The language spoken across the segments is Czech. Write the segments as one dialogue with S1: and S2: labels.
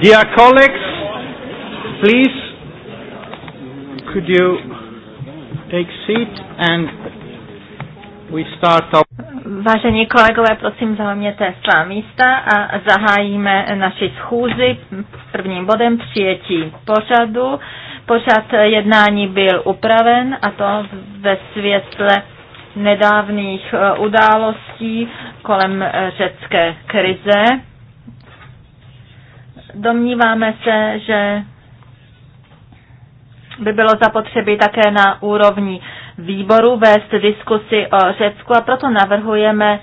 S1: Dear colleagues, please, could you
S2: take seat and we start our...
S3: Vážení kolegové, prosím, zaujměte svá místa a zahájíme naši schůzi prvním bodem přijetí pořadu. Pořad jednání byl upraven a to ve světle nedávných eh, událostí kolem eh, řecké krize Domníváme se, že by bylo zapotřebí také na úrovni výboru vést diskusi o Řecku a proto navrhujeme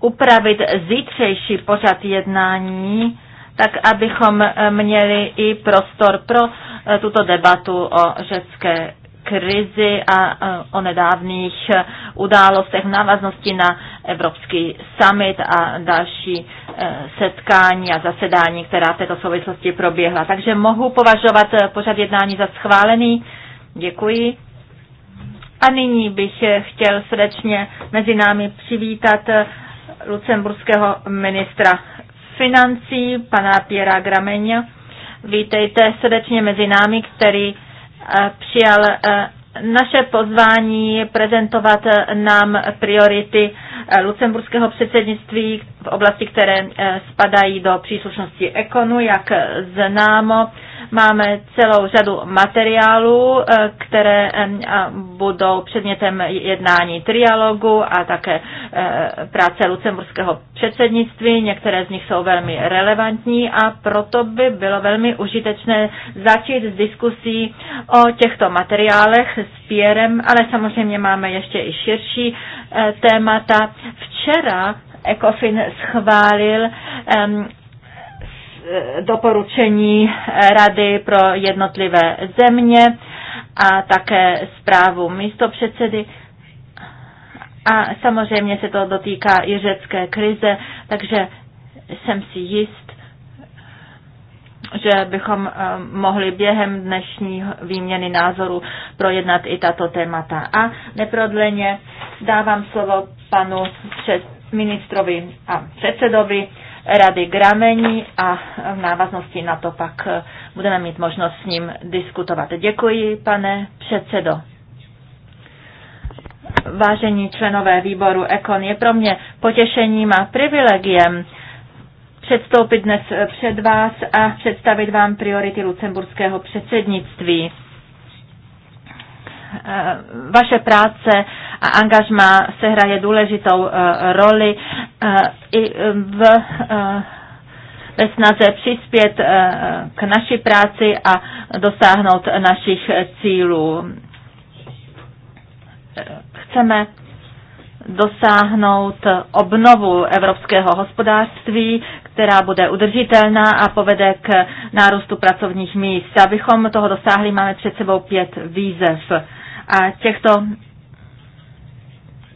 S3: upravit zítřejší pořad jednání, tak abychom měli i prostor pro eh, tuto debatu o řecké krizi a o nedávných e, událostech v návaznosti na Evropský summit a další e, setkání a zasedání, která v této souvislosti proběhla. Takže mohu považovat e, pořad jednání za schválený. Děkuji. A nyní bych chtěl srdečně mezi námi přivítat lucemburského ministra financí, pana Piera Grameňa. Vítejte srdečně mezi námi, který Eh, přijal eh, naše pozvání prezentovat eh, nám priority lucemburského předsednictví v oblasti, které spadají do příslušnosti ekonu, jak známo. Máme celou řadu materiálů, eh, které budou předmětem jednání trialogu a také eh, práce lucemburského předsednictví. Některé z nich jsou velmi relevantní a proto by bylo velmi užitečné začít s diskusí o těchto materiálech s Pierrem, ale samozřejmě máme ještě i širší eh, témata. Včera ECOFIN schválil um, doporučení Rady pro jednotlivé země a také zprávu místopředsedy. A samozřejmě se to dotýká i řecké krize, takže jsem si jist, že bychom eh, mohli během dnešní výměny názoru projednat i tato témata. A neprodleně dávám slovo panu ministrovi a předsedovi rady Gramení a v návaznosti na to pak eh, budeme mít možnost s ním diskutovat. Děkuji, pane předsedo. Vážení členové výboru Ekon, je pro mě potěšením a privilegiem předstoupit dnes eh, před vás a představit vám priority lucemburského předsednictví. Eh, vaše práce a angažma se hraje důležitou eh, roli eh, i v ve snaze přispět k naší práci a dosáhnout našich cílů. Chceme dosáhnout obnovu evropského hospodářství, která bude udržitelná a povede k nárůstu pracovních míst. Abychom toho dosáhli, máme před sebou pět výzev. A těchto,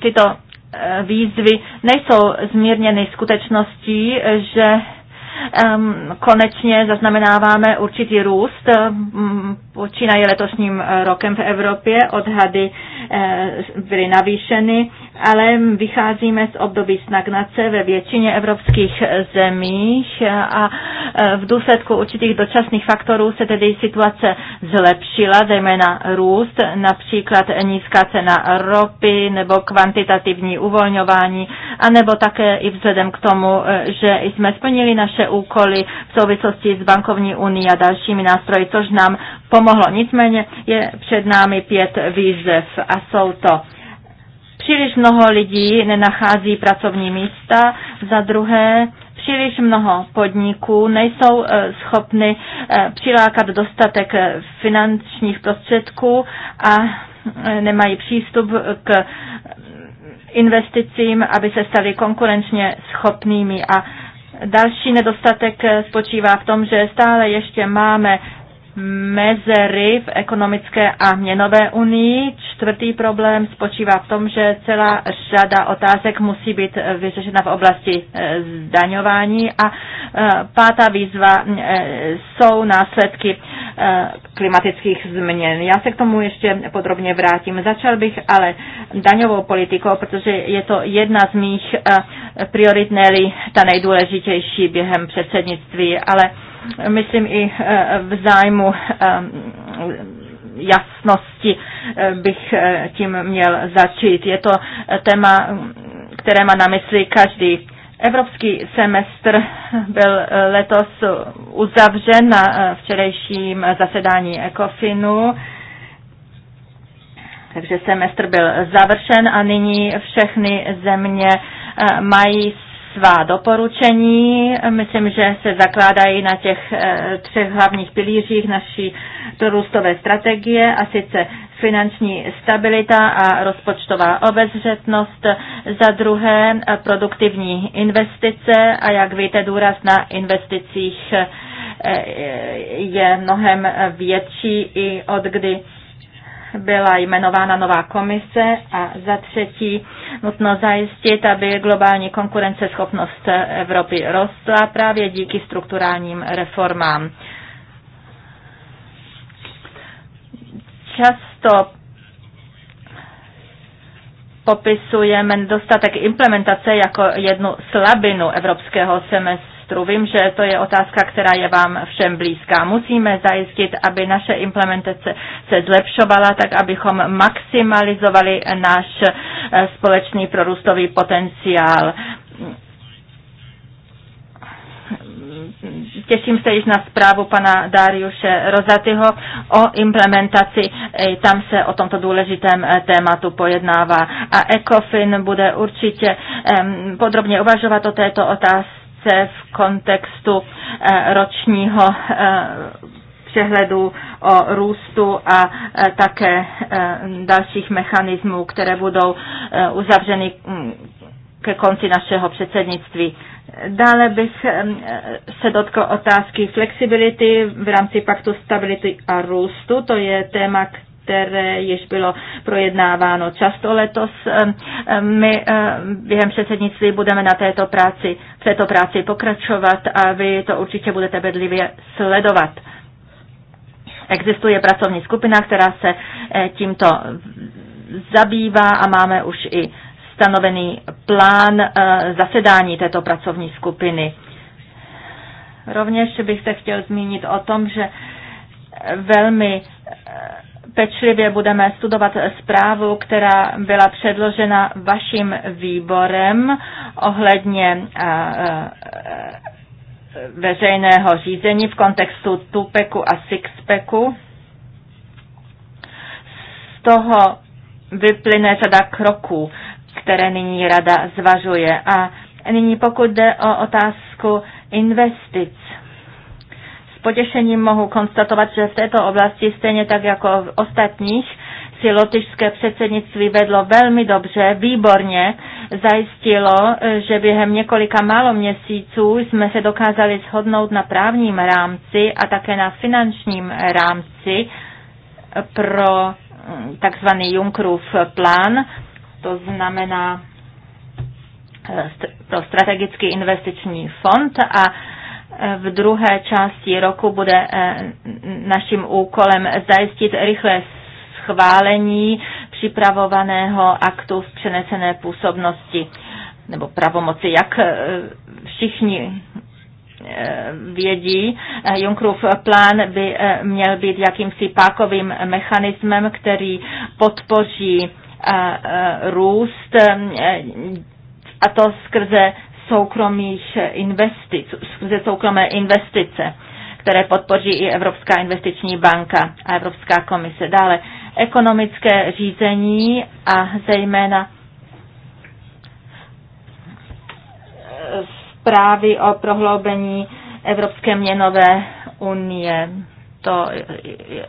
S3: tyto eh, výzvy nejsou zmírněny skutečností, že um, konečně zaznamenáváme určitý růst. Um, počínaje letošním rokem v Evropě. Odhady eh, byly navýšeny ale vycházíme z období stagnace ve většině evropských zemích a v důsledku určitých dočasných faktorů se tedy situace zlepšila, zejména růst, například nízká cena ropy nebo kvantitativní uvolňování, anebo také i vzhledem k tomu, že jsme splnili naše úkoly v souvislosti s bankovní unii a dalšími nástroji, což nám pomohlo. Nicméně je před námi pět výzev a jsou to Příliš mnoho lidí nenachází pracovní místa, za druhé příliš mnoho podniků nejsou eh, schopny eh, přilákat dostatek eh, finančních prostředků a nemají přístup k investicím, aby se staly konkurenčně schopnými. A další nedostatek spočívá v tom, že stále ještě máme mezery v ekonomické a měnové unii. Čtvrtý problém spočívá v tom, že celá řada otázek musí být vyřešena v oblasti eh, zdaňování a eh, pátá výzva eh, jsou následky Eh, klimatických změn. Já se k tomu ještě podrobně vrátím. Začal bych ale daňovou politikou, protože je to jedna z mých eh, priorit, ne ta nejdůležitější během předsednictví, ale myslím i eh, v zájmu jasnosti bych tím měl začít. Je to téma, které má na mysli každý Evropský semestr byl eh, letos uzavřen na eh, včerejším zasedání ECOFINu, takže semestr byl završen a nyní všechny země eh, mají svá doporučení. Myslím, že se zakládají na těch eh, třech hlavních pilířích naší prorůstové strategie, a sice finanční stabilita a rozpočtová obezřetnost, za druhé eh, produktivní investice a jak víte, důraz na investicích eh, je mnohem větší i od kdy byla jmenována nová komise a za třetí nutno zajistit, aby globální konkurenceschopnost Evropy rostla právě díky strukturálním reformám. Často popisujeme dostatek implementace jako jednu slabinu evropského semestru semestru. Vím, že to je otázka, která je vám všem blízká. Musíme zajistit, aby naše implementace se zlepšovala, tak abychom maximalizovali náš eh, společný prorůstový potenciál těším se již na zprávu pana Dariuše Rozatyho o implementaci. Tam se o tomto důležitém eh, tématu pojednává. A ECOFIN bude určitě podrobně uvažovat o této otázce krátce v kontextu eh, ročního eh, přehledu o růstu a eh, také dalších mechanismů, které budou uzavřeny mm, ke konci našeho předsednictví. Dále bych se dotkl otázky flexibility v rámci paktu stability a růstu. To je téma, které již bylo projednáváno často letos. Ehm, ehm, my ehm, během předsednictví budeme na této práci, v této práci pokračovat a vy to určitě budete bedlivě sledovat. Existuje pracovní skupina, která se eh, tímto zabývá a máme už i stanovený plán eh, zasedání této pracovní skupiny. Rovněž bych se chtěl zmínit o tom, že velmi eh, pečlivě budeme studovat zprávu, která byla předložena vaším výborem ohledně eh, eh, veřejného řízení v kontextu tupeku a sixpeku. Z toho vyplyne řada kroků, které nyní rada zvažuje. A nyní pokud jde o otázku investic, potěšením mohu konstatovat, že v této oblasti, stejně tak jako v ostatních, si lotyšské předsednictví vedlo velmi dobře, výborně, zajistilo, že během několika málo měsíců jsme se dokázali shodnout na právním rámci a také na finančním rámci pro mm, takzvaný Junckerův plán, to znamená e, pro strategický investiční fond a v druhé části roku bude eh, naším úkolem zajistit rychlé schválení připravovaného aktu v přenesené působnosti nebo pravomoci. Jak eh, všichni eh, vědí, Junkrův plán by měl být jakýmsi pákovým mechanismem, který podpoří růst a to skrze soukromých investic, ze soukromé investice, které podpoří i Evropská investiční banka a Evropská komise. Dále ekonomické řízení a zejména eh, zprávy o prohloubení Evropské měnové unie to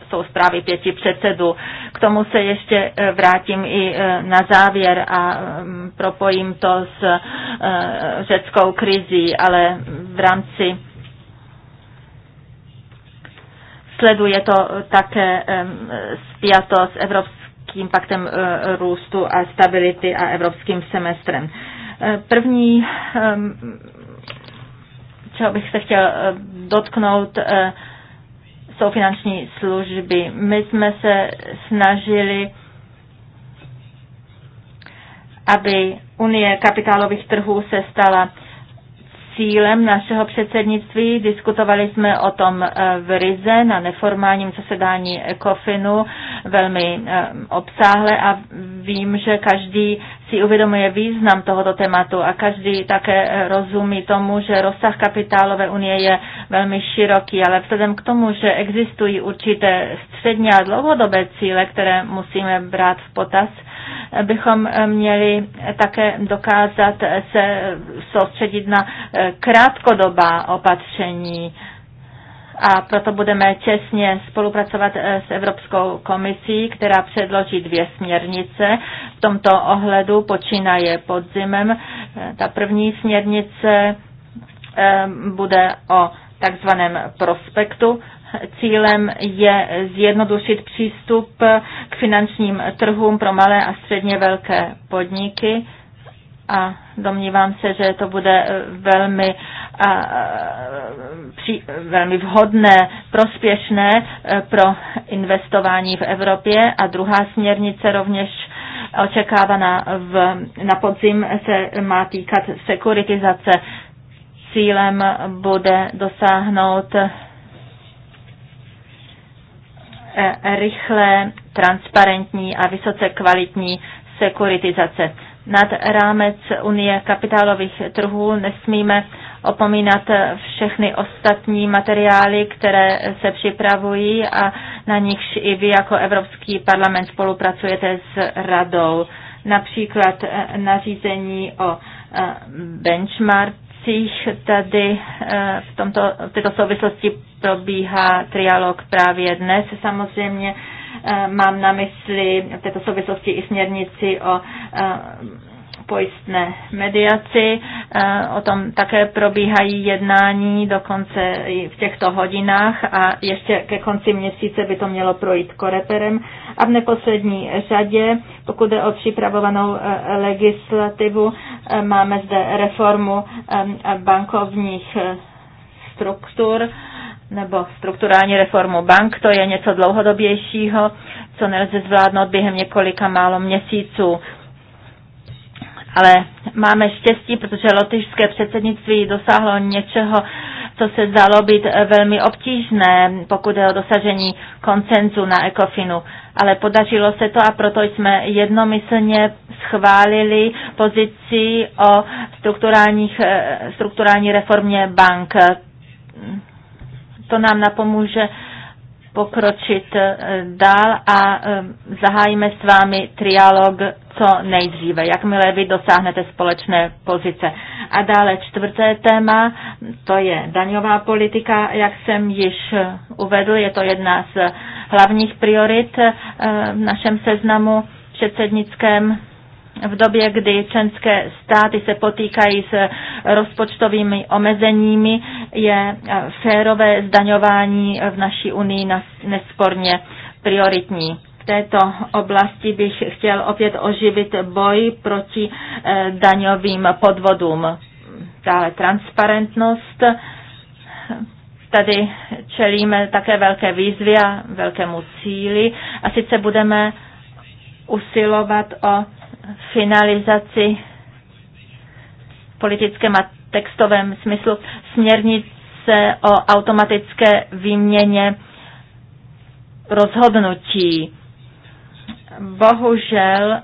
S3: jsou zprávy pěti předsedů. K tomu se ještě eh, vrátím i eh, na závěr a mm, propojím to s eh, řeckou krizí, ale v rámci sleduje to také spjato s Evropským paktem růstu a stability a evropským semestrem. První, čeho bych se chtěl dotknout, jsou finanční služby. My jsme se snažili, aby Unie kapitálových trhů se stala cílem našeho předsednictví. Diskutovali jsme o tom eh, v Rize na neformálním zasedání Ecofinu velmi eh, obsáhle a vím, že každý si uvědomuje význam tohoto tématu a každý také eh, rozumí tomu, že rozsah kapitálové unie je velmi široký, ale vzhledem k tomu, že existují určité střední a dlouhodobé cíle, které musíme brát v potaz, bychom měli také dokázat se soustředit na eh, krátkodobá opatření a proto budeme těsně spolupracovat eh, s Evropskou komisí, která předloží dvě směrnice. V tomto ohledu počínaje podzimem. Eh, ta první směrnice bude o takzvaném prospektu Cílem je zjednodušit přístup k finančním trhům pro malé a středně velké podniky a domnívám se, že to bude velmi, a, při, velmi vhodné, prospěšné e, pro investování v Evropě. A druhá směrnice rovněž očekávaná v, na podzim se má týkat sekuritizace. Cílem bude dosáhnout Eh, rychlé, transparentní a vysoce kvalitní sekuritizace. Nad rámec Unie kapitálových trhů nesmíme opomínat všechny ostatní materiály, které se připravují a na nichž i vy jako Evropský parlament spolupracujete s radou. Například eh, nařízení o eh, benchmark měsících tady eh, v, tomto, v této souvislosti probíhá trialog právě dnes. Samozřejmě eh, mám na mysli v této souvislosti i směrnici o eh, pojistné mediaci. Eh, o tom také probíhají jednání dokonce i v těchto hodinách a ještě ke konci měsíce by to mělo projít koreperem. A v neposlední řadě, pokud je o připravovanou eh, legislativu, eh, máme zde reformu bankovních struktur nebo strukturální reformu bank. To je něco dlouhodobějšího, co nelze zvládnout během několika málo měsíců ale máme štěstí, protože lotyšské předsednictví dosáhlo něčeho, co se zdalo být velmi obtížné, pokud je o dosažení koncenzu na ECOFINu. Ale podařilo se to a proto jsme jednomyslně schválili pozici o eh, strukturální reformě bank. To nám napomůže pokročit eh, dál a eh, zahájíme s vámi trialog co nejdříve, jakmile vy dosáhnete společné pozice. A dále čtvrté téma, to je daňová politika, jak jsem již eh, uvedl, je to jedna z hlavních priorit v našem seznamu předsednickém v době, kdy členské státy se potýkají s rozpočtovými omezeními, je eh, férové zdaňování eh, v naší unii nesporně prioritní. V této oblasti bych chtěl opět oživit boj proti eh, daňovým podvodům. Dále transparentnost. Tady čelíme také velké výzvy a velkému cíli a sice budeme usilovat o finalizaci v politickém a textovém smyslu směrnice o automatické výměně rozhodnutí. Bohužel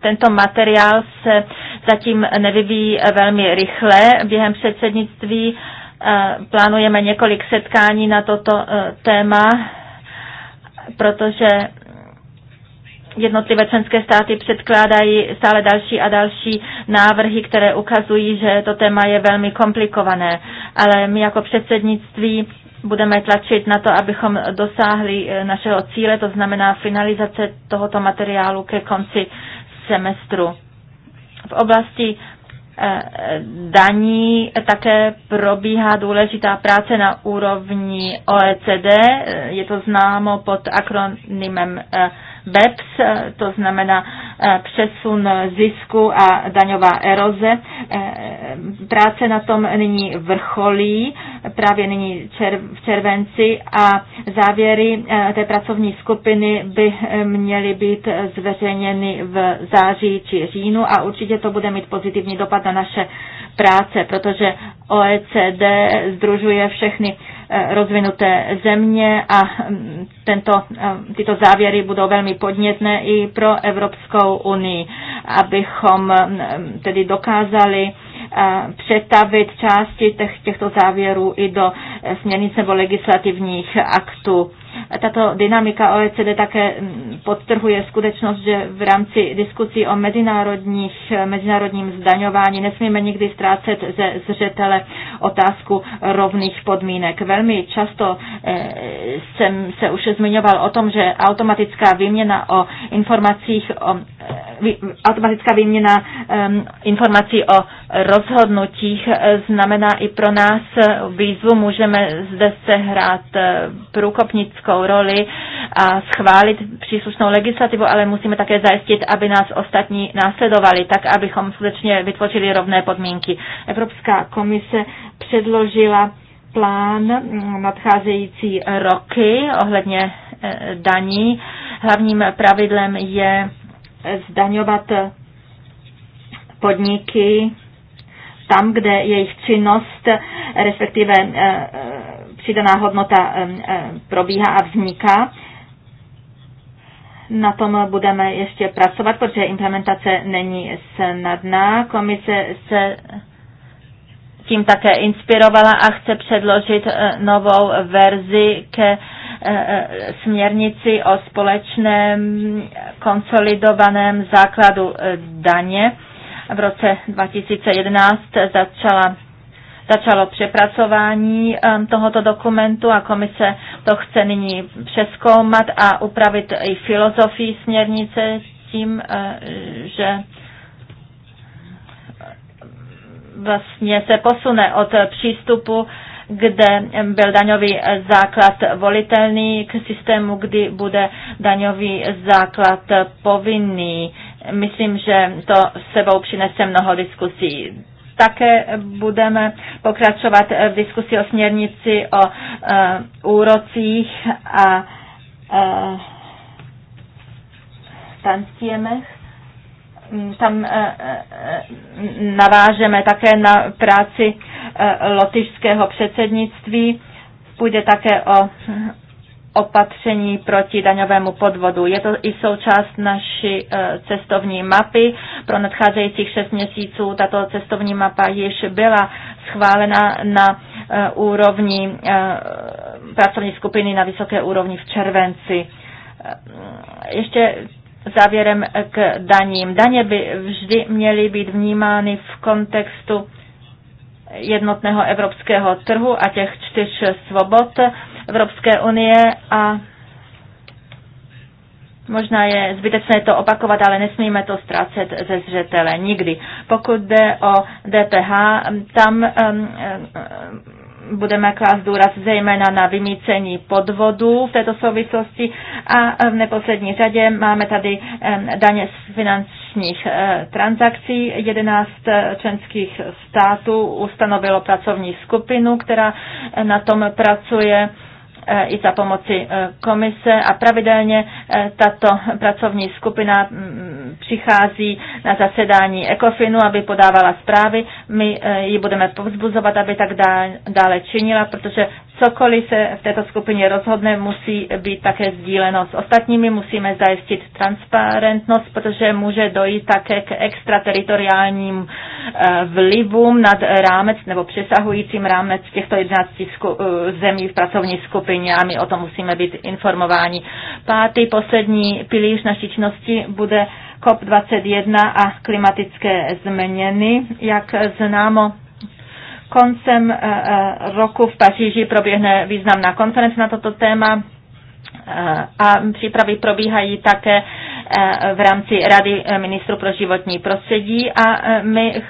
S3: tento materiál se zatím nevyvíjí velmi rychle. Během předsednictví eh, plánujeme několik setkání na toto eh, téma, protože jednotlivé členské státy předkládají stále další a další návrhy, které ukazují, že to téma je velmi komplikované. Ale my jako předsednictví budeme tlačit na to, abychom dosáhli eh, našeho cíle, to znamená finalizace tohoto materiálu ke konci semestru. V oblasti eh, daní také probíhá důležitá práce na úrovni OECD. Eh, je to známo pod akronymem BEPS, eh, to znamená eh, přesun zisku a daňová eroze. Eh, práce na tom nyní vrcholí, právě nyní v červenci a závěry té pracovní skupiny by měly být zveřejněny v září či říjnu a určitě to bude mít pozitivní dopad na naše práce, protože OECD združuje všechny Eh, rozvinuté země a mm, tento, eh, tyto závěry budou velmi podnětné i pro Evropskou unii, abychom mm, tedy dokázali eh, přetavit části těch, těchto závěrů i do směrnic nebo legislativních aktů. Tato dynamika OECD také mm, podtrhuje skutečnost, že v rámci diskusí o mezinárodních, mezinárodním zdaňování nesmíme nikdy ztrácet ze zřetele otázku rovných podmínek. Velmi často eh, jsem se už zmiňoval o tom, že automatická výměna o informacích o eh, automatická výměna informací o rozhodnutích e, znamená i pro nás výzvu. Můžeme zde sehrát e, průkopnickou roli a schválit příslušnou legislativu, ale musíme také zajistit, aby nás ostatní následovali, tak abychom skutečně vytvořili rovné podmínky. Evropská komise předložila plán mm, nadcházející roky ohledně e, daní. Hlavním pravidlem je zdaňovat podniky tam, kde jejich činnost, respektive eh, eh, přidaná hodnota eh, probíhá a vzniká. Na tom budeme ještě pracovat, protože implementace není snadná. Komise se tím také inspirovala a chce předložit novou verzi ke E, e, směrnici o společném konsolidovaném základu e, daně. V roce 2011 začala začalo přepracování tohoto dokumentu a komise to chce nyní přeskoumat a upravit i filozofii směrnice tím, že vlastně se posune od přístupu kde byl daňový základ volitelný, k systému, kdy bude daňový základ povinný. Myslím, že to sebou přinese mnoho diskusí také budeme pokračovat v diskusi o směrnici o uh, úrocích a uh, tantiemech. Mm, tam eh, eh, navážeme také na práci eh, lotyšského předsednictví. Půjde také o opatření proti daňovému podvodu. Je to i součást naší cestovní mapy. Pro nadcházejících šest měsíců tato cestovní mapa již byla schválena na úrovni pracovní skupiny na vysoké úrovni v červenci. Ještě závěrem k daním. Daně by vždy měly být vnímány v kontextu jednotného evropského trhu a těch čtyř svobod Evropské unie a Možná je zbytečné to opakovat, ale nesmíme to ztrácet ze zřetele nikdy. Pokud jde o DPH, tam um, um budeme klást důraz zejména na vymícení podvodů v této souvislosti a eh, v neposlední řadě máme tady eh, daně z finančních eh, transakcí. 11 členských států ustanovilo pracovní skupinu, která na tom pracuje E, i za pomoci e, komise a pravidelně e, tato pracovní skupina přichází na zasedání ECOFINu, aby podávala zprávy. My ji budeme povzbuzovat, aby tak dále činila, protože Cokoliv se v této skupině rozhodne, musí být také sdíleno s ostatními, musíme zajistit transparentnost, protože může dojít také k extrateritoriálním eh, vlivům nad rámec nebo přesahujícím rámec těchto 11 eh, zemí v pracovní skupině a my o tom musíme být informováni. Pátý, poslední pilíř naší činnosti bude COP21 a klimatické změny. Jak známo, Koncem eh, eh, roku v Paříži proběhne významná konference na toto téma eh, a přípravy probíhají také v rámci Rady ministrů pro životní prostředí a my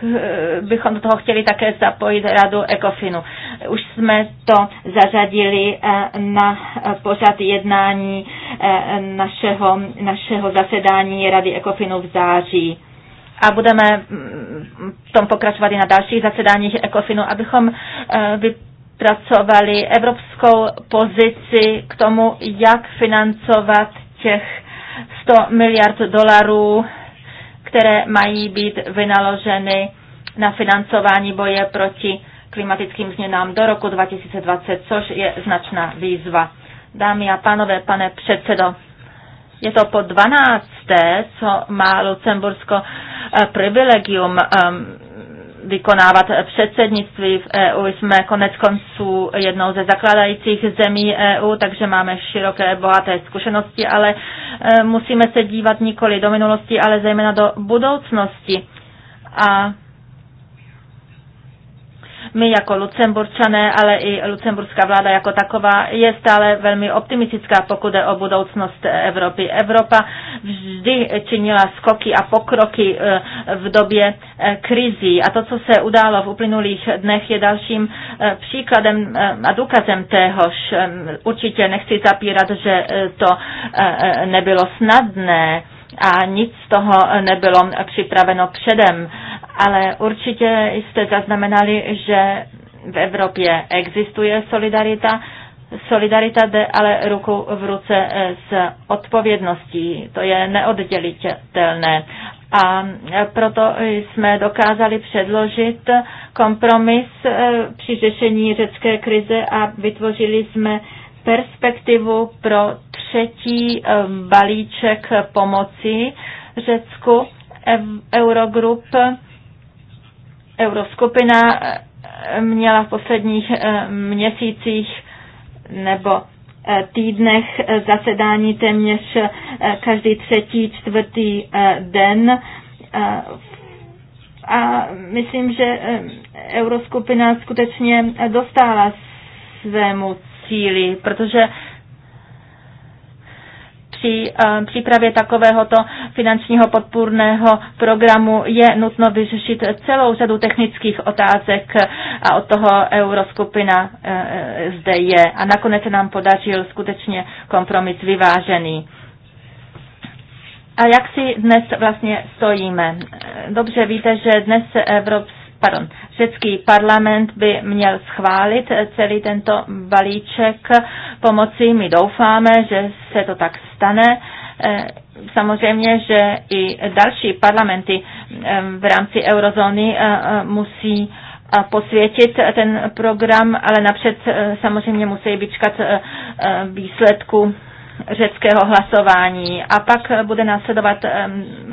S3: bychom do toho chtěli také zapojit Radu Ekofinu. Už jsme to zařadili na pořad jednání našeho, našeho zasedání Rady Ekofinu v září a budeme mm, v tom pokračovat i na dalších zasedáních ECOFINu, abychom eh, vypracovali evropskou pozici k tomu, jak financovat těch 100 miliard dolarů, které mají být vynaloženy na financování boje proti klimatickým změnám do roku 2020, což je značná výzva. Dámy a pánové, pane předsedo, je to po 12. co má Lucembursko eh, privilegium ehm, vykonávat předsednictví v EU. Jsme konec konců jednou ze zakladajících zemí EU, takže máme široké, bohaté zkušenosti, ale eh, musíme se dívat nikoli do minulosti, ale zejména do budoucnosti. A my jako Lucemburčané, ale i lucemburská vláda jako taková je stále velmi optimistická, pokud je o budoucnost Evropy. Evropa vždy činila skoky a pokroky eh, v době eh, krizí a to, co se událo v uplynulých dnech, je dalším eh, příkladem a důkazem téhož. Určitě nechci zapírat, že to nebylo snadné a nic z toho nebylo připraveno předem ale určitě jste zaznamenali, že v Evropě existuje solidarita. Solidarita jde ale ruku v ruce s odpovědností, to je neoddělitelné. A proto jsme dokázali předložit kompromis eh, při řešení řecké krize a vytvořili jsme perspektivu pro třetí eh, balíček pomoci Řecku. Eurogroup Euroskupina eh, měla v posledních eh, měsících nebo eh, týdnech zasedání téměř každý třetí, čtvrtý den. A myslím, že Euroskupina skutečně dostala svému cíli, protože při eh, přípravě takovéhoto finančního podpůrného programu je nutno vyřešit celou řadu technických otázek a od toho euroskupina eh, eh, zde je. A nakonec se nám podařil skutečně kompromis vyvážený. A jak si dnes vlastně stojíme? Dobře víte, že dnes Evropská pardon, řecký parlament by měl schválit eh, celý tento balíček pomocí. My doufáme, že se to tak stane. Eh, samozřejmě, že i další parlamenty eh, v rámci eurozóny musí posvětit ten program, ale napřed samozřejmě musí vyčkat výsledku řeckého hlasování. A pak bude následovat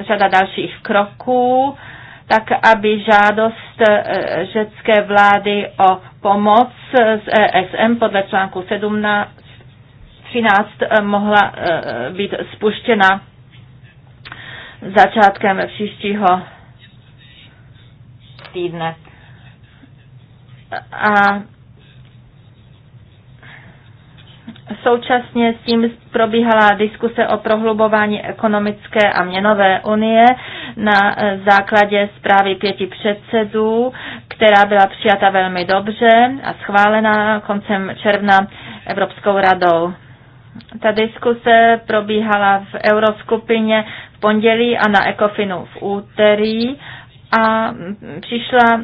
S3: řada dalších kroků tak aby žádost eh, řecké vlády o pomoc z ESM podle článku 17, 13 eh, mohla eh, být spuštěna začátkem příštího týdne. A Současně s tím probíhala diskuse o prohlubování ekonomické a měnové unie na e, základě zprávy pěti předsedů, která byla přijata velmi dobře a schválena koncem června Evropskou radou. Ta diskuse probíhala v euroskupině v pondělí a na ECOFINu v úterý a přišla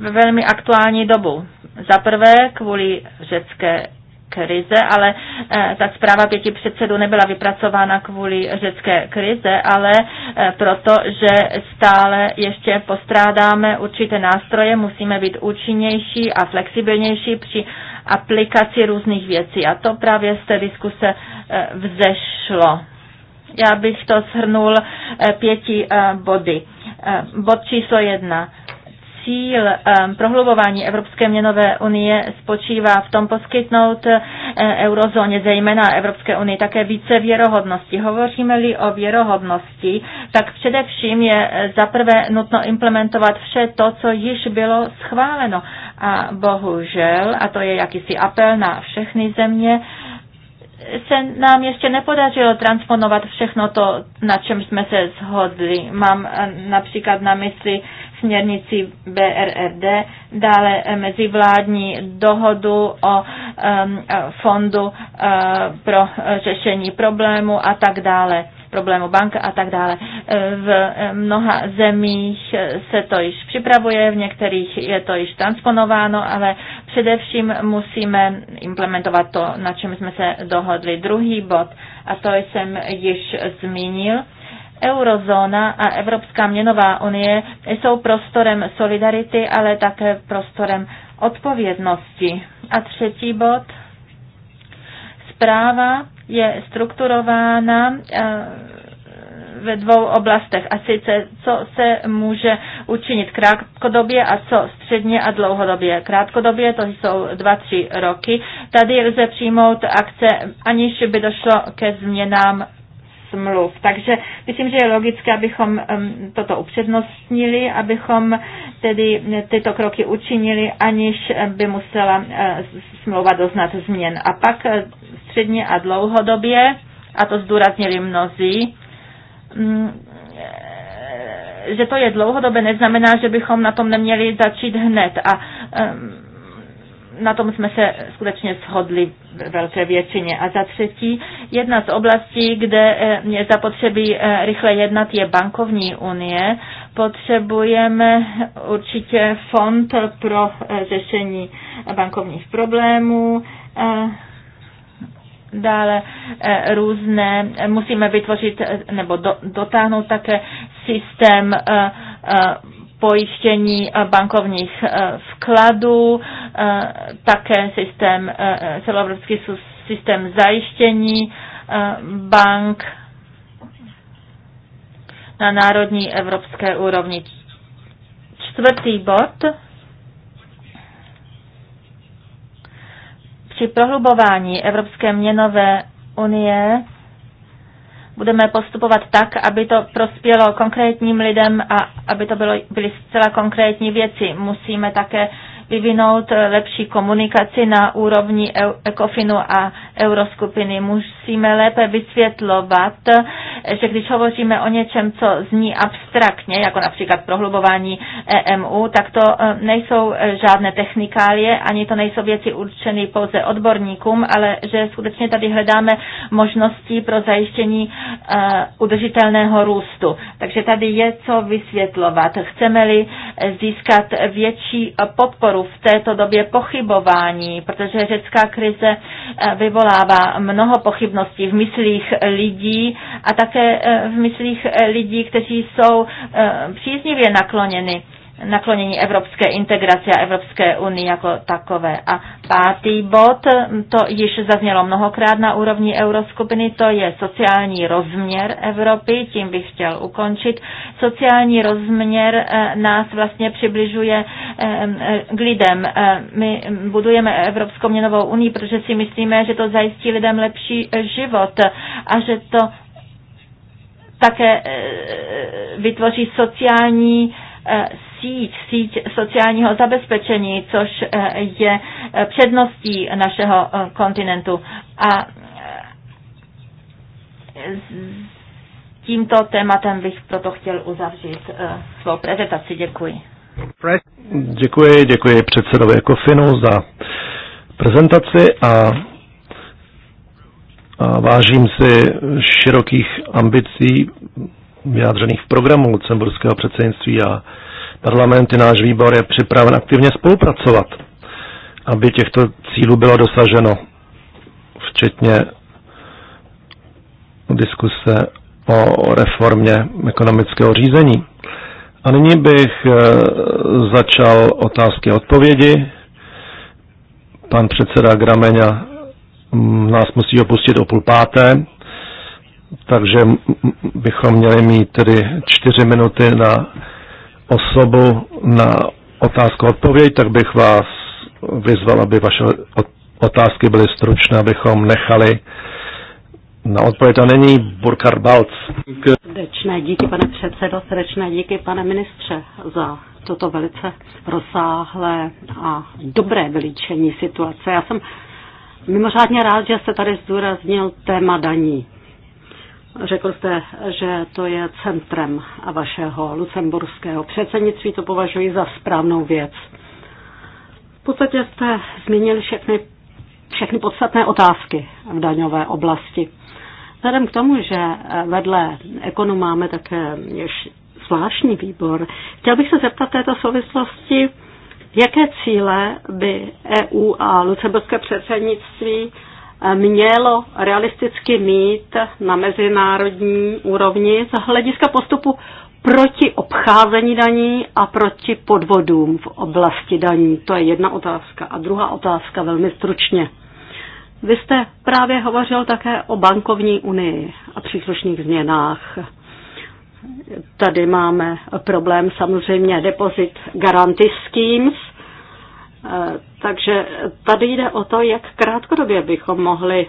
S3: ve velmi aktuální dobu. Za prvé kvůli řecké krize, ale eh, ta zpráva pěti předsedů nebyla vypracována kvůli řecké krize, ale eh, proto, že stále ještě postrádáme určité nástroje, musíme být účinnější a flexibilnější při aplikaci různých věcí. A to právě z té diskuse eh, vzešlo. Já bych to shrnul pěti body. Bod číslo jedna cíl eh, prohlubování Evropské měnové unie spočívá v tom poskytnout eh, eurozóně, zejména Evropské unii, také více věrohodnosti. Hovoříme-li o věrohodnosti, tak především je eh, zaprvé nutno implementovat vše to, co již bylo schváleno. A bohužel, a to je jakýsi apel na všechny země, se nám ještě nepodařilo transponovat všechno to, na čem jsme se shodli. Mám například na mysli směrnici BRRD, dále eh, mezivládní dohodu o fondu eh, pro eh, řešení problému a tak dále problému bank a tak dále. V mnoha zemích se to již připravuje, v některých je to již transponováno, ale především musíme implementovat to, na čem jsme se dohodli. Druhý bod, a to jsem již zmínil, Eurozóna a Evropská měnová unie jsou prostorem solidarity, ale také prostorem odpovědnosti. A třetí bod. Zpráva je strukturována eh, ve dvou oblastech, a sice co se může učinit krátkodobě a co středně a dlouhodobě. Krátkodobě to jsou dva, tři roky. Tady lze přijmout akce, aniž by došlo ke změnám smluv. Takže myslím, že je logické, abychom um, toto upřednostnili, abychom tedy tyto kroky učinili, aniž by musela uh, smlouva doznat změn. A pak uh, středně a dlouhodobě, a to zdůraznili mnozí, mm, že to je dlouhodobé, neznamená, že bychom na tom neměli začít hned. A um, na tom jsme se skutečně shodli v velké většině. A za třetí, jedna z oblastí, kde eh, je zapotřebí eh, rychle jednat, je bankovní unie. Potřebujeme určitě fond pro eh, řešení bankovních problémů dále různé, musíme vytvořit nebo do, dotáhnout také systém pojištění eh, bankovních eh, vkladů, eh, také systém, celoevropský systém zajištění bank na národní evropské úrovni. Čtvrtý bod. Při prohlubování Evropské měnové unie budeme postupovat tak, aby to prospělo konkrétním lidem a aby to bylo, byly zcela konkrétní věci. Musíme také vyvinout lepší komunikaci na úrovni ECOFINu a Euroskupiny. Musíme lépe vysvětlovat, že když hovoříme o něčem, co zní abstraktně, jako například prohlubování EMU, tak to eh, nejsou eh, žádné technikálie, ani to nejsou věci určené pouze odborníkům, ale že skutečně tady hledáme možnosti pro zajištění eh, udržitelného růstu. Takže tady je co vysvětlovat. Chceme-li získat větší podporu v této době pochybování, protože řecká krize eh, vyvolává mnoho pochybností v myslích lidí a také eh, v myslích lidí, kteří jsou eh, příznivě nakloněni naklonění evropské integrace, a Evropské unii jako takové. A pátý bod, to již zaznělo mnohokrát na úrovni euroskupiny, to je sociální rozměr Evropy, tím bych chtěl ukončit. Sociální rozměr eh, nás vlastně přibližuje eh, eh, k lidem. My budujeme Evropskou měnovou unii, protože si myslíme, že to zajistí lidem lepší život a že to také vytvoří sociální síť, síť sociálního zabezpečení, což eh, je eh, předností našeho eh, kontinentu. A tímto tématem bych proto chtěl uzavřít svou prezentaci. Děkuji.
S1: Děkuji, děkuji předsedovi Ekofinu za prezentaci a, a vážím si širokých ambicí vyjádřených v programu lucemburského předsednictví a Parlament i náš výbor je připraven aktivně spolupracovat, aby těchto cílů bylo dosaženo, včetně diskuse o reformě ekonomického řízení. A nyní bych eh, začal otázky a odpovědi. Pan předseda Grameňa mm, nás musí opustit o půl páté, takže bychom měli mít tedy čtyři minuty na osobu na otázku odpověď, tak bych vás vyzval, aby vaše otázky byly stručné, abychom nechali na odpověď. A není Burkhard Balc.
S4: Srdečné díky, pane předsedo, srdečné díky, pane ministře, za toto velice rozsáhlé a dobré vylíčení situace. Já jsem mimořádně rád, že se tady zdůraznil téma daní. Řekl jste, že to je centrem vašeho lucemburského předsednictví, to považuji za správnou věc. V podstatě jste změnili všechny, všechny podstatné otázky v daňové oblasti. Vzhledem k tomu, že vedle ekonu máme také zvláštní výbor, chtěl bych se zeptat této souvislosti, jaké cíle by EU a lucemburské předsednictví mělo realisticky mít na mezinárodní úrovni z hlediska postupu proti obcházení daní a proti podvodům v oblasti daní? To je jedna otázka. A druhá otázka velmi stručně. Vy jste právě hovořil také o bankovní unii a příslušných změnách. Tady máme problém samozřejmě depozit garanty schemes. Takže tady jde o to, jak krátkodobě bychom mohli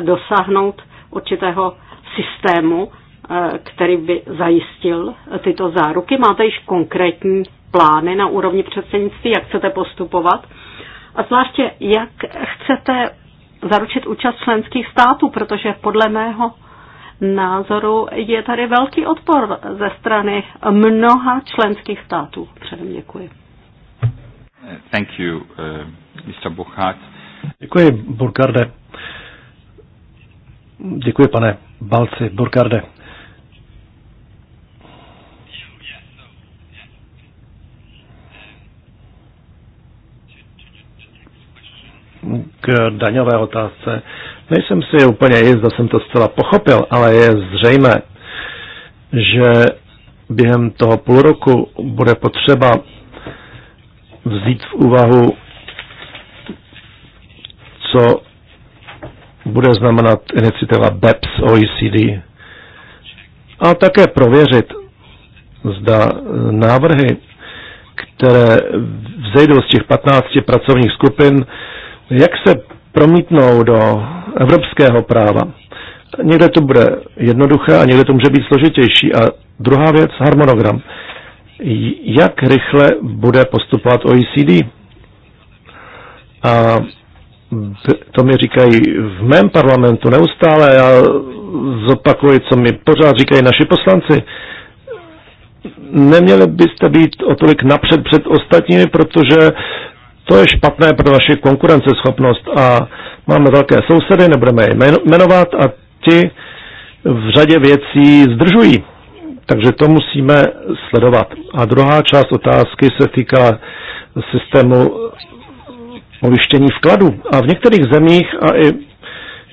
S4: dosáhnout určitého systému, eh, který by zajistil tyto záruky. Máte již konkrétní plány na úrovni předsednictví, jak chcete postupovat a zvláště jak chcete zaručit účast členských států, protože podle mého názoru je tady velký odpor ze strany mnoha členských států. Předem děkuji.
S2: Thank you, uh, Mr. Burkhardt.
S1: Děkuji, Burkarde. Děkuji, pane Balci, Burkarde. K daňové otázce. Nejsem si úplně jist, že jsem to zcela pochopil, ale je zřejmé, že během toho půl roku bude potřeba vzít v úvahu, co bude znamenat iniciativa BEPS OECD a také prověřit, zda e, návrhy, které vzejdou z těch 15 pracovních skupin, jak se promítnou do evropského práva. Někde to bude jednoduché a někde to může být složitější. A druhá věc, harmonogram jak rychle bude postupovat OECD. A to mi říkají v mém parlamentu neustále, já zopakuji, co mi pořád říkají naši poslanci. Neměli byste být o tolik napřed před ostatními, protože to je špatné pro naši konkurenceschopnost a máme velké sousedy, nebudeme je jmenovat a ti v řadě věcí zdržují. Takže to musíme sledovat. A druhá část otázky se týká systému pojištění vkladů. A v některých zemích a i,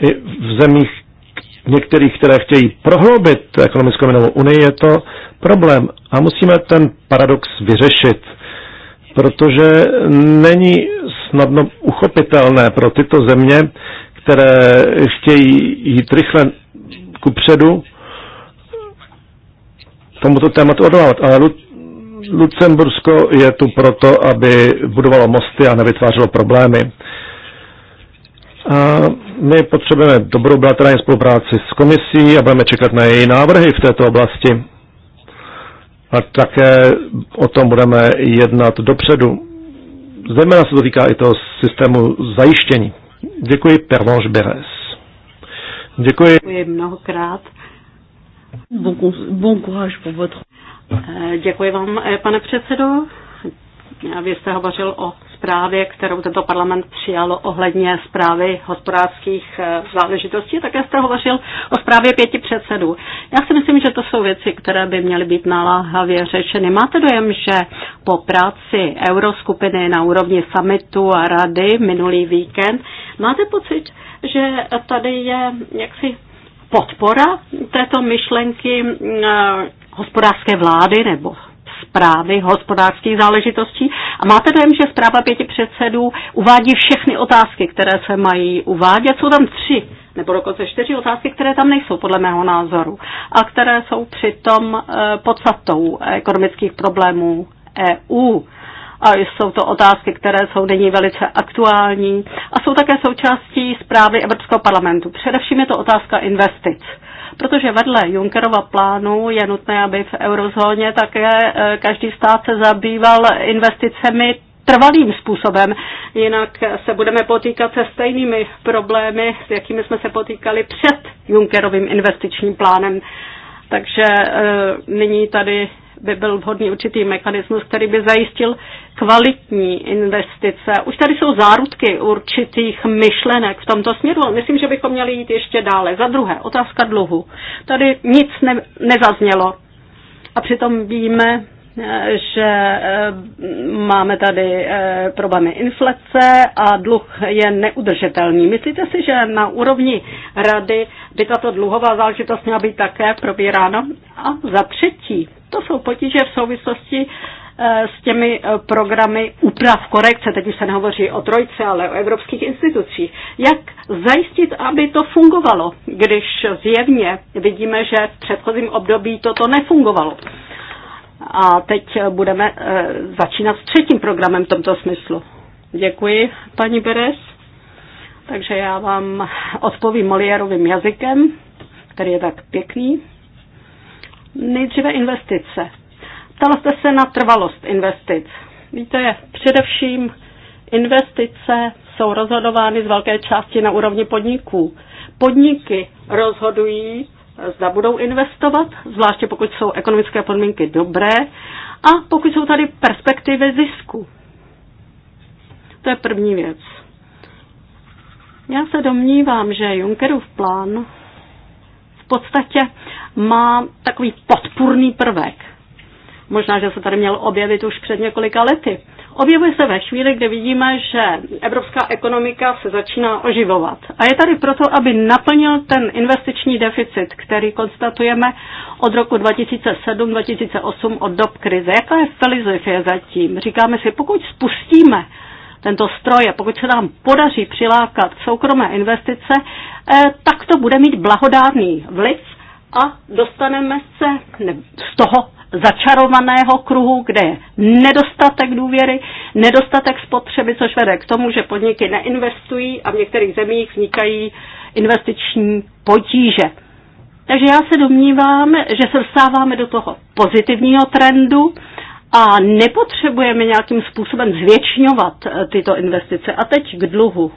S1: i v zemích některých, které chtějí prohloubit ekonomickou měnovou unii, je to problém. A musíme ten paradox vyřešit, protože není snadno uchopitelné pro tyto země, které chtějí jít rychle ku předu, tomuto tématu odolovat. Ale Lucembursko je tu proto, aby budovalo mosty a nevytvářelo problémy. A my potřebujeme dobrou bilaterální spolupráci s komisí a budeme čekat na její návrhy v této oblasti. A také o tom budeme jednat dopředu. Zejména se to týká i toho systému zajištění. Děkuji, Pervenche Beres. Děkuji.
S5: Děkuji
S4: mnohokrát. Bon, bon courage pour votre... Eh, děkuji vám, eh, pane předsedo. Vy jste hovořil o zprávě, kterou tento parlament přijalo ohledně zprávy hospodářských eh, záležitostí. Také jste hovořil o zprávě pěti předsedů. Já si myslím, že to jsou věci, které by měly být naláhavě řečeny. Máte dojem, že po práci euroskupiny na úrovni summitu a rady minulý víkend, máte pocit, že tady je jaksi podpora této myšlenky eh, hospodářské vlády nebo zprávy hospodářských záležitostí a máte dojem, že zpráva pěti předsedů uvádí všechny otázky, které se mají uvádět. Jsou tam tři nebo dokonce čtyři otázky, které tam nejsou podle mého názoru a které jsou přitom eh, podstatou ekonomických problémů EU a jsou to otázky, které jsou nyní velice aktuální a jsou také součástí zprávy Evropského parlamentu. Především je to otázka investic protože vedle Junckerova plánu je nutné, aby v eurozóně také e, každý stát se zabýval investicemi trvalým způsobem, jinak se budeme potýkat se stejnými problémy, s jakými jsme se potýkali před Junckerovým investičním plánem. Takže e, nyní tady by byl vhodný určitý mechanismus, který by zajistil kvalitní investice. Už tady jsou zárudky určitých myšlenek v tomto směru. Myslím, že bychom měli jít ještě dále. Za druhé, otázka dluhu. Tady nic ne, nezaznělo. A přitom víme, že eh, máme tady eh, problémy inflace a dluh je neudržitelný. Myslíte si, že na úrovni rady by tato dluhová záležitost měla být také probírána? A za třetí, to jsou potíže v souvislosti eh, s těmi programy úprav korekce, teď už se nehovoří o trojce, ale o evropských institucích. Jak zajistit, aby to fungovalo, když zjevně vidíme, že v předchozím období toto nefungovalo? A teď eh, budeme eh, začínat s třetím programem v tomto smyslu. Děkuji, paní Beres. Takže já vám odpovím Moliérovým jazykem, který je tak pěkný. Nejdříve investice. Ptala jste se na trvalost investic. Víte, především investice jsou rozhodovány z velké části na úrovni podniků. Podniky rozhodují zda budou investovat, zvláště pokud jsou ekonomické podmínky dobré a pokud jsou tady perspektivy zisku. To je první věc. Já se domnívám, že Junckerův plán v podstatě má takový podpůrný prvek. Možná, že se tady měl objevit už před několika lety objevuje se ve chvíli, kdy vidíme, že evropská ekonomika se začíná oživovat. A je tady proto, aby naplnil ten investiční deficit, který konstatujeme od roku 2007-2008, od dob krize. Jaká je filozofie zatím? Říkáme si, pokud spustíme tento stroj a pokud se nám podaří přilákat soukromé investice, eh, tak to bude mít blahodárný vliv a dostaneme se z toho začarovaného kruhu, kde je nedostatek důvěry, nedostatek spotřeby, což vede k tomu, že podniky neinvestují a v některých zemích vznikají investiční potíže. Takže já se domnívám, že se vstáváme do toho pozitivního trendu a nepotřebujeme nějakým způsobem zvětšňovat eh, tyto investice. A teď k dluhu.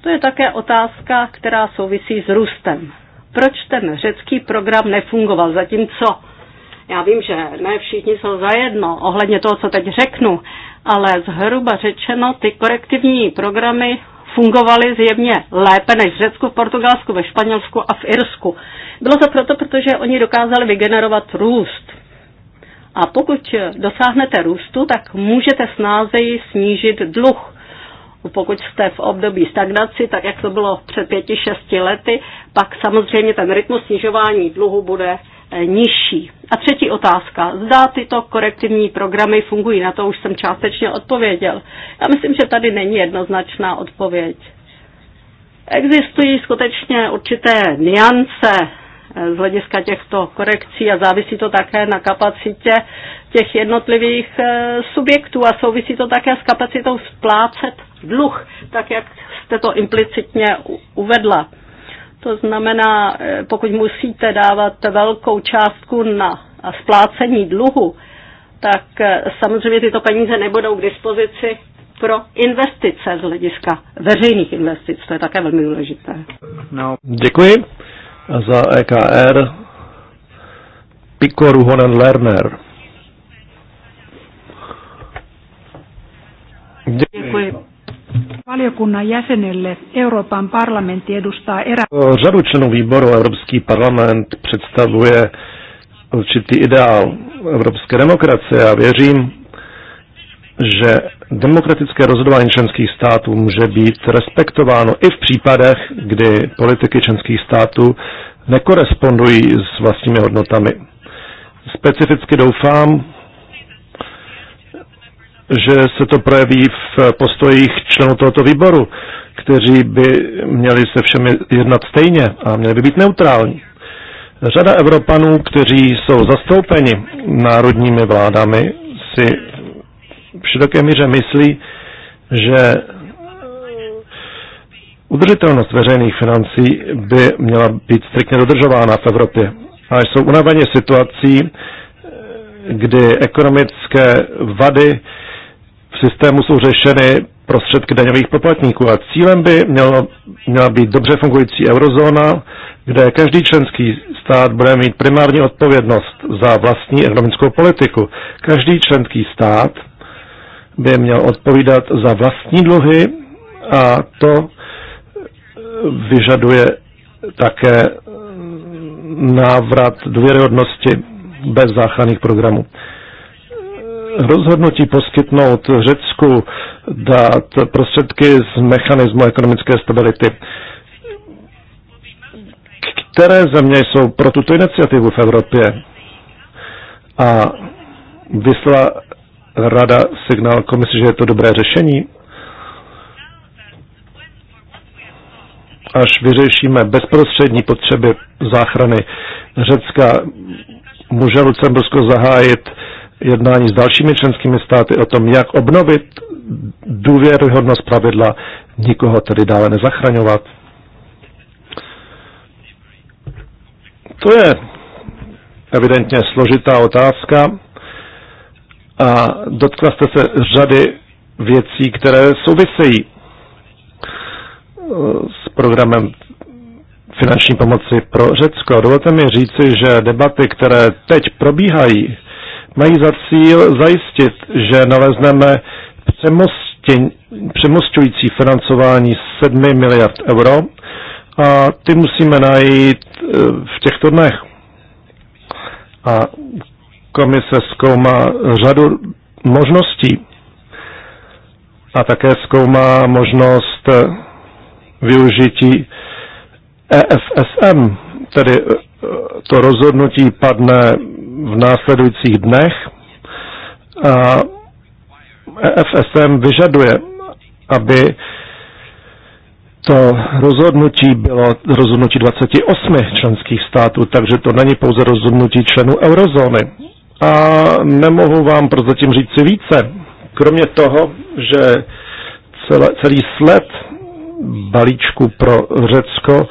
S4: To je také otázka, která souvisí s růstem. Proč ten řecký program nefungoval, zatímco já vím, že ne všichni jsou zajedno ohledně toho, co teď řeknu, ale zhruba řečeno ty korektivní programy fungovaly zjevně lépe než v Řecku, v Portugalsku, ve Španělsku a v Irsku. Bylo to proto, protože oni dokázali vygenerovat růst. A pokud dosáhnete růstu, tak můžete snázeji snížit dluh. Pokud jste v období stagnaci, tak jak to bylo před pěti, šesti lety, pak samozřejmě ten rytmus snižování dluhu bude Eh, nižší. A třetí otázka. Zda tyto korektivní programy fungují? Na to už jsem částečně odpověděl. Já myslím, že tady není jednoznačná odpověď. Existují skutečně určité niance eh, z hlediska těchto korekcí a závisí to také na kapacitě těch jednotlivých eh, subjektů a souvisí to také s kapacitou splácet dluh, tak jak jste to implicitně uvedla. To znamená, eh, pokud musíte dávat velkou částku na splácení dluhu, tak eh, samozřejmě tyto peníze nebudou k dispozici pro investice z hlediska veřejných investic. To je také velmi důležité.
S1: No. Děkuji za EKR. Pico Ruhonen Lerner. Děkuji.
S5: Děkuji.
S4: Valiokunnan jäsenelle Euroopan parlamentti edustaa erä...
S1: Řadu členů výboru Evropský parlament představuje určitý ideál evropské demokracie a věřím, že demokratické rozhodování členských států může být respektováno i v případech, kdy politiky členských států nekorespondují s vlastními hodnotami. Specificky doufám, že se to projeví v postojích členů tohoto výboru, kteří by měli se všemi jednat stejně a měli by být neutrální. Řada Evropanů, kteří jsou zastoupeni národními vládami, si v široké míře myslí, že udržitelnost veřejných financí by měla být striktně dodržována v Evropě. A jsou unaveni situací, kdy ekonomické vady v systému jsou řešeny prostředky daňových poplatníků. A cílem by mělo, měla být dobře fungující eurozóna, kde každý členský stát bude mít primární odpovědnost za vlastní ekonomickou politiku. Každý členský stát by měl odpovídat za vlastní dluhy a to vyžaduje také návrat důvěryhodnosti bez záchranných programů rozhodnutí poskytnout Řecku dát prostředky z mechanismu ekonomické stability. Které země jsou pro tuto iniciativu v Evropě? A vyslala rada signál komisi, že je to dobré řešení? Až vyřešíme bezprostřední potřeby záchrany Řecka, může Lucembursko zahájit uh, jednání s dalšími členskými státy o tom, jak obnovit důvěryhodnost pravidla, nikoho tedy dále nezachraňovat. To je evidentně složitá otázka a dotkla jste se řady věcí, které souvisejí eh, s programem finanční pomoci pro Řecko. Dovolte mi říci, že debaty, které teď probíhají mají za cíl zajistit, že nalezneme přemostující financování 7 miliard euro a ty musíme najít e, v těchto dnech. A komise zkoumá řadu možností a také zkoumá možnost e, využití EFSM, tedy e, to rozhodnutí padne v následujících dnech. A EFSM vyžaduje, aby to rozhodnutí bylo rozhodnutí 28 členských států, takže to není pouze rozhodnutí členů eurozóny. A nemohu vám prozatím říct si více. Kromě toho, že celé, celý sled balíčku pro Řecko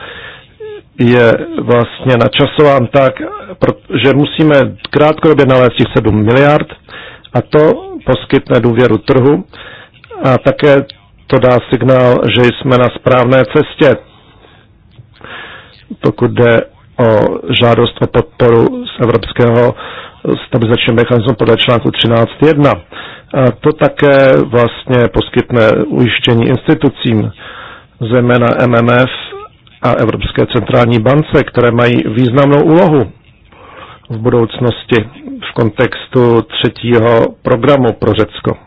S1: je vlastně načasován tak, že musíme krátkodobě nalézt těch 7 miliard a to poskytne důvěru trhu a také to dá signál, že jsme na správné cestě, pokud jde o žádost o podporu z Evropského stabilizačního mechanismu podle článku 13.1. A to také vlastně poskytne ujištění institucím, zejména MMF a Evropské centrální bance, které mají významnou úlohu v budoucnosti v kontextu třetího programu pro Řecko.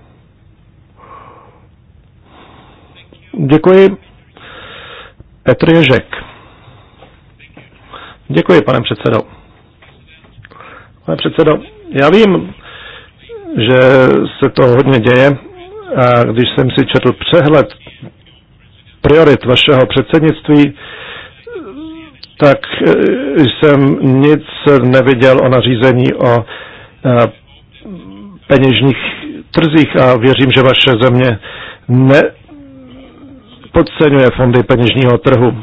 S1: Děkuji. Petr Ježek. Děkuji, pane předsedo. Pane předsedo, já vím, že se to hodně děje a když jsem si četl přehled priorit vašeho předsednictví, tak eh, jsem nic neviděl o nařízení o eh, peněžních trzích a věřím, že vaše země nepodceňuje fondy peněžního trhu.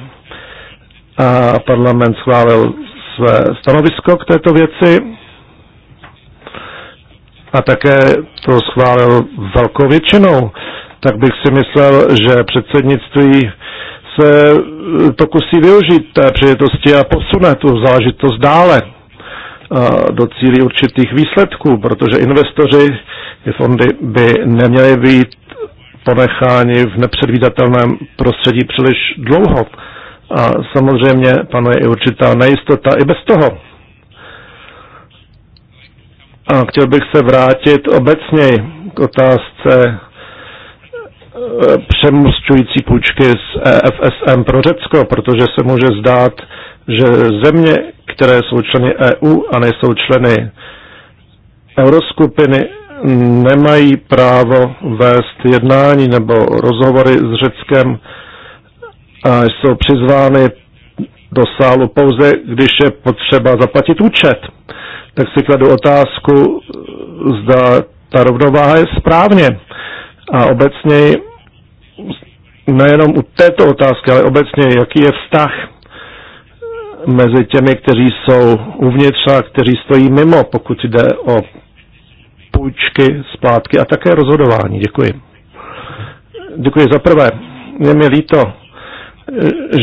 S1: A parlament schválil své stanovisko k této věci a také to schválil velkou většinou, tak bych si myslel, že předsednictví se pokusí eh, využít té příležitosti a posune tu záležitost dále eh, do cílí určitých výsledků, protože investoři i fondy by neměli být ponecháni v nepředvídatelném prostředí příliš dlouho. A samozřejmě panuje i určitá nejistota i bez toho. A chtěl bych se vrátit obecněji k otázce přemostňující půjčky z EFSM pro Řecko, protože se může zdát, že země, které jsou členy EU a nejsou členy euroskupiny, nemají právo vést jednání nebo rozhovory s Řeckem a jsou přizvány do sálu pouze, když je potřeba zaplatit účet. Tak si kladu otázku, zda ta rovnováha je správně. A obecněji nejenom u této otázky, ale obecně, jaký je vztah mezi těmi, kteří jsou uvnitř a kteří stojí mimo, pokud jde o půjčky, splátky a také rozhodování. Děkuji. Děkuji za prvé. Je mi líto,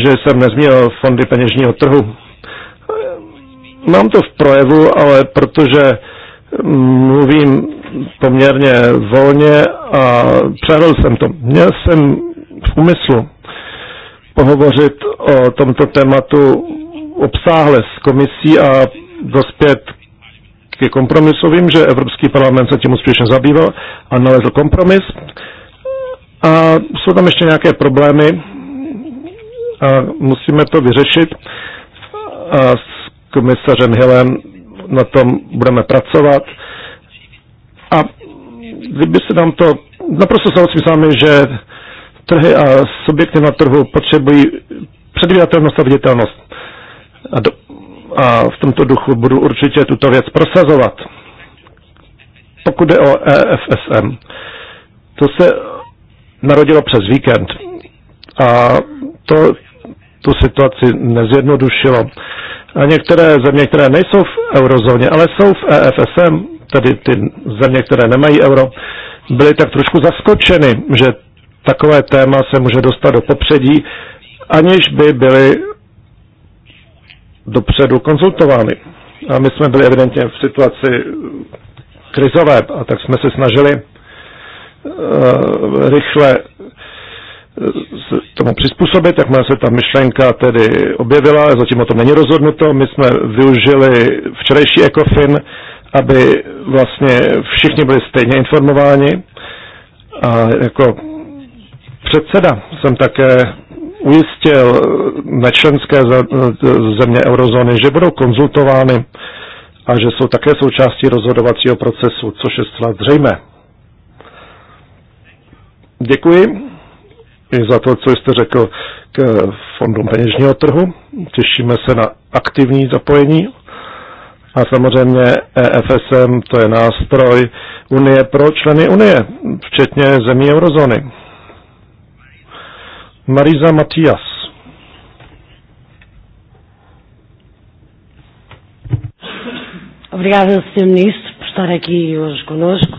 S1: že jsem nezmínil fondy peněžního trhu. Mám to v projevu, ale protože mluvím poměrně volně a přehrál jsem to. Měl jsem v úmyslu pohovořit o tomto tématu obsáhle s komisí a dospět k kompromisu. Vím, že Evropský parlament se tím úspěšně zabýval a nalezl kompromis. A jsou tam ještě nějaké problémy a musíme to vyřešit. A s komisařem Hillem na tom budeme pracovat. A kdyby se nám to, naprosto souhlasím s vámi, že trhy a subjekty na trhu potřebují předvídatelnost a viditelnost. A, do, a v tomto duchu budu určitě tuto věc prosazovat. Pokud jde o EFSM, to se narodilo přes víkend a to tu situaci nezjednodušilo. A některé země, které nejsou v eurozóně, ale jsou v EFSM, tedy ty země, které nemají euro, byly tak trošku zaskočeny, že takové téma se může dostat do popředí, aniž by byly dopředu konzultovány. A my jsme byli evidentně v situaci krizové, a tak jsme se snažili uh, rychle eh, se tomu přizpůsobit, jakmile se ta myšlenka tedy objevila, zatím o tom není rozhodnuto, my jsme využili včerejší ECOFIN, aby vlastně všichni byli stejně informováni a jako Předseda jsem také ujistil eh, nečlenské eh, země eurozóny, že budou konzultovány a že jsou také součástí rozhodovacího procesu, což je zcela zřejmé. Děkuji i za to, co jste řekl k fondům peněžního trhu. Těšíme se na aktivní zapojení. A samozřejmě EFSM to je nástroj Unie pro členy Unie, včetně zemí eurozóny. Marisa Matias.
S4: Obrigada, Sr. Ministro, por estar aqui hoje conosco.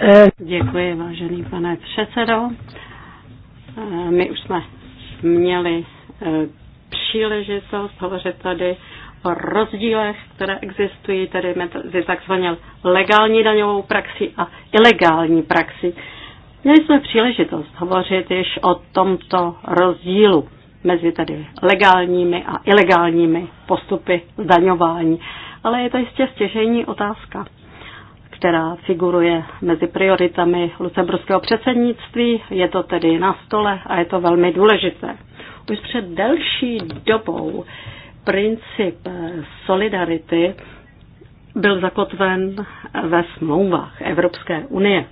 S4: Eh, Děkuji, vážený pane předsedo. Eh, my už jsme měli eh, příležitost hovořit tady o rozdílech, které existují tady mezi takzvaně legální daňovou praxi a ilegální praxi. Měli jsme příležitost hovořit již o tomto rozdílu mezi tady legálními a ilegálními postupy zdaňování, ale je to jistě stěžejní otázka která figuruje mezi prioritami lucemburského předsednictví. Je to tedy na stole a je to velmi důležité. Už před delší dobou princip solidarity byl zakotven ve smlouvách Evropské unie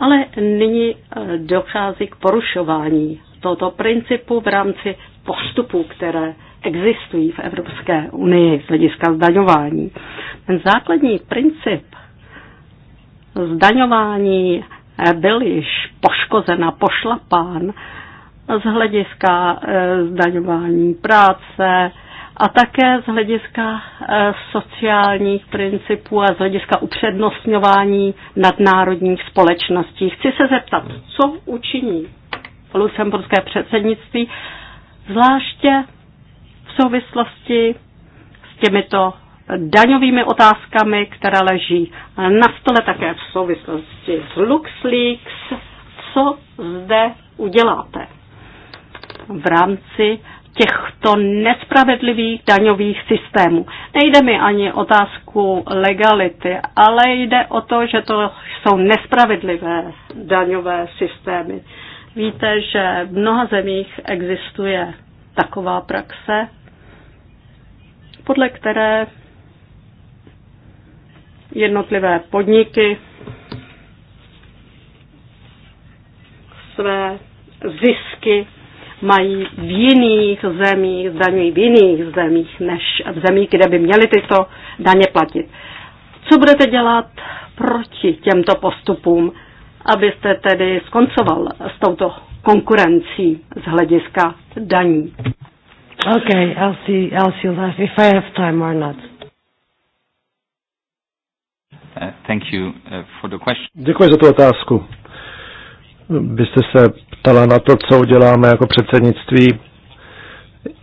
S4: ale nyní eh, dochází k porušování tohoto principu v rámci postupů, které existují v Evropské unii z hlediska zdaňování. Ten základní princip zdaňování byl již poškozen a pošlapán z hlediska eh, zdaňování práce, a také z hlediska eh, sociálních principů a z hlediska upřednostňování nadnárodních společností. Chci se zeptat, co učiní lucemburské předsednictví, zvláště v souvislosti s těmito daňovými otázkami, které leží na stole také v souvislosti s LuxLeaks, co zde uděláte v rámci těchto nespravedlivých daňových systémů. Nejde mi ani otázku legality, ale jde o to, že to jsou nespravedlivé daňové systémy. Víte, že v mnoha zemích existuje taková praxe, podle které jednotlivé podniky své zisky mají v jiných zemích, zdaňují v jiných zemích, než v zemích, kde by měli tyto daně platit. Co budete dělat proti těmto postupům, abyste tedy skoncoval s touto konkurencí z hlediska daní?
S5: Okay, I'll see, I'll see that if
S4: I have time or not.
S5: Uh, thank you uh, for the question.
S1: Děkuji za tu otázku. Byste se ptala na to, co uděláme jako předsednictví eh,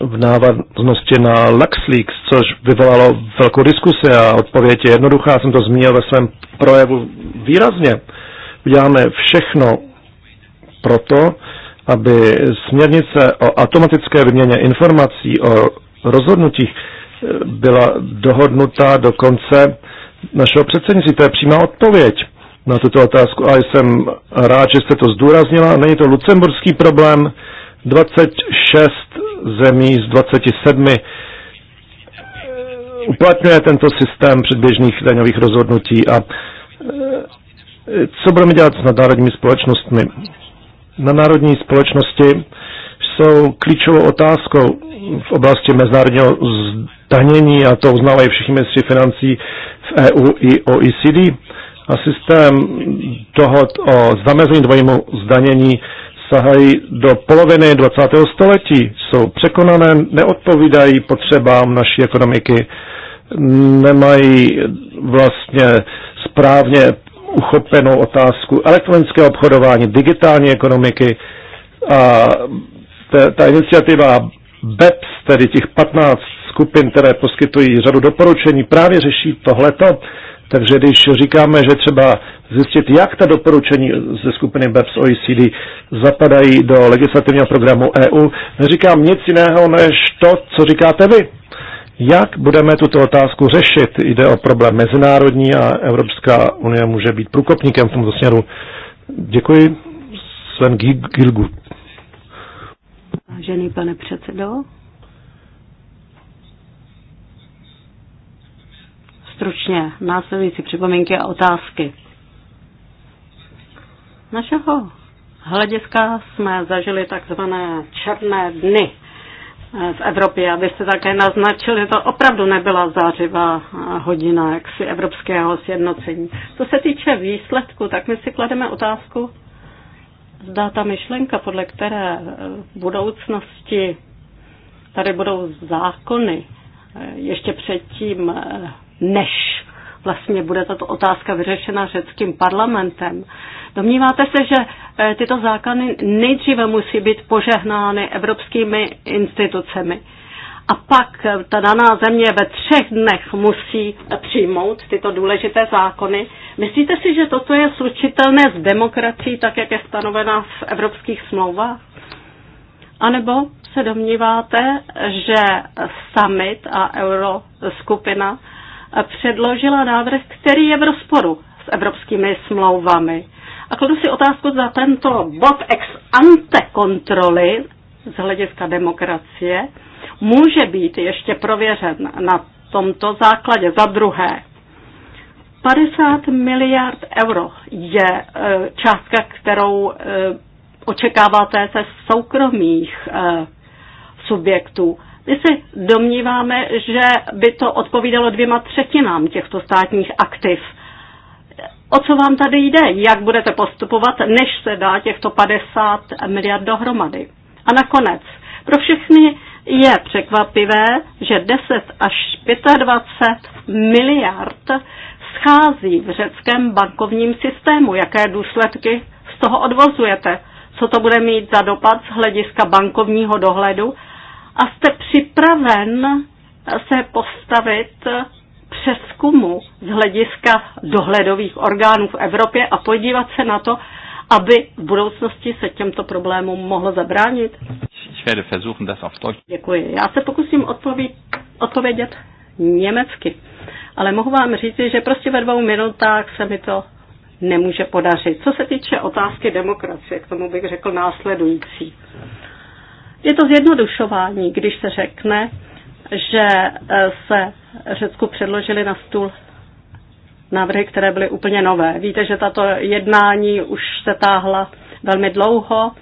S1: v návaznosti na LuxLeaks, což vyvolalo velkou diskusi a odpověď je jednoduchá, jsem to zmínil ve svém projevu výrazně. Uděláme všechno proto, aby směrnice o automatické vyměně informací o rozhodnutích eh, byla dohodnuta do konce našeho předsednictví. To je přímá odpověď na tuto otázku a jsem rád, že jste to zdůraznila. Není to lucemburský problém, 26 zemí z 27 eh, uplatňuje tento systém předběžných daňových rozhodnutí a eh, co budeme dělat s nadnárodními společnostmi? národní společnosti jsou klíčovou otázkou v oblasti mezinárodního zdanění a to uznávají všichni ministři financí v EU i OECD a systém dohod o zamezení dvojímu zdanění sahají do poloviny 20. století, jsou překonané, neodpovídají potřebám naší ekonomiky, nemají vlastně správně uchopenou otázku elektronického obchodování, digitální ekonomiky a ta, ta iniciativa BEPS, tedy těch 15 skupin, které poskytují řadu doporučení, právě řeší tohleto takže když říkáme, že třeba zjistit, jak ta doporučení ze skupiny BEPS OECD zapadají do legislativního programu EU, neříkám nic jiného než to, co říkáte vy. Jak budeme tuto otázku řešit? Jde o problém mezinárodní a Evropská unie může být průkopníkem v tomto směru. Děkuji. Sven Gilgu.
S4: Vážený pane předsedo, stručně následující připomínky a otázky. Našeho hlediska jsme zažili takzvané černé dny eh, v Evropě. Abyste také naznačili, to opravdu nebyla zářivá eh, hodina jaksi evropského sjednocení. Co se týče výsledku, tak my si klademe otázku, zda ta myšlenka, podle které eh, v budoucnosti tady budou zákony ještě předtím než vlastně bude tato otázka vyřešena řeckým parlamentem. Domníváte se, že eh, tyto zákony nejdříve musí být požehnány evropskými institucemi a pak eh, ta daná země ve třech dnech musí eh, přijmout tyto důležité zákony. Myslíte si, že toto je slučitelné s demokracií, tak jak je stanovená v evropských smlouvách? A nebo se domníváte, že summit a euroskupina předložila návrh, který je v rozporu s evropskými smlouvami. A kladu si otázku za tento bod ex ante kontroly z hlediska demokracie může být ještě prověřen na tomto základě. Za druhé, 50 miliard euro je e, částka, kterou e, očekáváte ze soukromých e, subjektů. My se domníváme, že by to odpovídalo dvěma třetinám těchto státních aktiv. O co vám tady jde? Jak budete postupovat, než se dá těchto 50 miliard dohromady? A nakonec, pro všechny je překvapivé, že 10 až 25 miliard schází v řeckém bankovním systému. Jaké důsledky z toho odvozujete? Co to bude mít za dopad z hlediska bankovního dohledu a jste připraven se postavit přeskumu z hlediska dohledových orgánů v Evropě a podívat se na to, aby v budoucnosti se těmto problémům mohlo zabránit? Děkuji. Já se pokusím odpovědět, odpovědět německy. Ale mohu vám říct, že prostě ve dvou minutách se mi to nemůže podařit. Co se týče otázky demokracie, k tomu bych řekl následující. Je to zjednodušování, když se řekne, že e, se Řecku předložili na stůl návrhy, které byly úplně nové. Víte, že tato jednání už se táhla velmi dlouho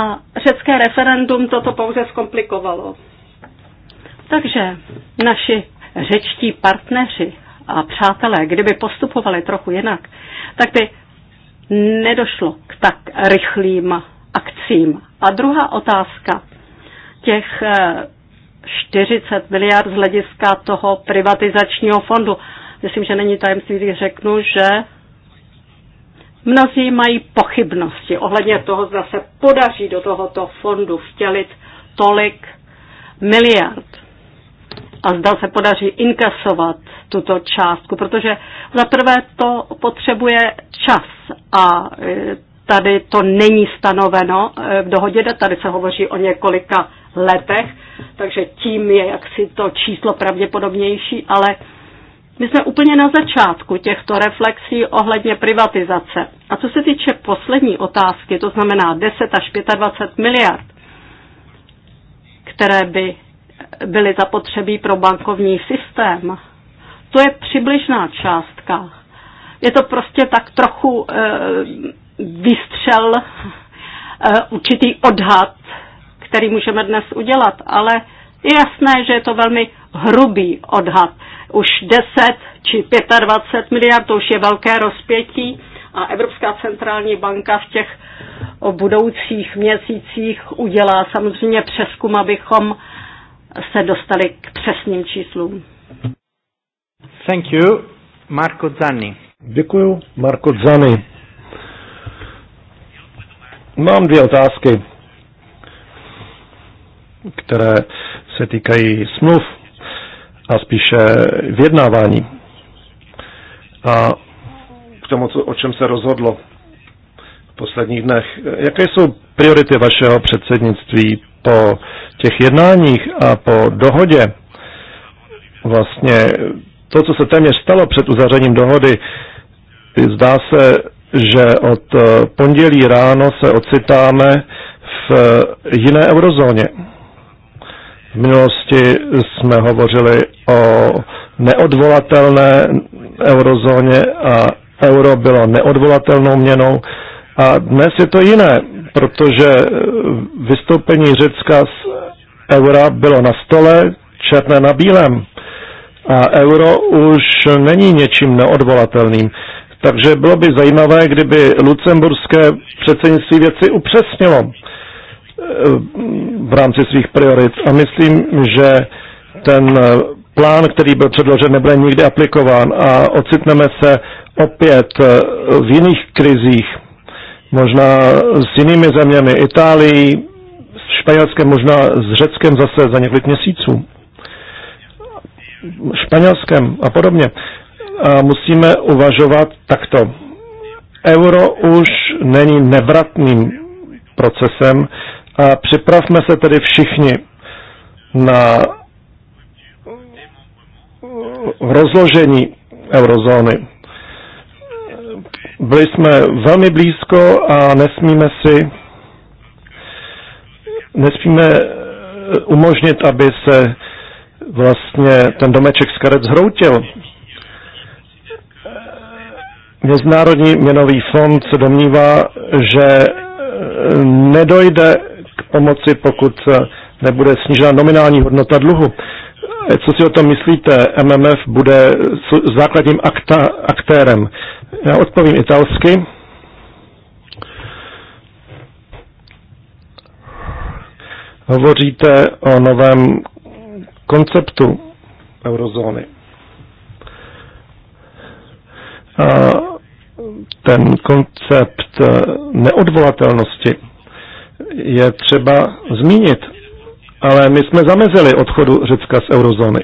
S4: a řecké referendum toto pouze zkomplikovalo. Takže naši řečtí partneři a přátelé, kdyby postupovali trochu jinak, tak by nedošlo k tak rychlým akcím a druhá otázka. Těch 40 eh, miliard z hlediska toho privatizačního fondu. Myslím, že není tajemství, když řeknu, že mnozí mají pochybnosti ohledně toho, zda se podaří do tohoto fondu vtělit tolik miliard a zda se podaří inkasovat tuto částku, protože za prvé to potřebuje čas a eh, Tady to není stanoveno eh, v dohodě, tady se hovoří o několika letech, takže tím je jaksi to číslo pravděpodobnější, ale my jsme úplně na začátku těchto reflexí ohledně privatizace. A co se týče poslední otázky, to znamená 10 až 25 miliard, které by byly zapotřebí pro bankovní systém, to je přibližná částka. Je to prostě tak trochu eh, vystřel eh, určitý odhad, který můžeme dnes udělat, ale je jasné, že je to velmi hrubý odhad. Už 10 či 25 miliard, to už je velké rozpětí a Evropská centrální banka v těch budoucích měsících udělá samozřejmě přeskum, abychom se dostali k přesným číslům.
S2: Thank you, Marco Zanni.
S1: Děkuji, Marco Zanni. Mám dvě otázky, které se týkají smluv a spíše vyjednávání. A k tomu, co, o čem se rozhodlo v posledních dnech. Jaké jsou priority vašeho předsednictví po těch jednáních a po dohodě? Vlastně to, co se téměř stalo před uzavřením dohody, zdá se že od eh, pondělí ráno se ocitáme v eh, jiné eurozóně. V minulosti jsme hovořili o neodvolatelné eurozóně a euro bylo neodvolatelnou měnou a dnes je to jiné, protože eh, vystoupení Řecka z eura bylo na stole černé na bílém a euro už není něčím neodvolatelným. Takže bylo by zajímavé, kdyby lucemburské předsednictví věci upřesnilo eh, v rámci svých priorit. A myslím, že ten eh, plán, který byl předložen, nebude nikdy aplikován a ocitneme se opět eh, v jiných krizích, možná s jinými zeměmi, Itálií, Španělské, Španělskem, možná s Řeckem zase za několik měsíců. Španělskem a podobně. A musíme uvažovat takto. Euro už není nevratným procesem a připravme se tedy všichni na rozložení eurozóny. Byli jsme velmi blízko a nesmíme si nesmíme umožnit, aby se vlastně ten domeček z karet zhroutil. Mezinárodní měnový fond se domnívá, že eh, nedojde k pomoci, pokud eh, nebude snížena nominální hodnota dluhu. Eh, co si o tom myslíte? MMF bude základním akta, aktérem. Já odpovím italsky. Hovoříte o novém konceptu eurozóny ten koncept e, neodvolatelnosti je třeba zmínit, ale my jsme zamezili odchodu Řecka z eurozóny.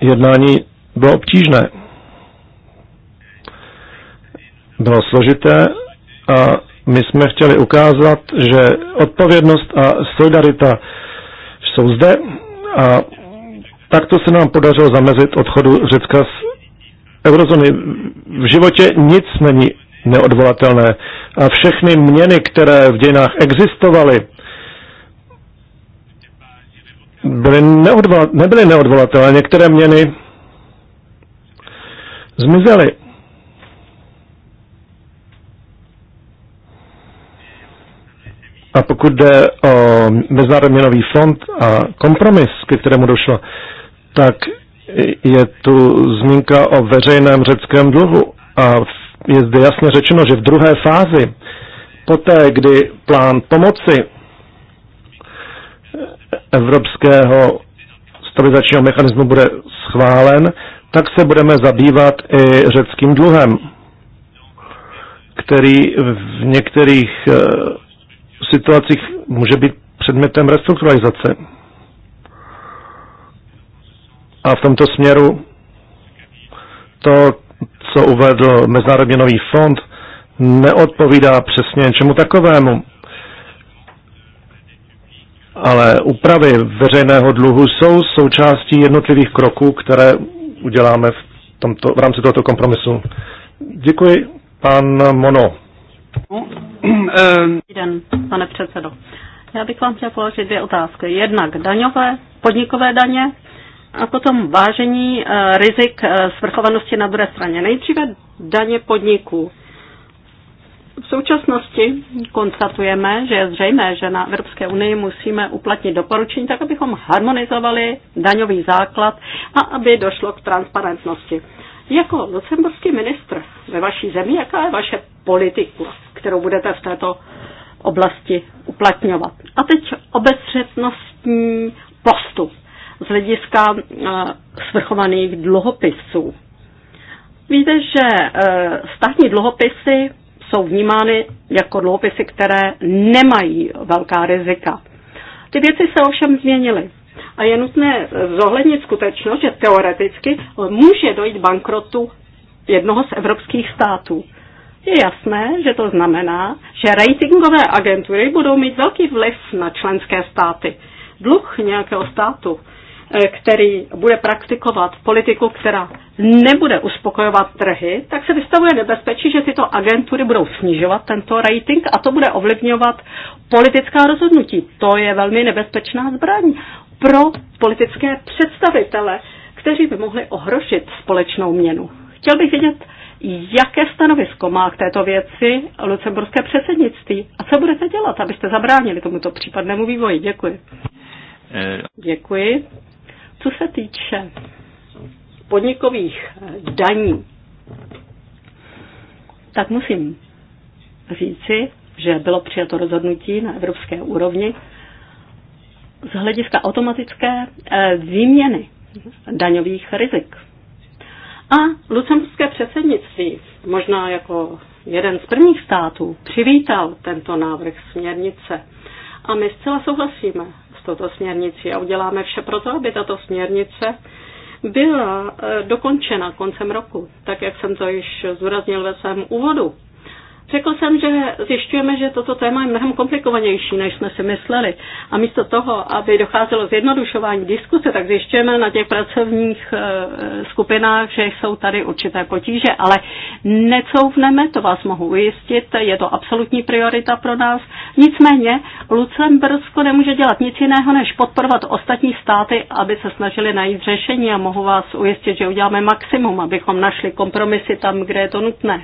S1: Jednání bylo obtížné. Bylo složité a my jsme chtěli ukázat, že odpovědnost a solidarita jsou zde a takto se nám podařilo zamezit odchodu Řecka z eurozóny. V životě nic není neodvolatelné. A všechny měny, které v dějinách existovaly, byly neodvolat, nebyly neodvolatelné. Některé měny zmizely. A pokud jde o Mezinárodní měnový fond a kompromis, ke kterému došlo, tak je tu zmínka o veřejném řeckém dluhu a je zde jasně řečeno, že v druhé fázi, poté, kdy plán pomoci Evropského stabilizačního mechanismu bude schválen, tak se budeme zabývat i řeckým dluhem, který v některých eh, situacích může být předmětem restrukturalizace. A v tomto směru to, co uvedl Mezinárodní nový fond, neodpovídá přesně čemu takovému. Ale úpravy veřejného dluhu jsou součástí jednotlivých kroků, které uděláme v, tomto, v rámci tohoto kompromisu. Děkuji, pan Mono.
S5: Dobrý
S4: den, pane předsedo. Já bych vám chtěl položit dvě otázky. Jednak daňové, podnikové daně a potom vážení eh, rizik eh, svrchovanosti na druhé straně. Nejdříve daně podniků. V současnosti konstatujeme, že je zřejmé, že na Evropské unii musíme uplatnit doporučení tak, abychom harmonizovali daňový základ a aby došlo k transparentnosti. Jako lucemburský ministr ve vaší zemi, jaká je vaše politika, kterou budete v této oblasti uplatňovat? A teď obezřetnostní postup z hlediska eh, svrchovaných dluhopisů. Víte, že eh, státní dluhopisy jsou vnímány jako dluhopisy, které nemají velká rizika. Ty věci se ovšem změnily. A je nutné zohlednit skutečnost, že teoreticky může dojít bankrotu jednoho z evropských států. Je jasné, že to znamená, že ratingové agentury budou mít velký vliv na členské státy. Dluh nějakého státu Eh, který bude praktikovat politiku, která nebude uspokojovat trhy, tak se vystavuje nebezpečí, že tyto agentury budou snižovat tento rating a to bude ovlivňovat politická rozhodnutí. To je velmi nebezpečná zbraň pro politické představitele, kteří by mohli ohrošit společnou měnu. Chtěl bych vědět, jaké stanovisko má k této věci lucemburské předsednictví a co budete dělat, abyste zabránili tomuto případnému vývoji. Děkuji. Eh. Děkuji. Co se týče podnikových daní, tak musím říci, že bylo přijato rozhodnutí na evropské úrovni z hlediska automatické eh, výměny daňových rizik. A lucemburské předsednictví, možná jako jeden z prvních států, přivítal tento návrh směrnice. A my zcela souhlasíme touto směrnicí a uděláme vše pro to, aby tato směrnice byla eh, dokončena koncem roku, tak jak jsem to již zúraznil ve svém úvodu. Řekl jsem, že zjišťujeme, že toto téma je mnohem komplikovanější, než jsme si mysleli. A místo toho, aby docházelo zjednodušování diskuse, tak zjišťujeme na těch pracovních eh, skupinách, že jsou tady určité potíže, ale necouvneme, to vás mohu ujistit, je to absolutní priorita pro nás. Nicméně Lucembursko nemůže dělat nic jiného, než podporovat ostatní státy, aby se snažili najít řešení a mohu vás ujistit, že uděláme maximum, abychom našli kompromisy tam, kde je to nutné.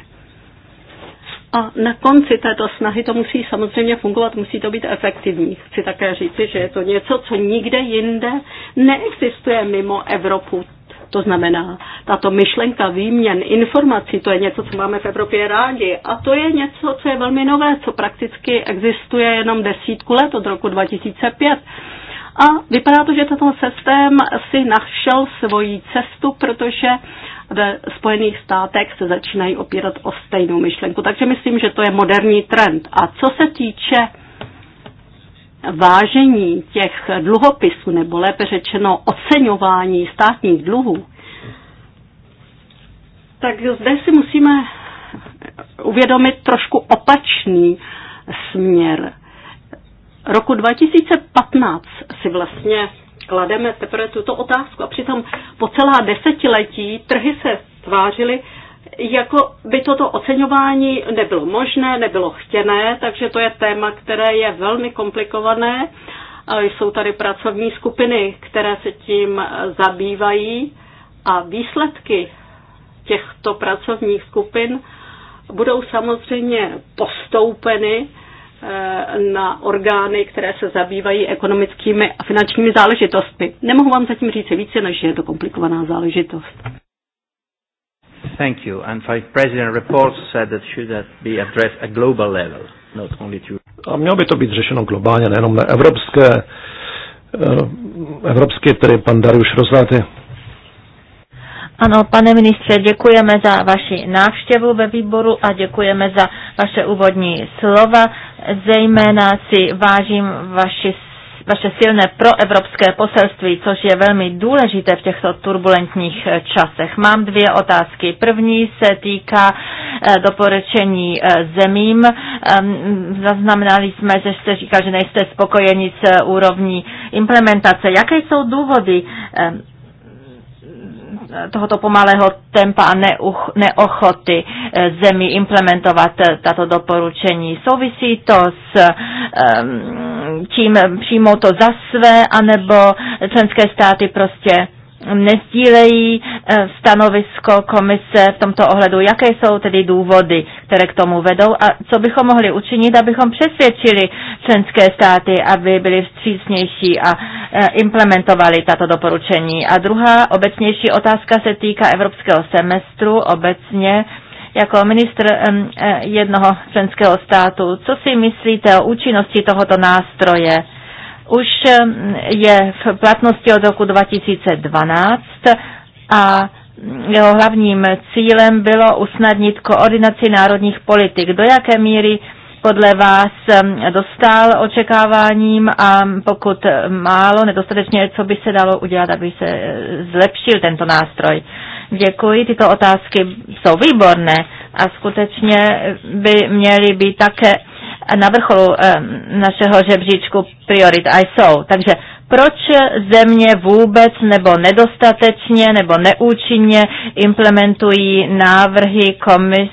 S4: A na konci této snahy to musí samozřejmě fungovat, musí to být efektivní. Chci také říci, že je to něco, co nikde jinde neexistuje mimo Evropu. To znamená, tato myšlenka výměn informací, to je něco, co máme v Evropě rádi. A to je něco, co je velmi nové, co prakticky existuje jenom desítku let od roku 2005. A vypadá to, že tento systém si našel svoji cestu, protože uh, ve Spojených státech se začínají opírat o stejnou myšlenku. Takže myslím, že to je moderní trend. A co se týče vážení těch dluhopisů, nebo lépe řečeno oceňování státních dluhů, tak zde si musíme uvědomit trošku opačný směr. Roku 2015 si vlastně klademe teprve tuto otázku. A přitom po celá desetiletí trhy se tvářily, jako by toto oceňování nebylo možné, nebylo chtěné, takže to je téma, které je velmi komplikované. Jsou tady pracovní skupiny, které se tím zabývají a výsledky těchto pracovních skupin budou samozřejmě postoupeny Eh, na orgány, které se zabývají ekonomickými a finančními záležitostmi. Nemohu vám zatím říct více, než je to komplikovaná záležitost.
S2: Thank you. And Vice President report said that should that be addressed at global level, not only to. A
S1: mělo by to být řešeno globálně, nejenom na evropské, eh, evropské, tedy pan Darius Rozáty.
S3: Ano, pane ministře, děkujeme za vaši návštěvu ve výboru a děkujeme za vaše úvodní slova. Zejména si vážím vaši, vaše silné proevropské poselství, což je velmi důležité v těchto turbulentních eh, časech. Mám dvě otázky. První se týká eh, doporučení eh, zemím. Ehm, zaznamenali jsme, že jste říkal, že nejste spokojeni s úrovní implementace. Jaké jsou důvody ehm, tohoto pomalého tempa a neuch, neochoty eh, zemí implementovat eh, tato doporučení. Souvisí to s ehm, tím přijmout to za své, anebo členské státy prostě nezdílejí eh, stanovisko komise v tomto ohledu. Jaké jsou tedy důvody, které k tomu vedou a co bychom mohli učinit, abychom přesvědčili členské státy, aby byly vstřícnější a eh, implementovali tato doporučení. A druhá obecnější otázka se týká evropského semestru obecně jako ministr eh, jednoho členského státu. Co si myslíte o účinnosti tohoto nástroje? už ehm, je v platnosti od roku 2012 a jeho hlavním cílem bylo usnadnit koordinaci národních politik. Do jaké míry podle vás ehm, dostal očekáváním a pokud málo, nedostatečně, co by se dalo udělat, aby se eh, zlepšil tento nástroj? Děkuji, tyto otázky jsou výborné a skutečně by měly být také na vrcholu eh, našeho žebříčku priorit a jsou. Takže proč země vůbec nebo nedostatečně nebo neúčinně implementují návrhy komise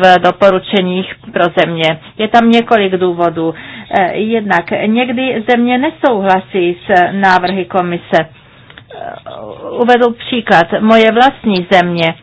S3: v doporučeních pro země. Je tam několik důvodů. Eh, jednak někdy země nesouhlasí s návrhy komise. Eh, uvedu příklad. Moje vlastní země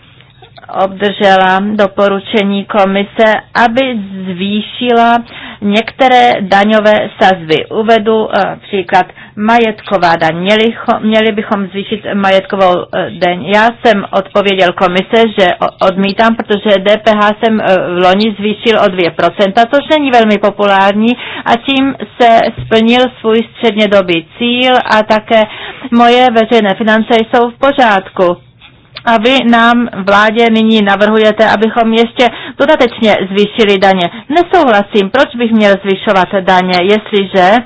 S3: obdržela doporučení komise, aby zvýšila některé daňové sazby. Uvedu eh, příklad majetková daň. Měli, měli bychom zvýšit majetkovou eh, daň. Já jsem odpověděl komise, že odmítám, protože DPH jsem eh, v loni zvýšil o 2%, což není velmi populární a tím se splnil svůj střednědobý cíl a také moje veřejné finance jsou v pořádku a vy nám, vládě, nyní navrhujete, abychom ještě dodatečně zvýšili daně. Nesouhlasím, proč bych měl zvyšovat daně, jestliže eh,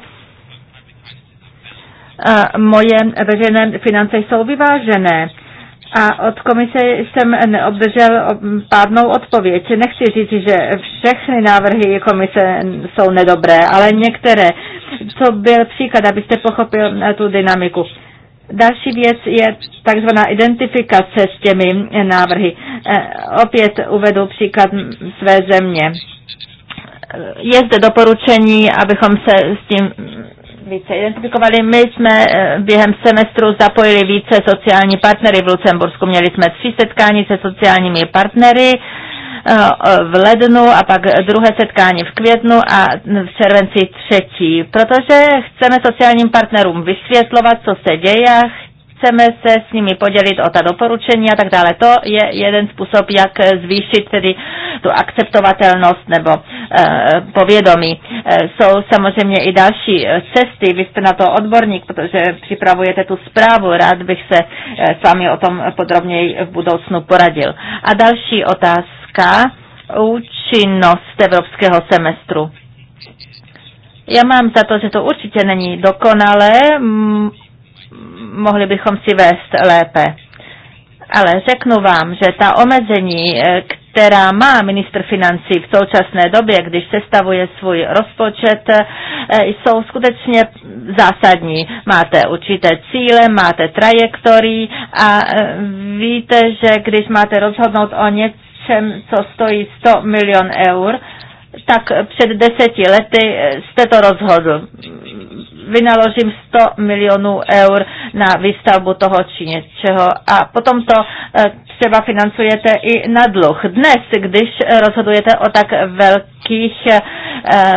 S3: moje veřejné finance jsou vyvážené. A od komise jsem obdržel pádnou odpověď. Nechci říct, že všechny návrhy komise jsou nedobré, ale některé. Co byl příklad, abyste pochopil eh, tu dynamiku. Další věc je takzvaná identifikace s těmi návrhy. Eh, opět uvedu příklad své země. Je zde doporučení, abychom se s tím více identifikovali. My jsme eh, během semestru zapojili více sociální partnery v Lucembursku. Měli jsme tři setkání se sociálními partnery Eh, v lednu a pak druhé setkání v květnu a v červenci třetí, protože chceme sociálním partnerům vysvětlovat, co se děje chceme se s nimi podělit o ta doporučení a tak dále. To je jeden způsob, jak zvýšit tedy tu akceptovatelnost nebo e, povědomí. E, jsou samozřejmě i další eh, cesty, vy jste na to odborník, protože připravujete tu zprávu, rád bych se e, s vámi o tom podrobněji v budoucnu poradil. A další otázka, účinnost evropského semestru. Já mám za to, že to určitě není dokonalé, mohli bychom si vést lépe. Ale řeknu vám, že ta omezení, eh, která má ministr financí v současné době, když sestavuje svůj rozpočet, eh, jsou skutečně zásadní. Máte určité cíle, máte trajektorii a eh, víte, že když máte rozhodnout o něčem, co stojí 100 milion eur, tak před deseti lety jste to rozhodl vynaložím 100 milionů eur na výstavbu toho či něčeho a potom to eh, třeba financujete i na dluh. Dnes, když rozhodujete o tak velkém velkých eh,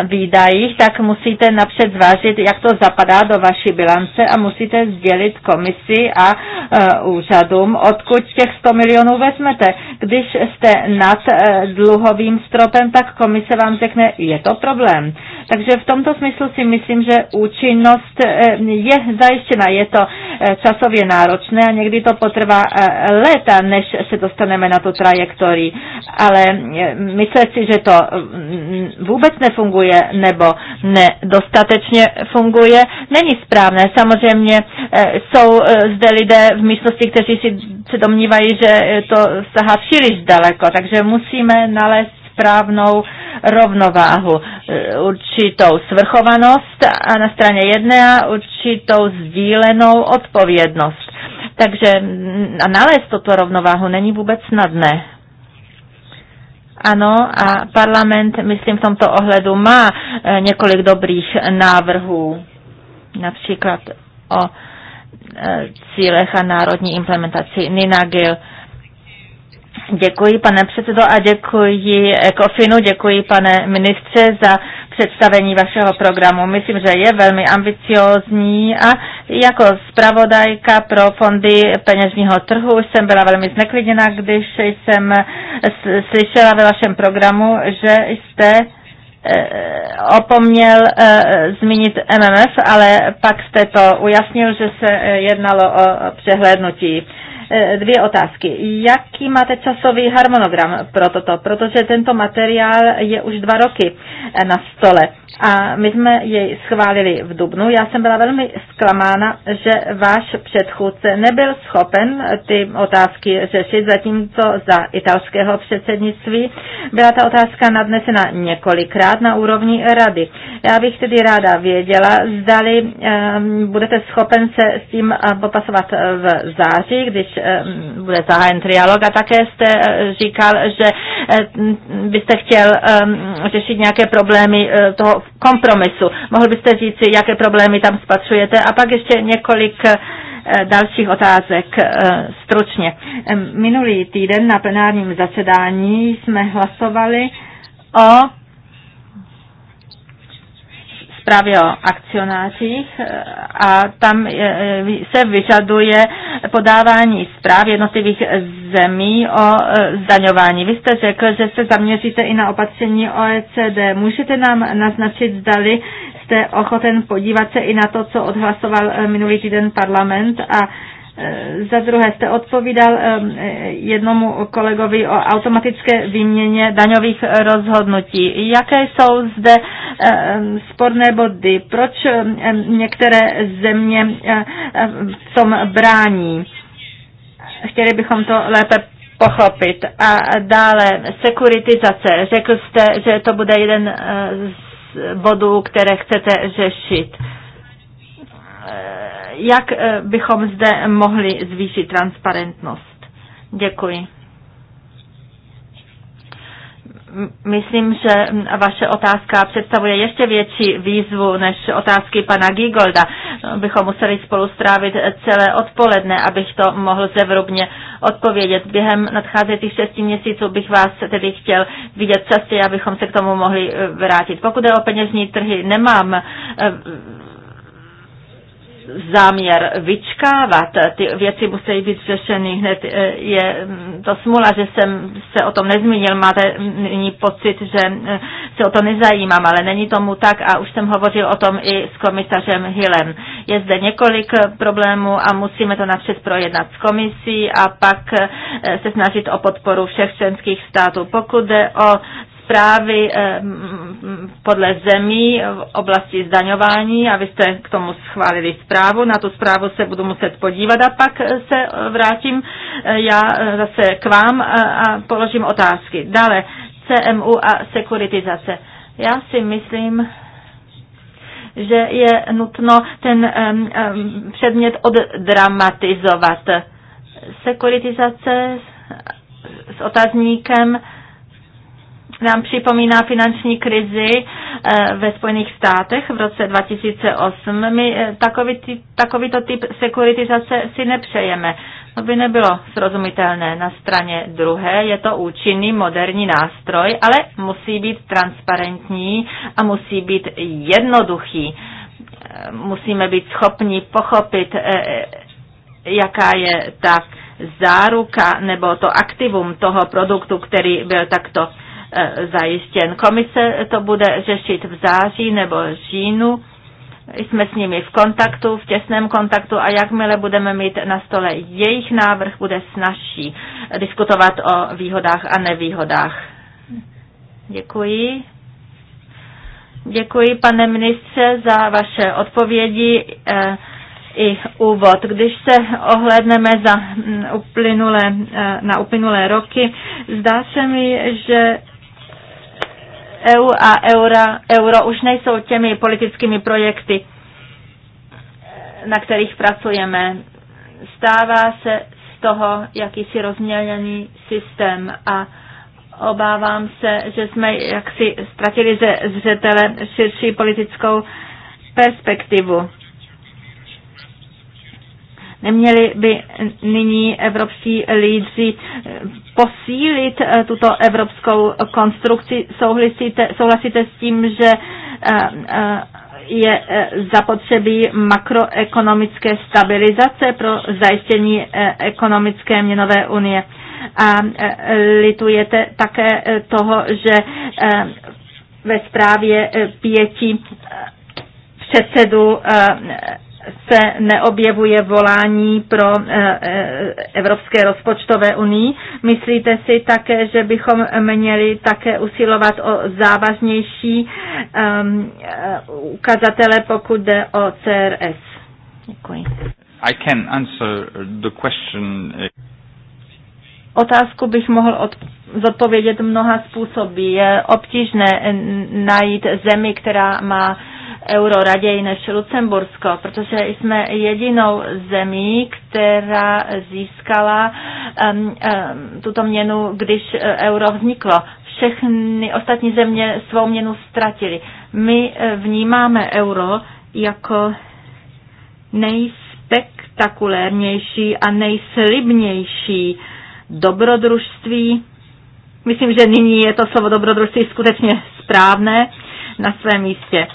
S3: výdajích, tak musíte napřed zvážit, jak to zapadá do vaší bilance a musíte sdělit komisi a eh, úřadům, odkud těch 100 milionů vezmete. Když jste nad eh, dluhovým stropem, tak komise vám řekne, je to problém. Takže v tomto smyslu si myslím, že účinnost je zajištěna. Je to časově náročné a někdy to potrvá léta, než se dostaneme na tu trajektorii. Ale myslet si, že to Mm, vůbec nefunguje nebo nedostatečně funguje, není správné. Samozřejmě eh, jsou eh, zde lidé v místnosti, kteří si se domnívají, že eh, to sahá příliš daleko, takže musíme nalézt správnou rovnováhu, určitou svrchovanost a na straně jedné a určitou sdílenou odpovědnost. Takže mm, nalézt toto rovnováhu není vůbec snadné. Ano, a parlament, myslím, v tomto ohledu má eh, několik dobrých návrhů, například o eh, cílech a národní implementaci. Ninagil. Gill Děkuji, pane předsedo, a děkuji Kofinu, děkuji, pane ministře, za představení vašeho programu. Myslím, že je velmi ambiciózní a jako zpravodajka pro fondy peněžního trhu jsem byla velmi zneklidněna, když jsem slyšela ve vašem programu, že jste e, opomněl e, zmínit MMF, ale pak jste to ujasnil, že se e, jednalo o přehlédnutí. Eh, dvě otázky. Jaký máte časový harmonogram pro toto? Protože tento materiál je už dva roky eh, na stole a my jsme jej schválili v Dubnu. Já jsem byla velmi zklamána, že váš předchůdce nebyl schopen eh, ty otázky řešit, zatímco za italského předsednictví byla ta otázka nadnesena několikrát na úrovni rady. Já bych tedy ráda věděla, zdali um, budete schopen se s tím popasovat v září, když Eh, bude zahájen trialog a také jste eh, říkal, že eh, byste chtěl řešit nějaké problémy toho kompromisu. Mohl byste říct, jaké problémy tam spatřujete a pak ještě několik dalších otázek stručně. Minulý týden na plenárním zasedání jsme hlasovali o zprávě o akcionářích e, a tam e, e, se vyžaduje podávání zpráv jednotlivých zemí o zdaňování. Vy jste řekl, že se zaměříte i na opatření OECD. Můžete nám naznačit, zdali jste ochoten podívat se i na to, co odhlasoval minulý týden parlament a Eh, za druhé jste odpovídal eh, jednomu kolegovi o automatické výměně daňových rozhodnutí. Jaké jsou zde eh, sporné body? Proč některé země v tom brání? Chtěli bychom to lépe pochopit. A dále sekuritizace. Řekl jste, že to bude jeden z bodů, které chcete řešit. Eh, jak eh, bychom zde mohli zvýšit transparentnost? Děkuji. Myslím, že vaše otázka představuje ještě větší výzvu než otázky pana Gigolda. Bychom museli spolu strávit celé odpoledne, abych to mohl zevrubně odpovědět. Během nadcházejících šesti měsíců bych vás tedy chtěl vidět častěji, abychom se k tomu mohli eh, vrátit. Pokud je o peněžní trhy, nemám záměr vyčkávat. Ty věci musí být řešeny hned. Eh, je mm, to smula, že jsem se o tom nezmínil. Máte nyní pocit, že eh, se o to nezajímám, ale není tomu tak a už jsem hovořil o tom i s komisařem Hillem. Je zde několik problémů a musíme to napřed projednat s komisí a pak eh, se snažit o podporu všech členských států. Pokud jde o zprávy eh, podle zemí v oblasti zdaňování a vy jste k tomu schválili zprávu. Na tu zprávu se budu muset podívat a pak eh, se vrátím eh, já zase k vám a položím otázky. Dále CMU a sekuritizace. Já si myslím, že je nutno ten předmět oddramatizovat. Sekuritizace s otazníkem nám připomíná finanční krizi eh, ve Spojených státech v roce 2008. My eh, takový, takovýto typ sekuritizace si nepřejeme. To by nebylo srozumitelné na straně druhé. Je to účinný moderní nástroj, ale musí být transparentní a musí být jednoduchý. Eh, musíme být schopni pochopit, jaká je ta záruka nebo to aktivum toho produktu, který byl takto E, zajištěn. Komise to bude řešit v září nebo říjnu. Jsme s nimi v kontaktu, v těsném kontaktu a jakmile budeme mít na stole jejich návrh, bude snažší diskutovat o výhodách a nevýhodách. Děkuji. Děkuji, pane ministře, za vaše odpovědi e, i úvod. Když se ohledneme za uplynulé, e, na uplynulé roky, zdá se mi, že EU a eura, euro už nejsou těmi politickými projekty, na kterých pracujeme. Stává se z toho jakýsi rozmělněný systém a obávám se, že jsme jaksi ztratili ze zřetele širší politickou perspektivu. Neměli by nyní evropští lídři eh, posílit eh, tuto evropskou konstrukci? Souhlasíte, souhlasíte s tím, že eh, je zapotřebí makroekonomické stabilizace pro zajištění ekonomické měnové unie? A litujete také toho, že ve zprávě pěti předsedů se neobjevuje volání pro eh, eh, Evropské rozpočtové unii. Myslíte si také, že bychom měli také usilovat o závažnější um, ukazatele, pokud jde o CRS? Děkuji.
S6: I can answer the question.
S3: Otázku bych mohl zodpovědět mnoha způsoby. Je obtížné najít zemi, která má uh, euro raději než Lucembursko, protože jsme jedinou zemí, která získala um, um, tuto měnu, když eh, euro vzniklo. Všechny ostatní země svou měnu ztratili. My eh, vnímáme euro jako nejspektakulérnější a nejslibnější dobrodružství. Myslím, že nyní je to slovo dobrodružství skutečně správné na svém místě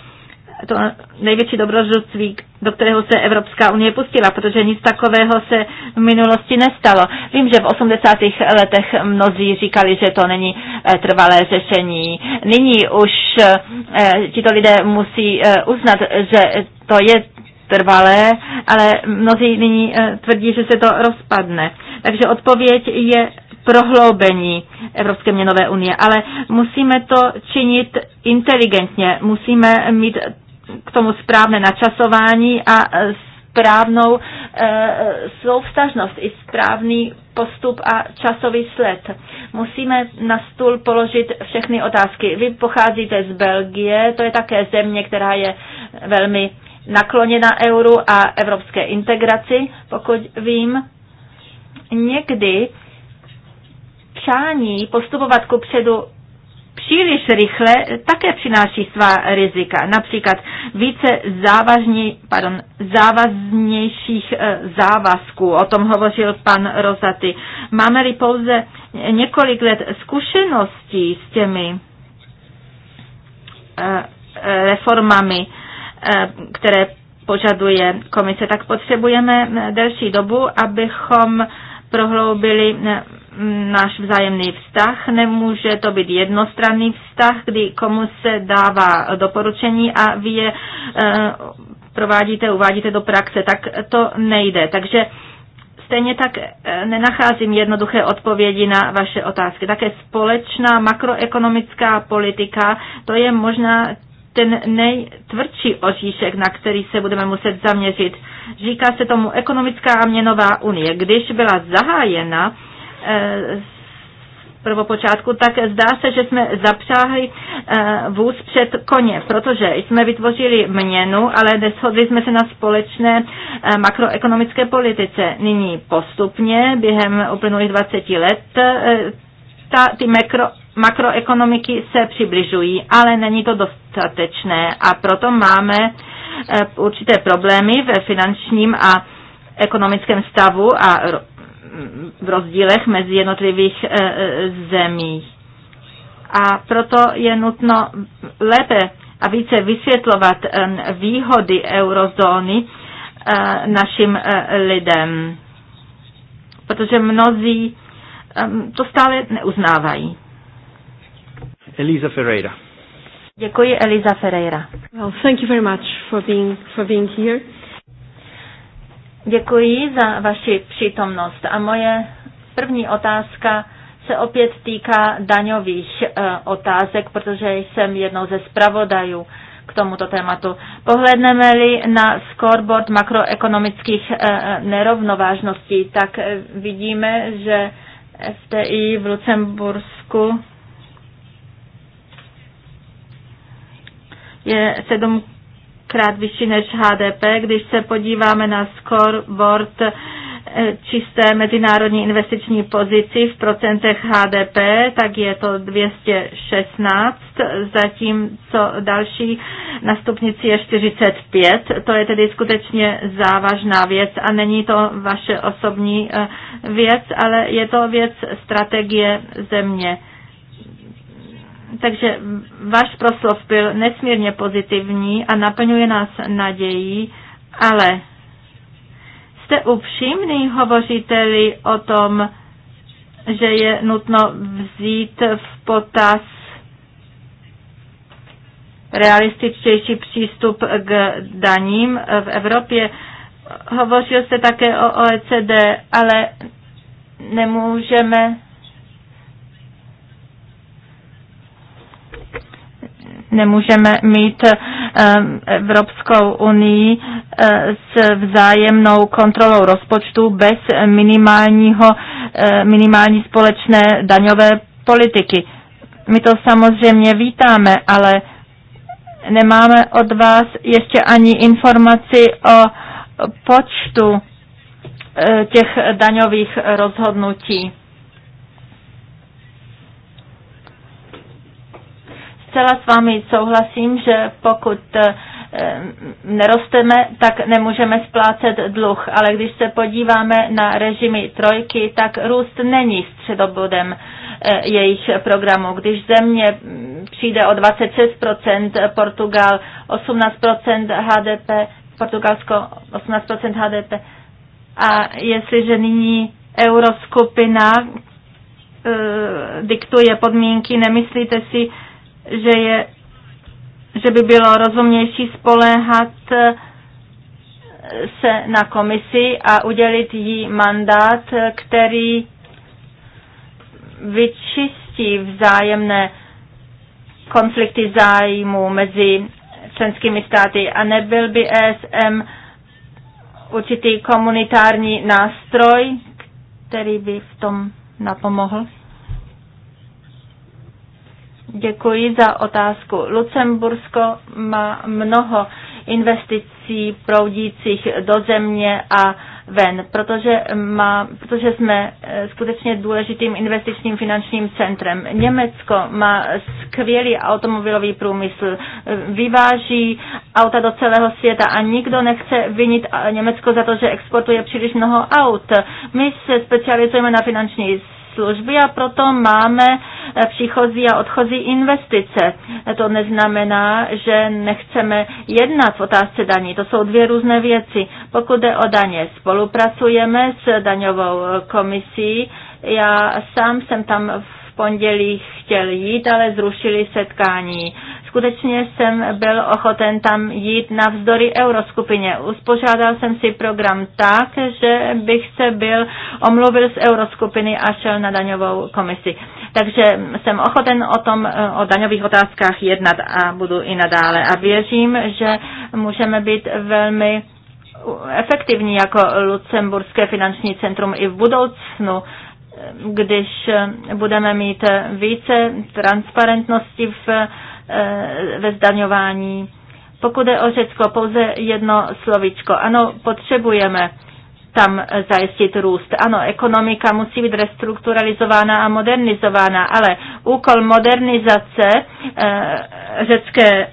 S3: to největší dobrodružství, do kterého se Evropská unie pustila, protože nic takového se v minulosti nestalo. Vím, že v 80. letech mnozí říkali, že to není eh, trvalé řešení. Nyní už eh, tito lidé musí eh, uznat, že to je trvalé, ale mnozí nyní tvrdí, že se to rozpadne. Takže odpověď je prohloubení Evropské měnové unie, ale musíme to činit inteligentně, musíme mít k tomu správné načasování a e, správnou e, souvstažnost i správný postup a časový sled. Musíme na stůl položit všechny otázky. Vy pocházíte z Belgie, to je také země, která je velmi nakloněna euru a evropské integraci, pokud vím. Někdy přání postupovat ku předu příliš rychle také přináší svá rizika. Například více závažní, pardon, závaznějších eh, závazků, o tom hovořil pan Rozaty. Máme-li pouze několik let zkušeností s těmi eh, eh, reformami, které požaduje komise, tak potřebujeme delší dobu, abychom prohloubili náš vzájemný vztah. Nemůže to být jednostranný vztah, kdy komu se dává doporučení a vy je eh, provádíte, uvádíte do praxe. Tak to nejde. Takže Stejně tak eh, nenacházím jednoduché odpovědi na vaše otázky. Také společná makroekonomická politika, to je možná ten nejtvrdší oříšek, na který se budeme muset zaměřit. Říká se tomu ekonomická a měnová unie. Když byla zahájena, Eh, prvopočátku, tak zdá se, že jsme zapřáhli eh, vůz před koně, protože jsme vytvořili měnu, ale neshodli jsme se na společné eh, makroekonomické politice. Nyní postupně během uplynulých 20 let ta, ty makro, makroekonomiky se přibližují, ale není to dostatečné a proto máme určité problémy ve finančním a ekonomickém stavu a v rozdílech mezi jednotlivých eh, eh, zemí. A proto je nutno lépe a více vysvětlovat eh, výhody eurozóny našim lidem, protože mnozí to stále neuznávají.
S2: Elisa Ferreira.
S3: Děkuji, Elisa Ferreira. Well, thank
S4: you very much for being,
S3: for being here. Děkuji za vaši přítomnost a moje první otázka se opět týká daňových eh, otázek, protože jsem jednou ze zpravodajů k tomuto tématu. Pohledneme-li na scoreboard makroekonomických eh, nerovnovážností, tak eh, vidíme, že FTI v Lucembursku je 7 krát vyšší než HDP. Když se podíváme na scoreboard eh, čisté mezinárodní investiční pozici v procentech HDP, tak je to 216, zatímco další na stupnici je 45. To je tedy skutečně závažná věc a není to vaše osobní eh, věc, ale je to věc strategie země. Takže váš proslov byl nesmírně pozitivní a naplňuje nás nadějí, ale jste upřímný, hovoříte-li o tom, že je nutno vzít v potaz realističtější přístup k daním v Evropě. Hovořil jste také o OECD, ale nemůžeme nemůžeme mít ehm, Evropskou unii eh, s vzájemnou kontrolou rozpočtu bez minimálního, eh, minimální společné daňové politiky. My to samozřejmě vítáme, ale nemáme od vás ještě ani informaci o počtu eh, těch daňových rozhodnutí. zcela s vámi souhlasím, že pokud eh, nerosteme, tak nemůžeme splácet dluh. Ale když se podíváme na režimy trojky, tak růst není středobodem eh, jejich programu. Když země přijde o 26%, Portugal 18% HDP, Portugalsko 18% HDP. A jestliže nyní euroskupina eh, diktuje podmínky, nemyslíte si, že, je, že by bylo rozumnější spoléhat eh, se na komisi a udělit jí mandát, který vyčistí vzájemné konflikty zájmu mezi členskými státy a nebyl by ESM určitý komunitární nástroj, který by v tom napomohl? Děkuji za otázku. Lucembursko má mnoho investicí proudících do země a ven, protože, má, protože jsme eh, skutečně důležitým investičním finančním centrem. Německo má skvělý automobilový průmysl, eh, vyváží auta do celého světa a nikdo nechce vinit eh, Německo za to, že exportuje příliš mnoho aut. My se specializujeme na finanční služby a proto máme eh, příchozí a odchozí investice. To neznamená, že nechceme jednat v otázce daní. To jsou dvě různé věci. Pokud jde o daně, spolupracujeme s daňovou eh, komisí. Já sám jsem tam v pondělí chtěl jít, ale zrušili setkání. Skutečně jsem byl ochoten tam jít na vzdory euroskupině. Uspořádal jsem si program tak, že bych se byl omluvil z euroskupiny a šel na daňovou komisi. Takže jsem ochoten o tom, eh, o daňových otázkách jednat a budu i nadále. A věřím, že můžeme být velmi efektivní jako Lucemburské finanční centrum i v budoucnu, eh, když eh, budeme mít více transparentnosti v Eh, ve zdaňování. Pokud je o Řecko, pouze jedno slovičko. Ano, potřebujeme tam zajistit růst. Ano, ekonomika musí být restrukturalizována a modernizována, ale úkol modernizace eh, řecké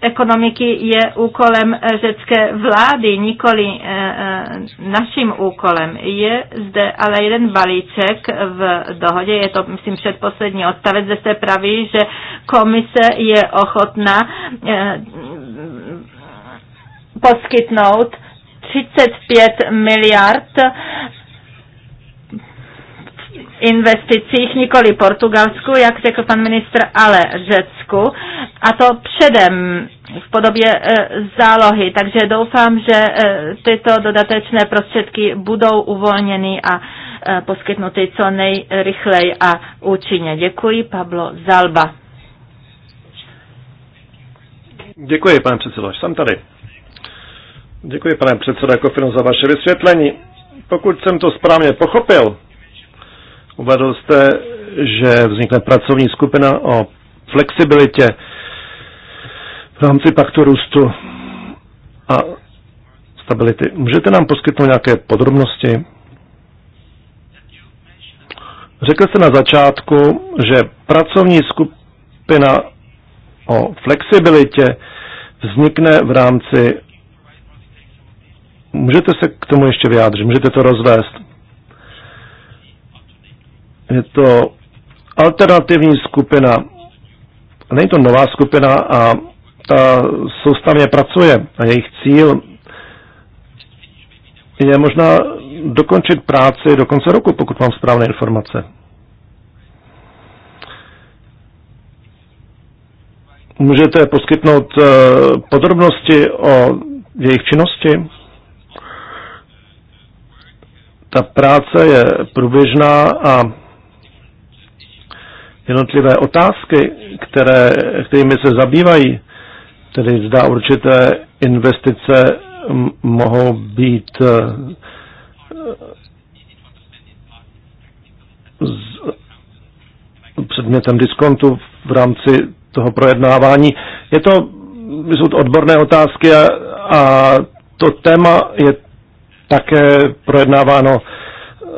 S3: ekonomiky je úkolem eh, řecké vlády, nikoli eh, eh, naším úkolem. Je zde ale jeden balíček v dohodě, je to myslím předposlední odstavec, kde se praví, že komise je ochotná poskytnout 35 miliard investicích, nikoli Portugalsku, jak řekl pan ministr, ale Řecku, a to předem v podobě e, zálohy. Takže doufám, že e, tyto dodatečné prostředky budou uvolněny a e, poskytnuty co nejrychleji a účinně. Děkuji, Pablo Zalba.
S1: Děkuji, pane předsedo, jsem tady. Děkuji, pane předsedo jako za vaše vysvětlení. Pokud jsem to správně pochopil, Uvedl jste, že vznikne pracovní skupina o flexibilitě v rámci paktu růstu a stability. Můžete nám poskytnout nějaké podrobnosti? Řekl jste na začátku, že pracovní skupina o flexibilitě vznikne v rámci. Můžete se k tomu ještě vyjádřit, můžete to rozvést. Je to alternativní skupina, není to nová skupina a ta soustavně pracuje a jejich cíl je možná dokončit práci do konce roku, pokud mám správné informace. Můžete poskytnout eh, podrobnosti o jejich činnosti? Ta práce je průběžná a jednotlivé otázky, které, kterými se zabývají, tedy zda určité investice mohou být eh, předmětem diskontu v rámci toho projednávání. Je to, jsou to odborné otázky a, a to téma je také projednáváno eh,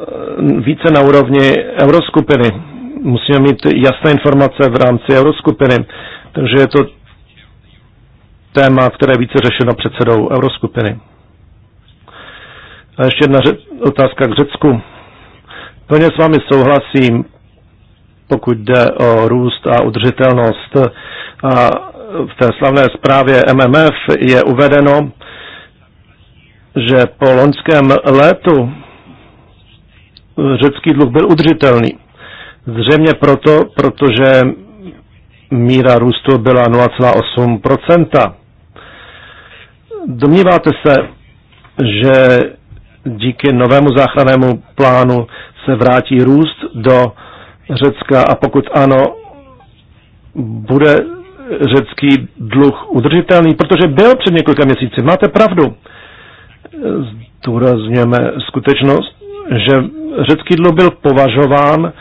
S1: více na úrovni euroskupiny musíme mít jasné informace v rámci euroskupiny. Takže je to téma, které je více řešeno předsedou euroskupiny. A ještě jedna otázka k Řecku. Plně s vámi souhlasím, pokud jde o růst a udržitelnost. A v té slavné zprávě MMF je uvedeno, že po loňském létu řecký dluh byl udržitelný. Zřejmě proto, protože míra růstu byla 0,8%. Domníváte se, že díky novému záchrannému plánu se vrátí růst do Řecka a pokud ano, bude řecký dluh udržitelný, protože byl před několika měsíci. Máte pravdu. Zdůrazněme skutečnost, že řecký dluh byl považován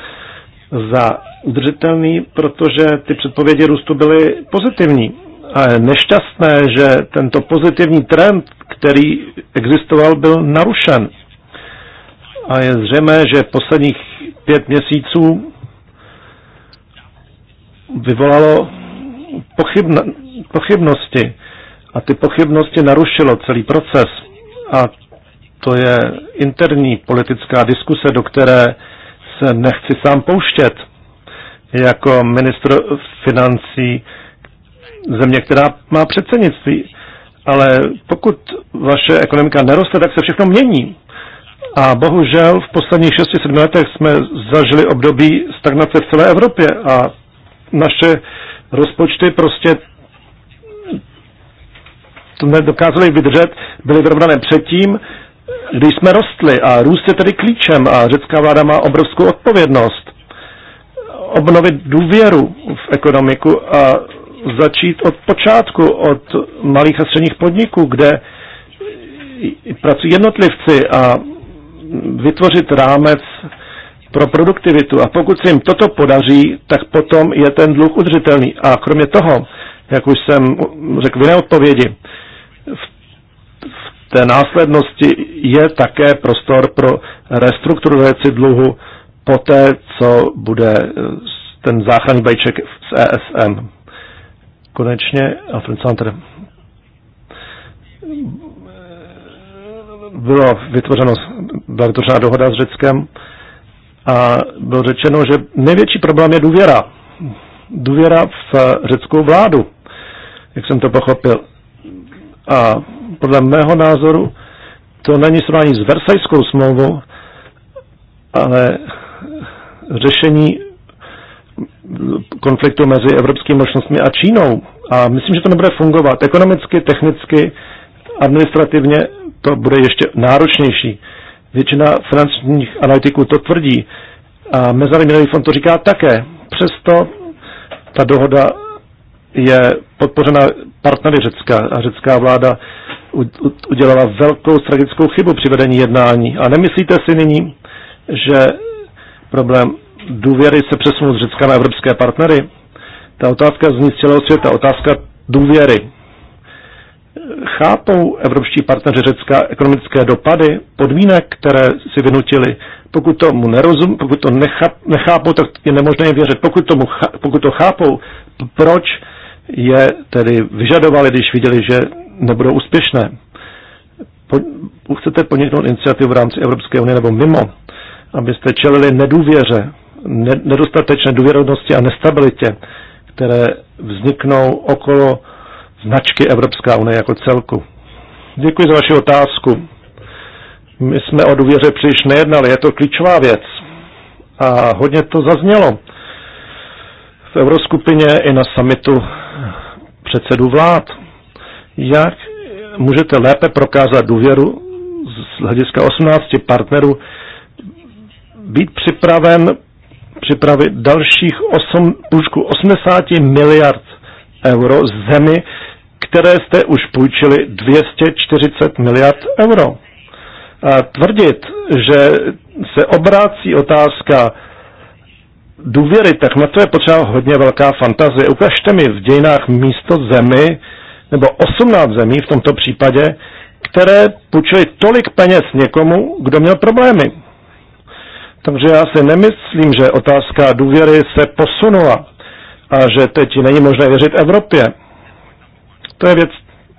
S1: za udržitelný, protože ty předpovědi růstu byly pozitivní. A je nešťastné, že tento pozitivní trend, který existoval, byl narušen. A je zřejmé, že posledních pět měsíců vyvolalo pochybno, pochybnosti. A ty pochybnosti narušilo celý proces. A to je interní politická diskuse, do které se nechci sám pouštět jako ministr financí země, která má předsednictví. Ale pokud vaše ekonomika neroste, tak se všechno mění. A bohužel v posledních 6-7 letech jsme zažili období stagnace v celé Evropě a naše rozpočty prostě to nedokázali vydržet, byly vyrovnané předtím když jsme rostli a růst je tedy klíčem a řecká vláda má obrovskou odpovědnost obnovit důvěru v ekonomiku a začít od počátku, od malých a středních podniků, kde pracují jednotlivci a vytvořit rámec pro produktivitu. A pokud se jim toto podaří, tak potom je ten dluh udržitelný. A kromě toho, jak už jsem řekl v jiné odpovědi, té následnosti je také prostor pro restrukturaci dluhu poté, co bude eh, ten záchranný bajček z ESM. Konečně, Alfred Santer, bylo vytvořeno, byla vytvořena dohoda s Řeckem a bylo řečeno, že největší problém je důvěra. Důvěra v řeckou vládu, jak jsem to pochopil. A podle mého názoru, to není srovnání s Versajskou smlouvou, ale řešení konfliktu mezi evropskými mocnostmi a Čínou. A myslím, že to nebude fungovat ekonomicky, technicky, administrativně to bude ještě náročnější. Většina finančních analytiků to tvrdí. A Mezinárodní fond to říká také. Přesto ta dohoda je podpořena partnery Řecka a řecká vláda udělala velkou strategickou chybu při vedení jednání. A nemyslíte si nyní, že problém důvěry se přesunul z Řecka na evropské partnery? Ta otázka zní z celého světa, otázka důvěry. Chápou evropští partneři Řecka ekonomické dopady, podmínek, které si vynutili? Pokud tomu nerozum, pokud to nechá, nechápou, tak je nemožné jim věřit. Pokud, tomu, pokud to chápou, proč je tedy vyžadovali, když viděli, že nebudou úspěšné. Po, chcete podniknout iniciativu v rámci Evropské unie nebo mimo, abyste čelili nedůvěře, ne, nedostatečné důvěrodnosti a nestabilitě, které vzniknou okolo značky Evropská unie jako celku. Děkuji za vaši otázku. My jsme o důvěře příliš nejednali, je to klíčová věc. A hodně to zaznělo v Euroskupině i na samitu předsedů vlád. Jak můžete lépe prokázat důvěru z hlediska 18 partnerů, být připraven připravit dalších 8, půjčku 80 miliard euro z zemi, které jste už půjčili 240 miliard euro. A tvrdit, že se obrácí otázka důvěry, tak na to je potřeba hodně velká fantazie. Ukažte mi v dějinách místo zemi, nebo 18 zemí v tomto případě, které půjčily tolik peněz někomu, kdo měl problémy. Takže já si nemyslím, že otázka důvěry se posunula a že teď není možné věřit Evropě. To je věc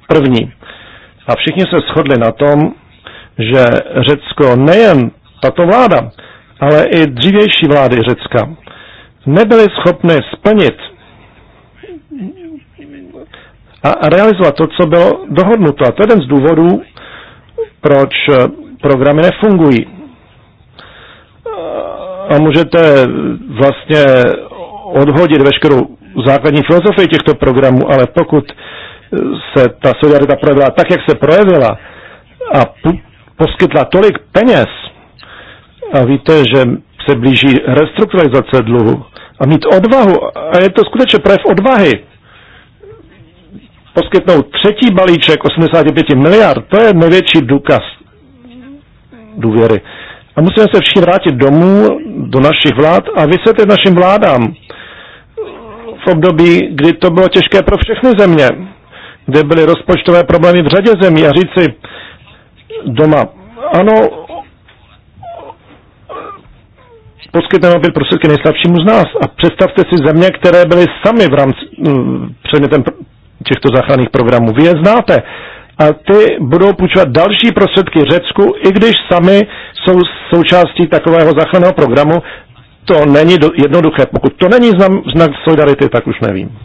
S1: první. A všichni se shodli na tom, že Řecko nejen tato vláda, ale i dřívější vlády Řecka nebyly schopny splnit a realizovat to, co bylo dohodnuto. A to je jeden z důvodů, proč eh, programy nefungují. A můžete vlastně odhodit veškerou základní filozofii těchto programů, ale pokud eh, se ta solidarita projevila tak, jak se projevila a poskytla tolik peněz, a víte, že se blíží restrukturalizace dluhu a mít odvahu, a je to skutečně projev odvahy, poskytnout třetí balíček 85 miliard, to je největší důkaz důvěry. A musíme se všichni vrátit domů, do našich vlád a vysvětlit našim vládám v období, kdy to bylo těžké pro všechny země, kde byly rozpočtové problémy v řadě zemí a říci doma, ano, poskytneme opět prostředky nejslabšímu z nás. A představte si země, které byly sami v rámci, mm, předmětem těchto záchranných programů. Vy je znáte. A ty budou půjčovat další prostředky Řecku, i když sami jsou součástí takového záchranného programu. To není jednoduché. Pokud to není znak solidarity, tak už nevím.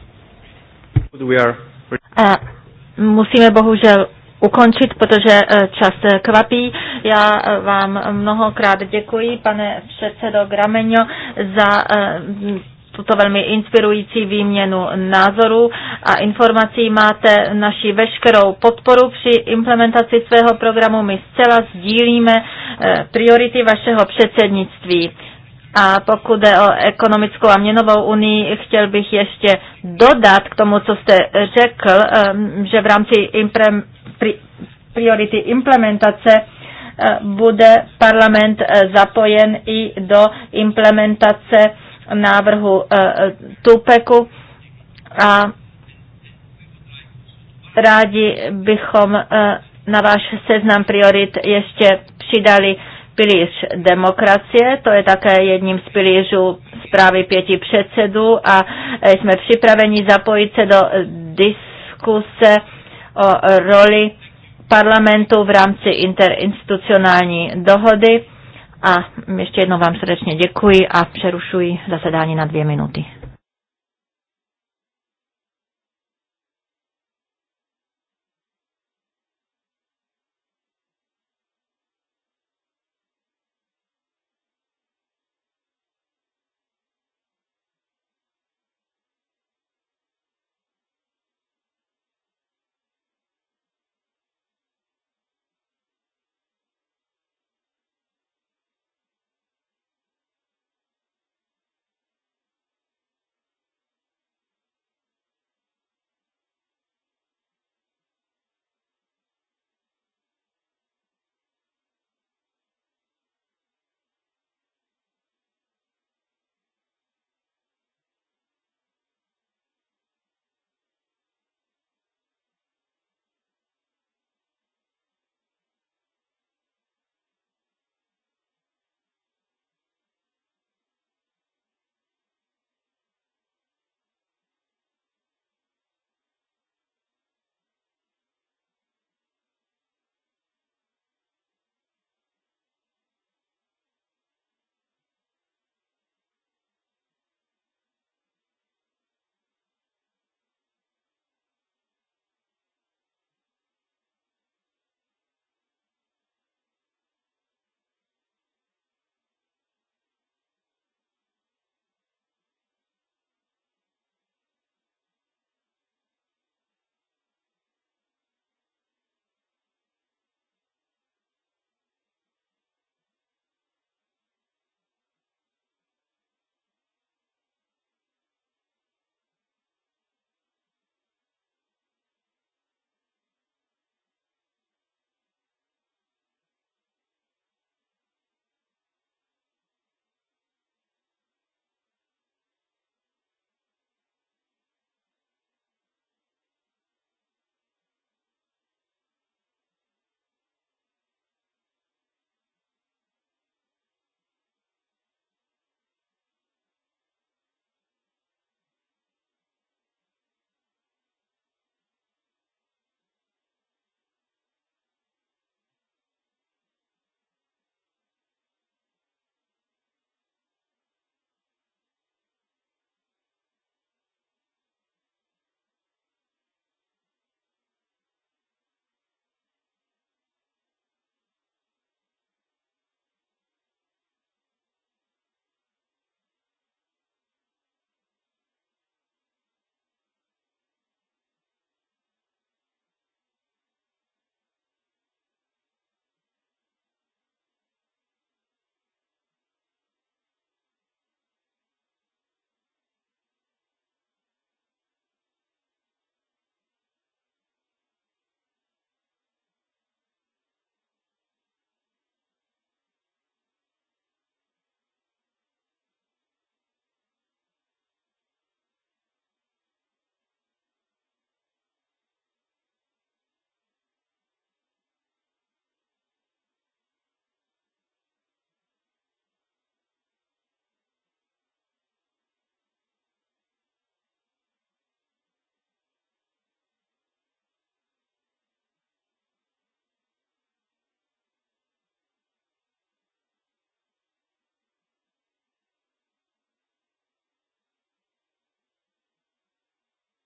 S3: A musíme bohužel ukončit, protože e, čas e, kvapí. Já e, vám mnohokrát děkuji, pane předsedo Grameňo, za tuto velmi inspirující výměnu názorů a informací. Máte naši veškerou podporu při implementaci svého programu. My zcela sdílíme eh, priority vašeho předsednictví. A pokud jde o ekonomickou a měnovou unii, chtěl bych ještě dodat k tomu, co jste řekl, eh, že v rámci priority implementace eh, bude parlament zapojen i do implementace návrhu eh, eh, Tupeku a rádi bychom eh, na váš seznam priorit ještě přidali pilíř demokracie, to je také jedním z pilířů zprávy pěti předsedů a jsme připraveni zapojit se do diskuse o roli parlamentu v rámci interinstitucionální dohody a ještě jednou vám srdečně děkuji a přerušuji zasedání na dvě minuty.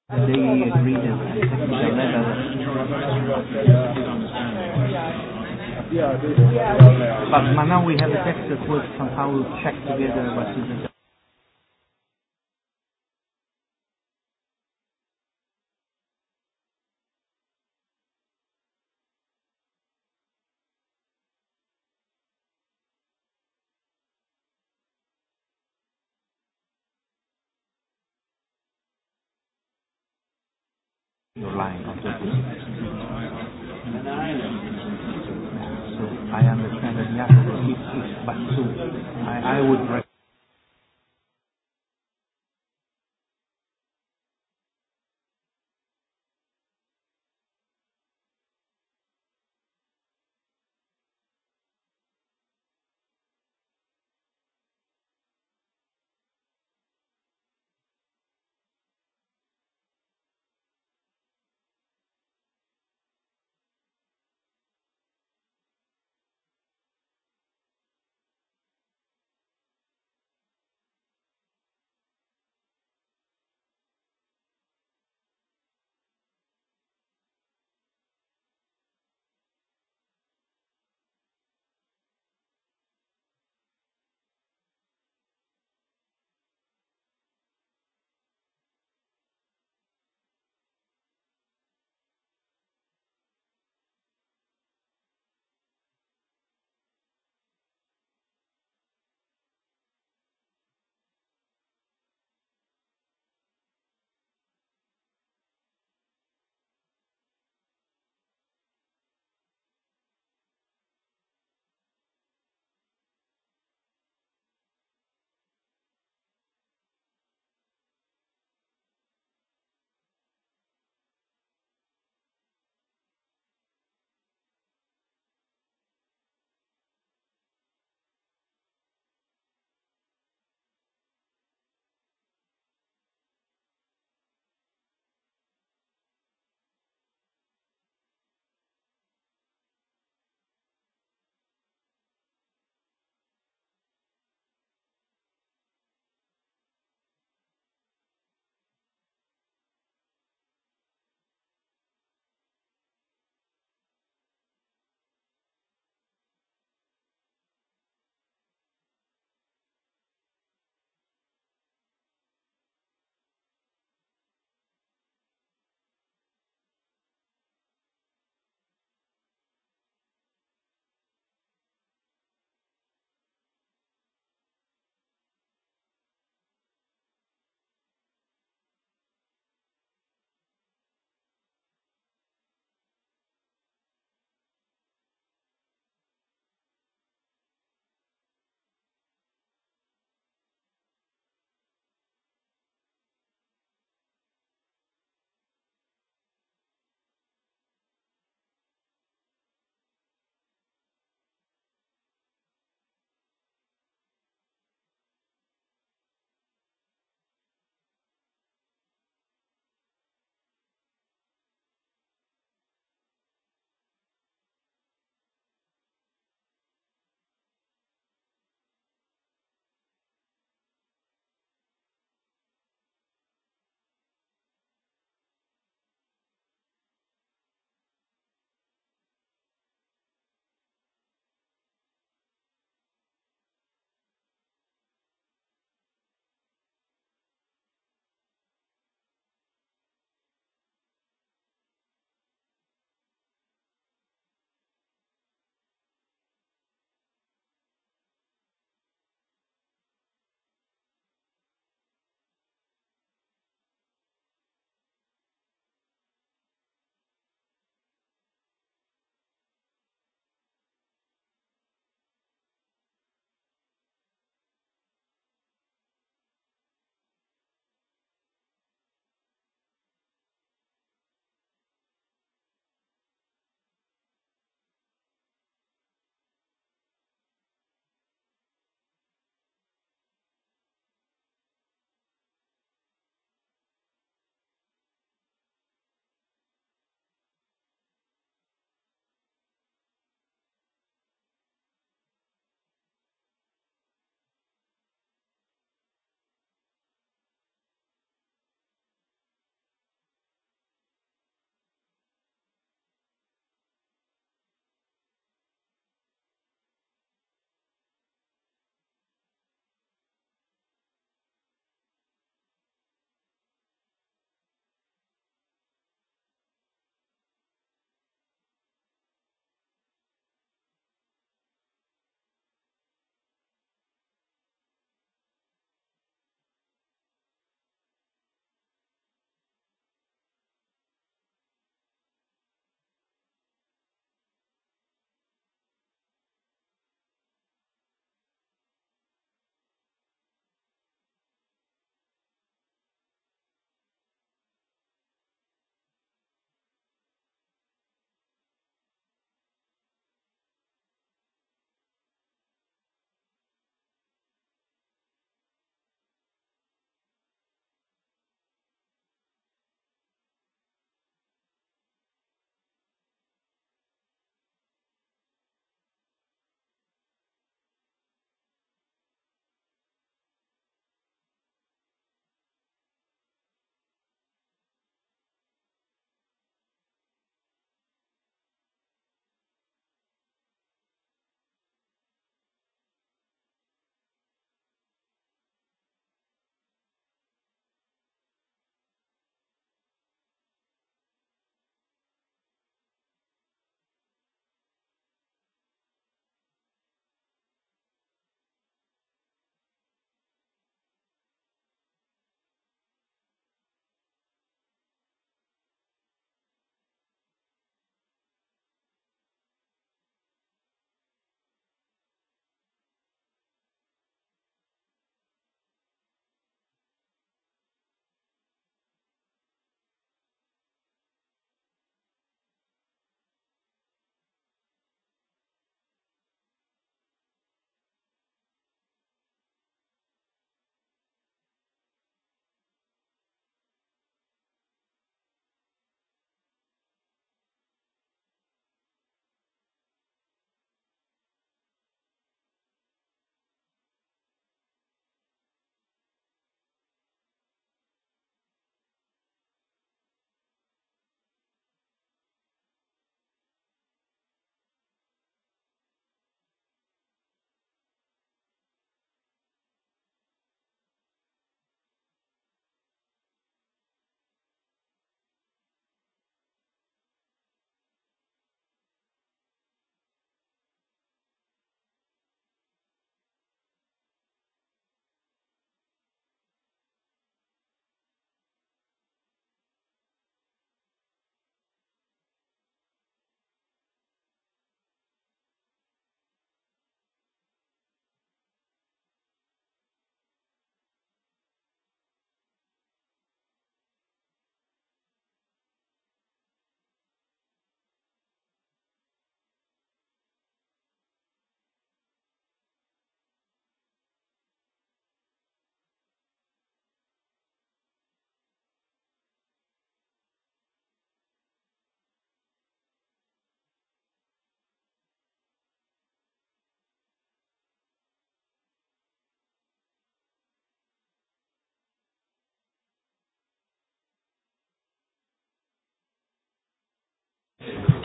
S5: But now we have a text that was somehow checked together what is I
S2: understand that Jakob is, is but
S5: soon. I, I would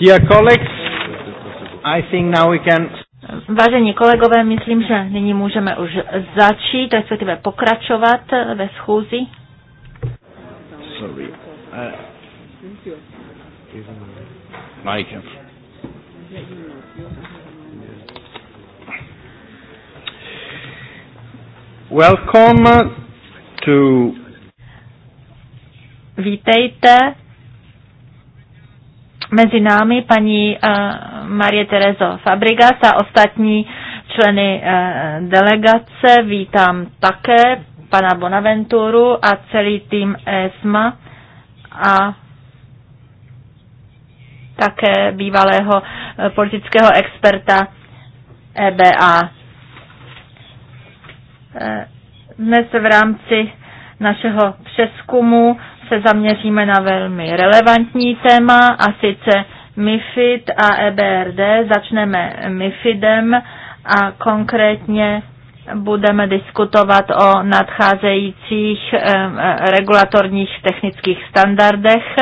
S5: Dear colleagues, I think
S3: now we can... Vážení kolegové, myslím, že nyní můžeme už začít, respektive pokračovat ve schůzi.
S6: Sorry. Uh, Welcome to...
S3: Vítejte mezi námi paní eh, Marie Terezo Fabrigas a ostatní členy eh, delegace. Vítám také pana Bonaventuru a celý tým ESMA a také bývalého eh, politického experta EBA. Dnes v rámci našeho přeskumu se zaměříme na velmi relevantní téma a sice MIFID a EBRD. Začneme MIFIDem a konkrétně budeme diskutovat o nadcházejících regulatorních technických standardech,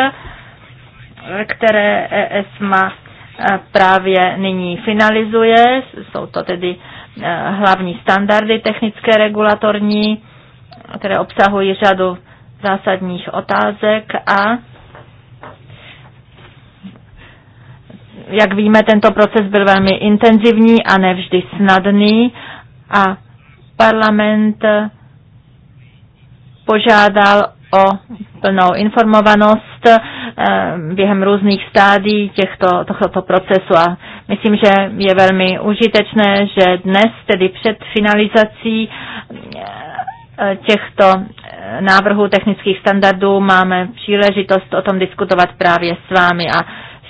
S3: které ESMA e, právě nyní finalizuje. Jsou to tedy e, hlavní standardy technické regulatorní, které obsahují řadu zásadních otázek a jak víme, tento proces byl velmi intenzivní a nevždy snadný a parlament požádal o plnou informovanost eh, během různých stádií těchto, tohoto procesu a myslím, že je velmi užitečné, že dnes, tedy před finalizací
S5: eh,
S3: těchto návrhu technických standardů máme příležitost o tom diskutovat právě s vámi a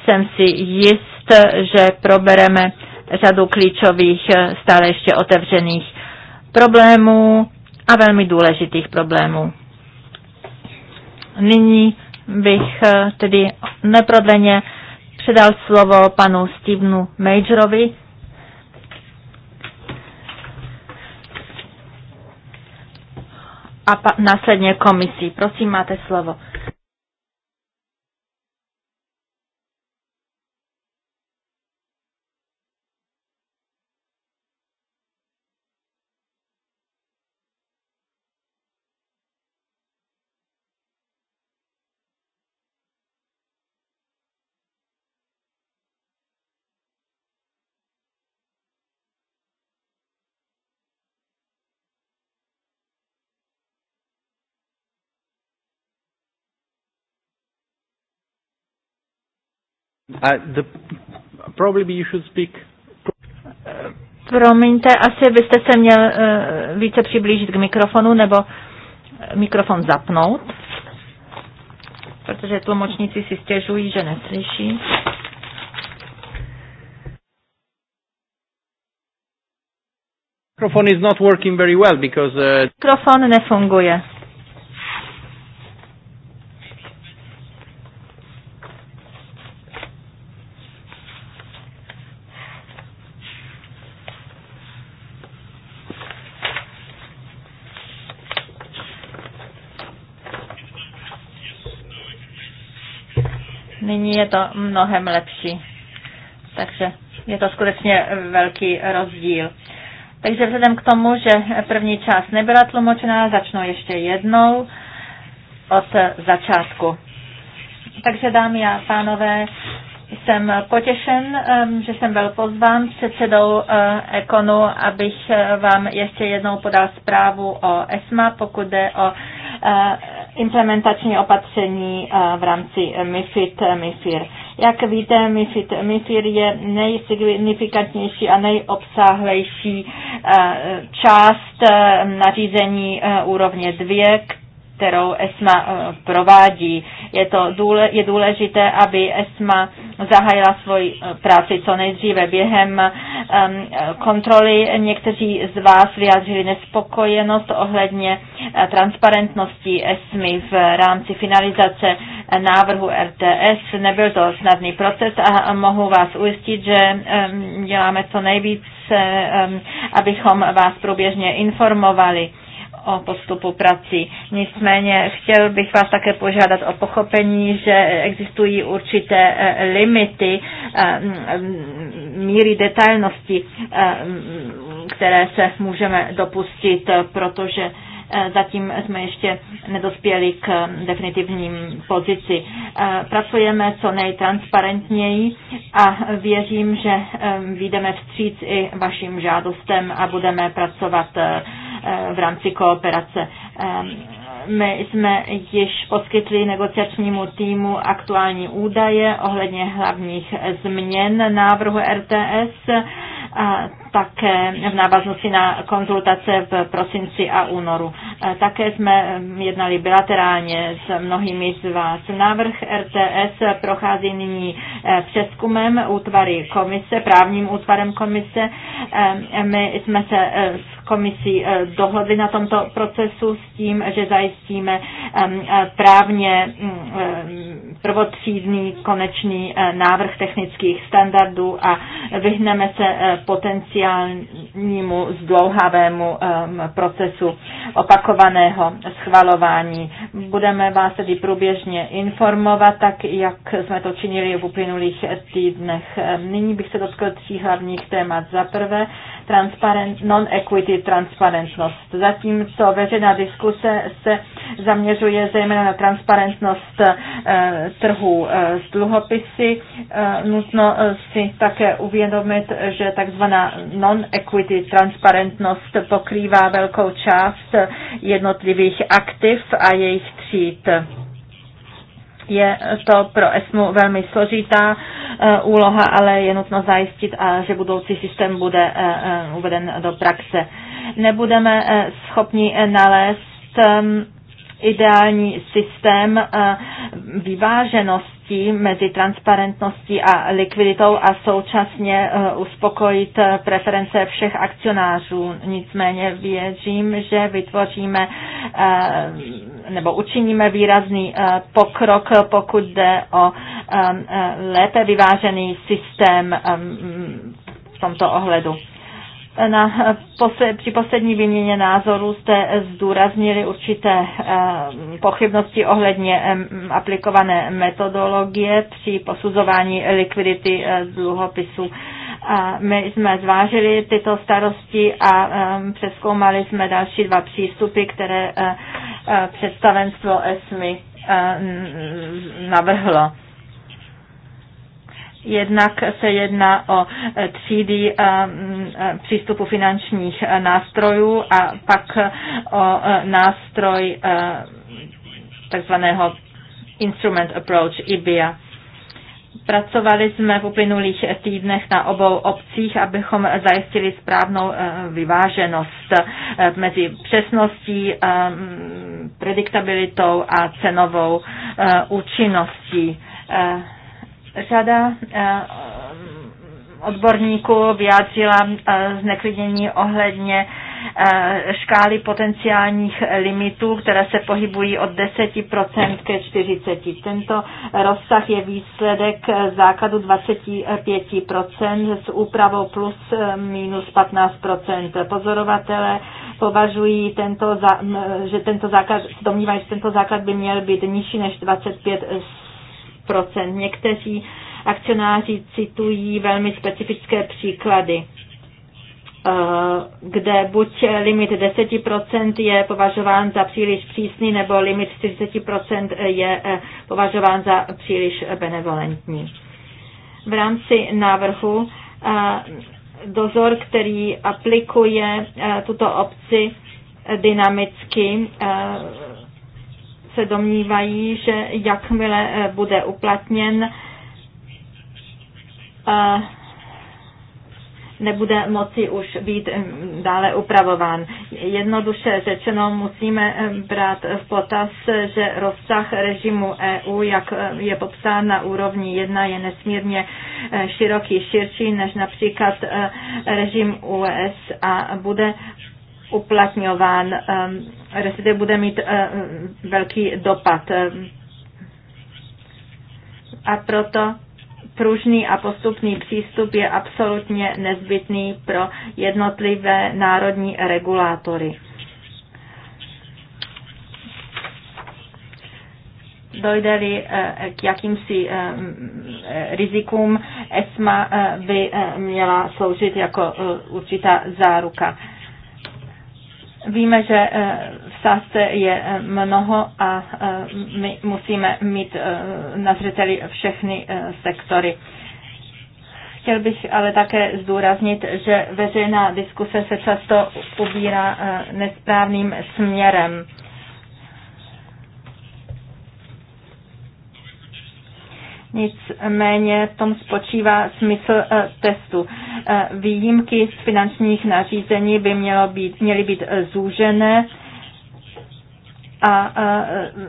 S3: jsem si jist, že probereme řadu klíčových, stále ještě otevřených problémů a velmi důležitých problémů. Nyní bych eh, tedy neprodleně předal slovo panu Stevenu Majorovi, a pa, následně komisí. Prosím, máte
S5: slovo.
S2: Uh, the, probably you should speak.
S3: Promiňte, asi byste se měl uh, více přiblížit k mikrofonu nebo eh, mikrofon zapnout, protože tlumočníci si stěžují, že neslyší.
S2: Mikrofon is not working very well because uh... mikrofon
S3: nefunguje nyní je to mnohem lepší. Takže je to skutečně velký rozdíl. Takže vzhledem k tomu, že první část nebyla tlumočená, začnu ještě jednou od začátku. Takže dámy a pánové, jsem potěšen, že jsem byl pozván předsedou eh, Ekonu, abych eh, vám ještě jednou podal zprávu o ESMA, pokud jde o eh, implementační opatření eh, v rámci eh, MIFID, eh, MIFIR. Jak víte, MIFID, MIFIR je nejsignifikantnější a nejobsáhlejší část nařízení úrovně 2, kterou ESMA eh, provádí. Je, to důle, je důležité, aby ESMA zahájila svoji eh, práci co nejdříve. Během um, kontroly někteří z vás vyjádřili nespokojenost ohledně eh, transparentnosti ESMY v rámci finalizace návrhu RTS. Nebyl to snadný proces a mohu vás ujistit, že um, děláme co nejvíc, um, ehm, abychom vás průběžně informovali o postupu prací. Nicméně chtěl bych vás také požádat o pochopení, že existují určité eh, limity eh, míry detailnosti, eh, které se můžeme dopustit, protože zatím jsme ještě nedospěli k definitivním pozici. Pracujeme co nejtransparentněji a věřím, že vyjdeme vstříc i vašim žádostem a budeme pracovat Eh, v rámci kooperace. My jsme již poskytli negociačnímu týmu aktuální údaje ohledně hlavních změn návrhu RTS. A také v návaznosti na konzultace v prosinci a únoru. E, také jsme jednali bilaterálně s mnohými z vás. Návrh RTS prochází nyní e, přeskumem útvary komise, právním útvarem komise. E, my jsme se s komisí dohodli na tomto procesu s tím, že zajistíme právně prvotřídný konečný návrh technických standardů a vyhneme se potenciálně oficiálnímu zdlouhavému procesu opakovaného schvalování. Budeme vás tedy průběžně informovat, tak jak jsme to činili v uplynulých týdnech. Nyní bych se dotkl tří hlavních témat. Za prvé transparent, non-equity transparentnost. Zatímco veřejná diskuse se zaměřuje zejména na transparentnost eh, trhu eh, s dluhopisy, eh, nutno si také uvědomit, že takzvaná non-equity transparentnost pokrývá velkou část jednotlivých aktiv a jejich tříd. Je to pro ESMU velmi složitá eh, úloha, ale je nutno zajistit, eh, že budoucí systém bude eh, uveden do praxe. Nebudeme schopni nalézt ehm, ideální systém eh, vyváženosti mezi transparentností a likviditou a současně eh, uspokojit eh, preference všech akcionářů. Nicméně věřím, že vytvoříme nebo učiníme výrazný pokrok, pokud jde o lépe vyvážený systém v tomto ohledu na posle, při poslední výměně názorů jste zdůraznili určité eh, pochybnosti ohledně aplikované metodologie při posuzování likvidity eh, dluhopisů. A my jsme zvážili tyto starosti a přeskoumali jsme další dva přístupy, které eh, představenstvo ESMI navrhlo. Jednak se jedná o e, třídy e, e, přístupu finančních nástrojů a pak o nástroj takzvaného Instrument Approach IBIA. Pracovali jsme v uplynulých týdnech na obou obcích, abychom zajistili správnou vyváženost mezi přesností, prediktabilitou a cenovou účinností Řada eh, odborníků vyjádřila eh, zneklidnění ohledně eh, škály potenciálních limitů, které se pohybují od 10% ke 40%. Tento rozsah je výsledek základu 25% s úpravou plus minus 15%. Pozorovatele považují, tento, že tento základ, domnívají, že tento základ by měl být nižší než 25 Někteří akcionáři citují velmi specifické příklady eh, kde buď limit 10% je považován za příliš přísný, nebo limit 40% je eh, považován za příliš benevolentní. V rámci návrhu eh, dozor, který aplikuje tuto obci dynamicky, se domnívají, že jakmile eh, bude uplatněn, eh, nebude moci už být hm, dále upravován. Jednoduše řečeno musíme hm, brát v potaz, že rozsah režimu EU, jak hm, je popsán na úrovni 1, je nesmírně eh, široký, širší než například režim USA bude uplatňován, ehm, recidiv bude mít eh, velký dopad. A proto pružný a postupný přístup je absolutně nezbytný pro jednotlivé národní regulátory. dojde-li eh, k jakýmsi eh, rizikům, ESMA by měla sloužit jako určitá záruka. Víme, že eh, v sázce je eh, mnoho a eh, my musíme mít na zřeteli všechny sektory. Chtěl bych ale také zdůraznit, že veřejná diskuse se často ubírá nesprávným směrem. Nicméně v tom spočívá smysl eh, testu. Eh, výjimky z finančních nařízení by mělo být, měly být eh, zúžené a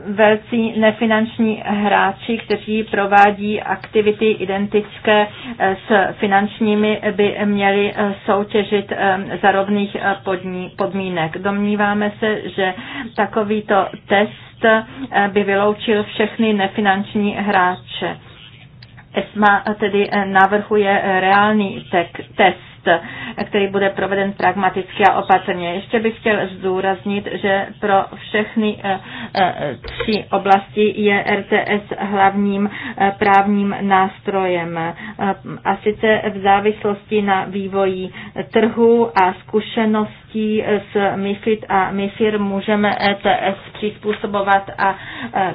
S3: velcí nefinanční hráči, kteří provádí aktivity identické s finančními, by měli soutěžit za rovných podmínek. Domníváme se, že takovýto test by vyloučil všechny nefinanční hráče. ESMA tedy eh, navrhuje eh, reálný tek, test který bude proveden pragmaticky a opatrně. Ještě bych chtěl zdůraznit, že pro všechny eh, eh, tři oblasti je RTS hlavním eh, právním nástrojem. A sice v závislosti na vývoji trhu a zkušeností s MIFID a MIFIR můžeme ETS přizpůsobovat a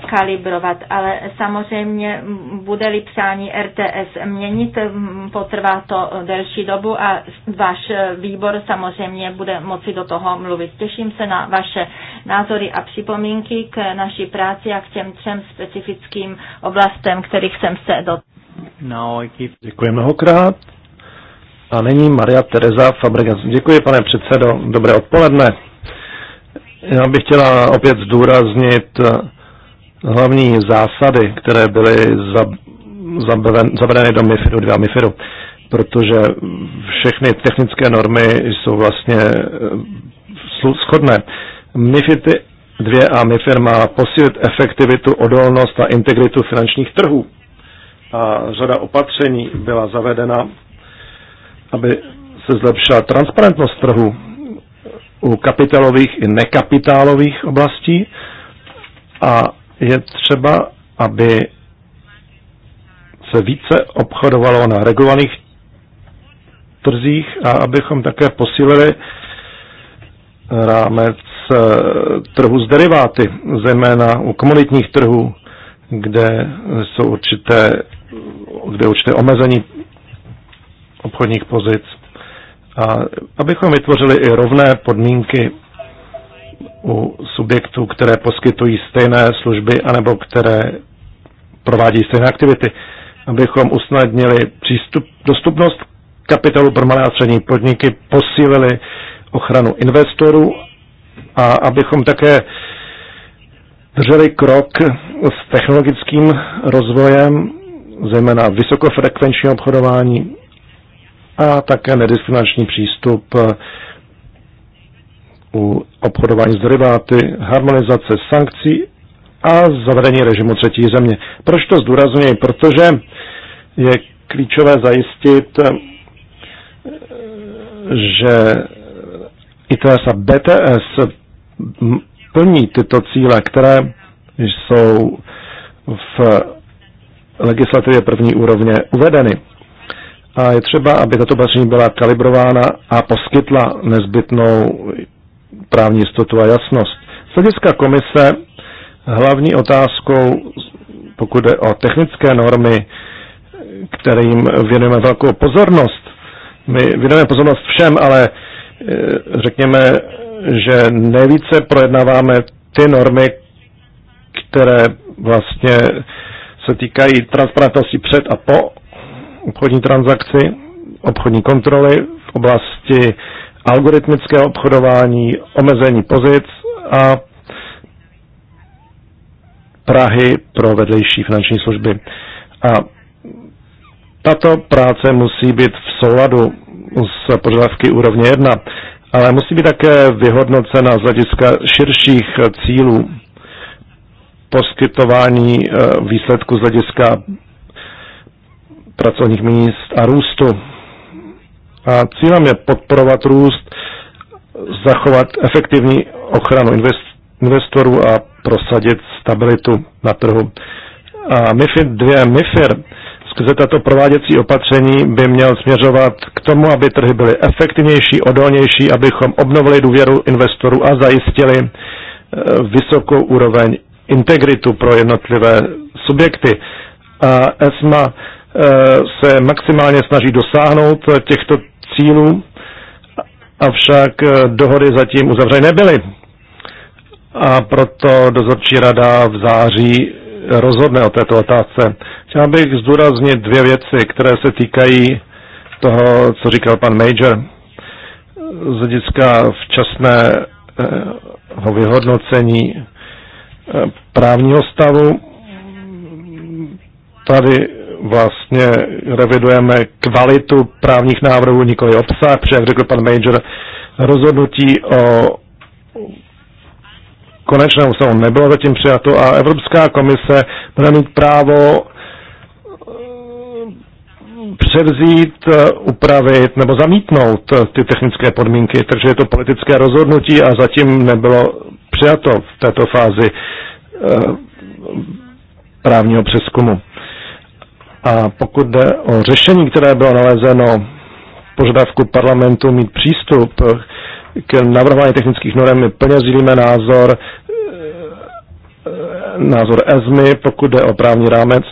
S3: kalibrovat. Ale samozřejmě bude-li přání RTS měnit, potrvá to delší dobu a váš výbor samozřejmě bude moci do toho mluvit. Těším se na vaše názory a připomínky k naší práci a k těm třem specifickým oblastem, kterých jsem se do.
S1: No, děkuji mnohokrát. A nyní Maria Teresa Fabregas. Děkuji, pane předsedo. Dobré odpoledne. Já bych chtěla opět zdůraznit eh, hlavní zásady, které byly za, zavedeny do MIFIDu 2 a MIFIDu protože všechny technické normy jsou vlastně eh, shodné. MIFID 2 a MIFIR má posílit efektivitu, odolnost a integritu finančních trhů. A řada opatření byla zavedena, aby se zlepšila transparentnost trhu u kapitálových i nekapitálových oblastí a je třeba, aby se více obchodovalo na regulovaných trzích a abychom také posílili rámec eh, trhu s deriváty, zejména u komunitních trhů, kde jsou určité, kde určité omezení obchodních pozic. A abychom vytvořili i rovné podmínky u subjektů, které poskytují stejné služby anebo které provádějí stejné aktivity, abychom usnadnili přístup, dostupnost kapitálu pro malé a střední podniky, posílili ochranu investorů a abychom také drželi krok s technologickým rozvojem, zejména vysokofrekvenční obchodování a také nediskriminační přístup eh, u obchodování s deriváty, harmonizace sankcí a zavedení režimu třetí země. Proč to zdůrazňuji? Protože je klíčové zajistit eh, že ITS a BTS plní tyto cíle, které jsou v legislativě první úrovně uvedeny. A je třeba, aby tato opatření byla kalibrována a poskytla nezbytnou právní jistotu a jasnost. Z hlediska komise hlavní otázkou, pokud jde o technické normy, kterým věnujeme velkou pozornost, my věnujeme pozornost všem, ale e, řekněme, že nejvíce projednáváme ty normy, které vlastně se týkají transparentnosti před a po obchodní transakci, obchodní kontroly v oblasti algoritmického obchodování, omezení pozic a Prahy pro vedlejší finanční služby. A tato práce musí být v souladu s požadavky úrovně 1, ale musí být také vyhodnocena z hlediska širších cílů poskytování eh, výsledku z hlediska pracovních míst a růstu. A cílem je podporovat růst, zachovat efektivní ochranu investorů a prosadit stabilitu na trhu. A MIFID 2 MIFIR že tato prováděcí opatření by měl směřovat k tomu, aby trhy byly efektivnější, odolnější, abychom obnovili důvěru investorů a zajistili eh, vysokou úroveň integritu pro jednotlivé subjekty. A ESMA eh, se maximálně snaží dosáhnout těchto cílů, avšak eh, dohody zatím uzavřeny nebyly. A proto dozorčí rada v září rozhodne o této otázce. Chtěl bych zdůraznit dvě věci, které se týkají toho, co říkal pan Major. Z hlediska včasného eh, vyhodnocení eh, právního stavu tady vlastně revidujeme kvalitu právních návrhů, nikoli obsah, protože, jak řekl pan Major, rozhodnutí o konečné usnesení nebylo zatím přijato a Evropská komise bude mít právo eh, převzít, eh, upravit nebo zamítnout eh, ty technické podmínky, takže je to politické rozhodnutí a zatím nebylo přijato v této fázi právního přeskumu. A pokud jde o řešení, které bylo nalezeno požadavku parlamentu mít přístup k navrhování technických norm my plně sdílíme názor, eh, názor ESMY, pokud jde o právní rámec,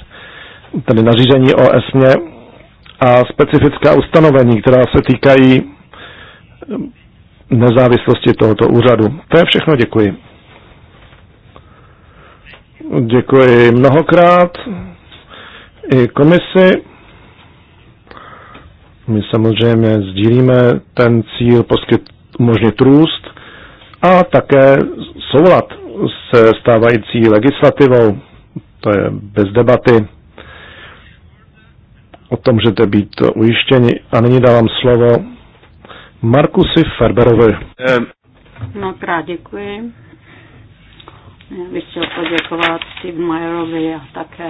S1: tedy nařízení o ESMě a specifická ustanovení, která se týkají nezávislosti tohoto úřadu. To je všechno, děkuji. Děkuji mnohokrát i komisi. My samozřejmě sdílíme ten cíl poskyt, umožnit růst a také soulad se stávající legislativou, to je bez debaty, o tom to být ujištěni. A nyní dávám slovo Markusi Ferberovi.
S4: Mnohokrát děkuji. Já bych chtěl poděkovat Steve Mayerovi a také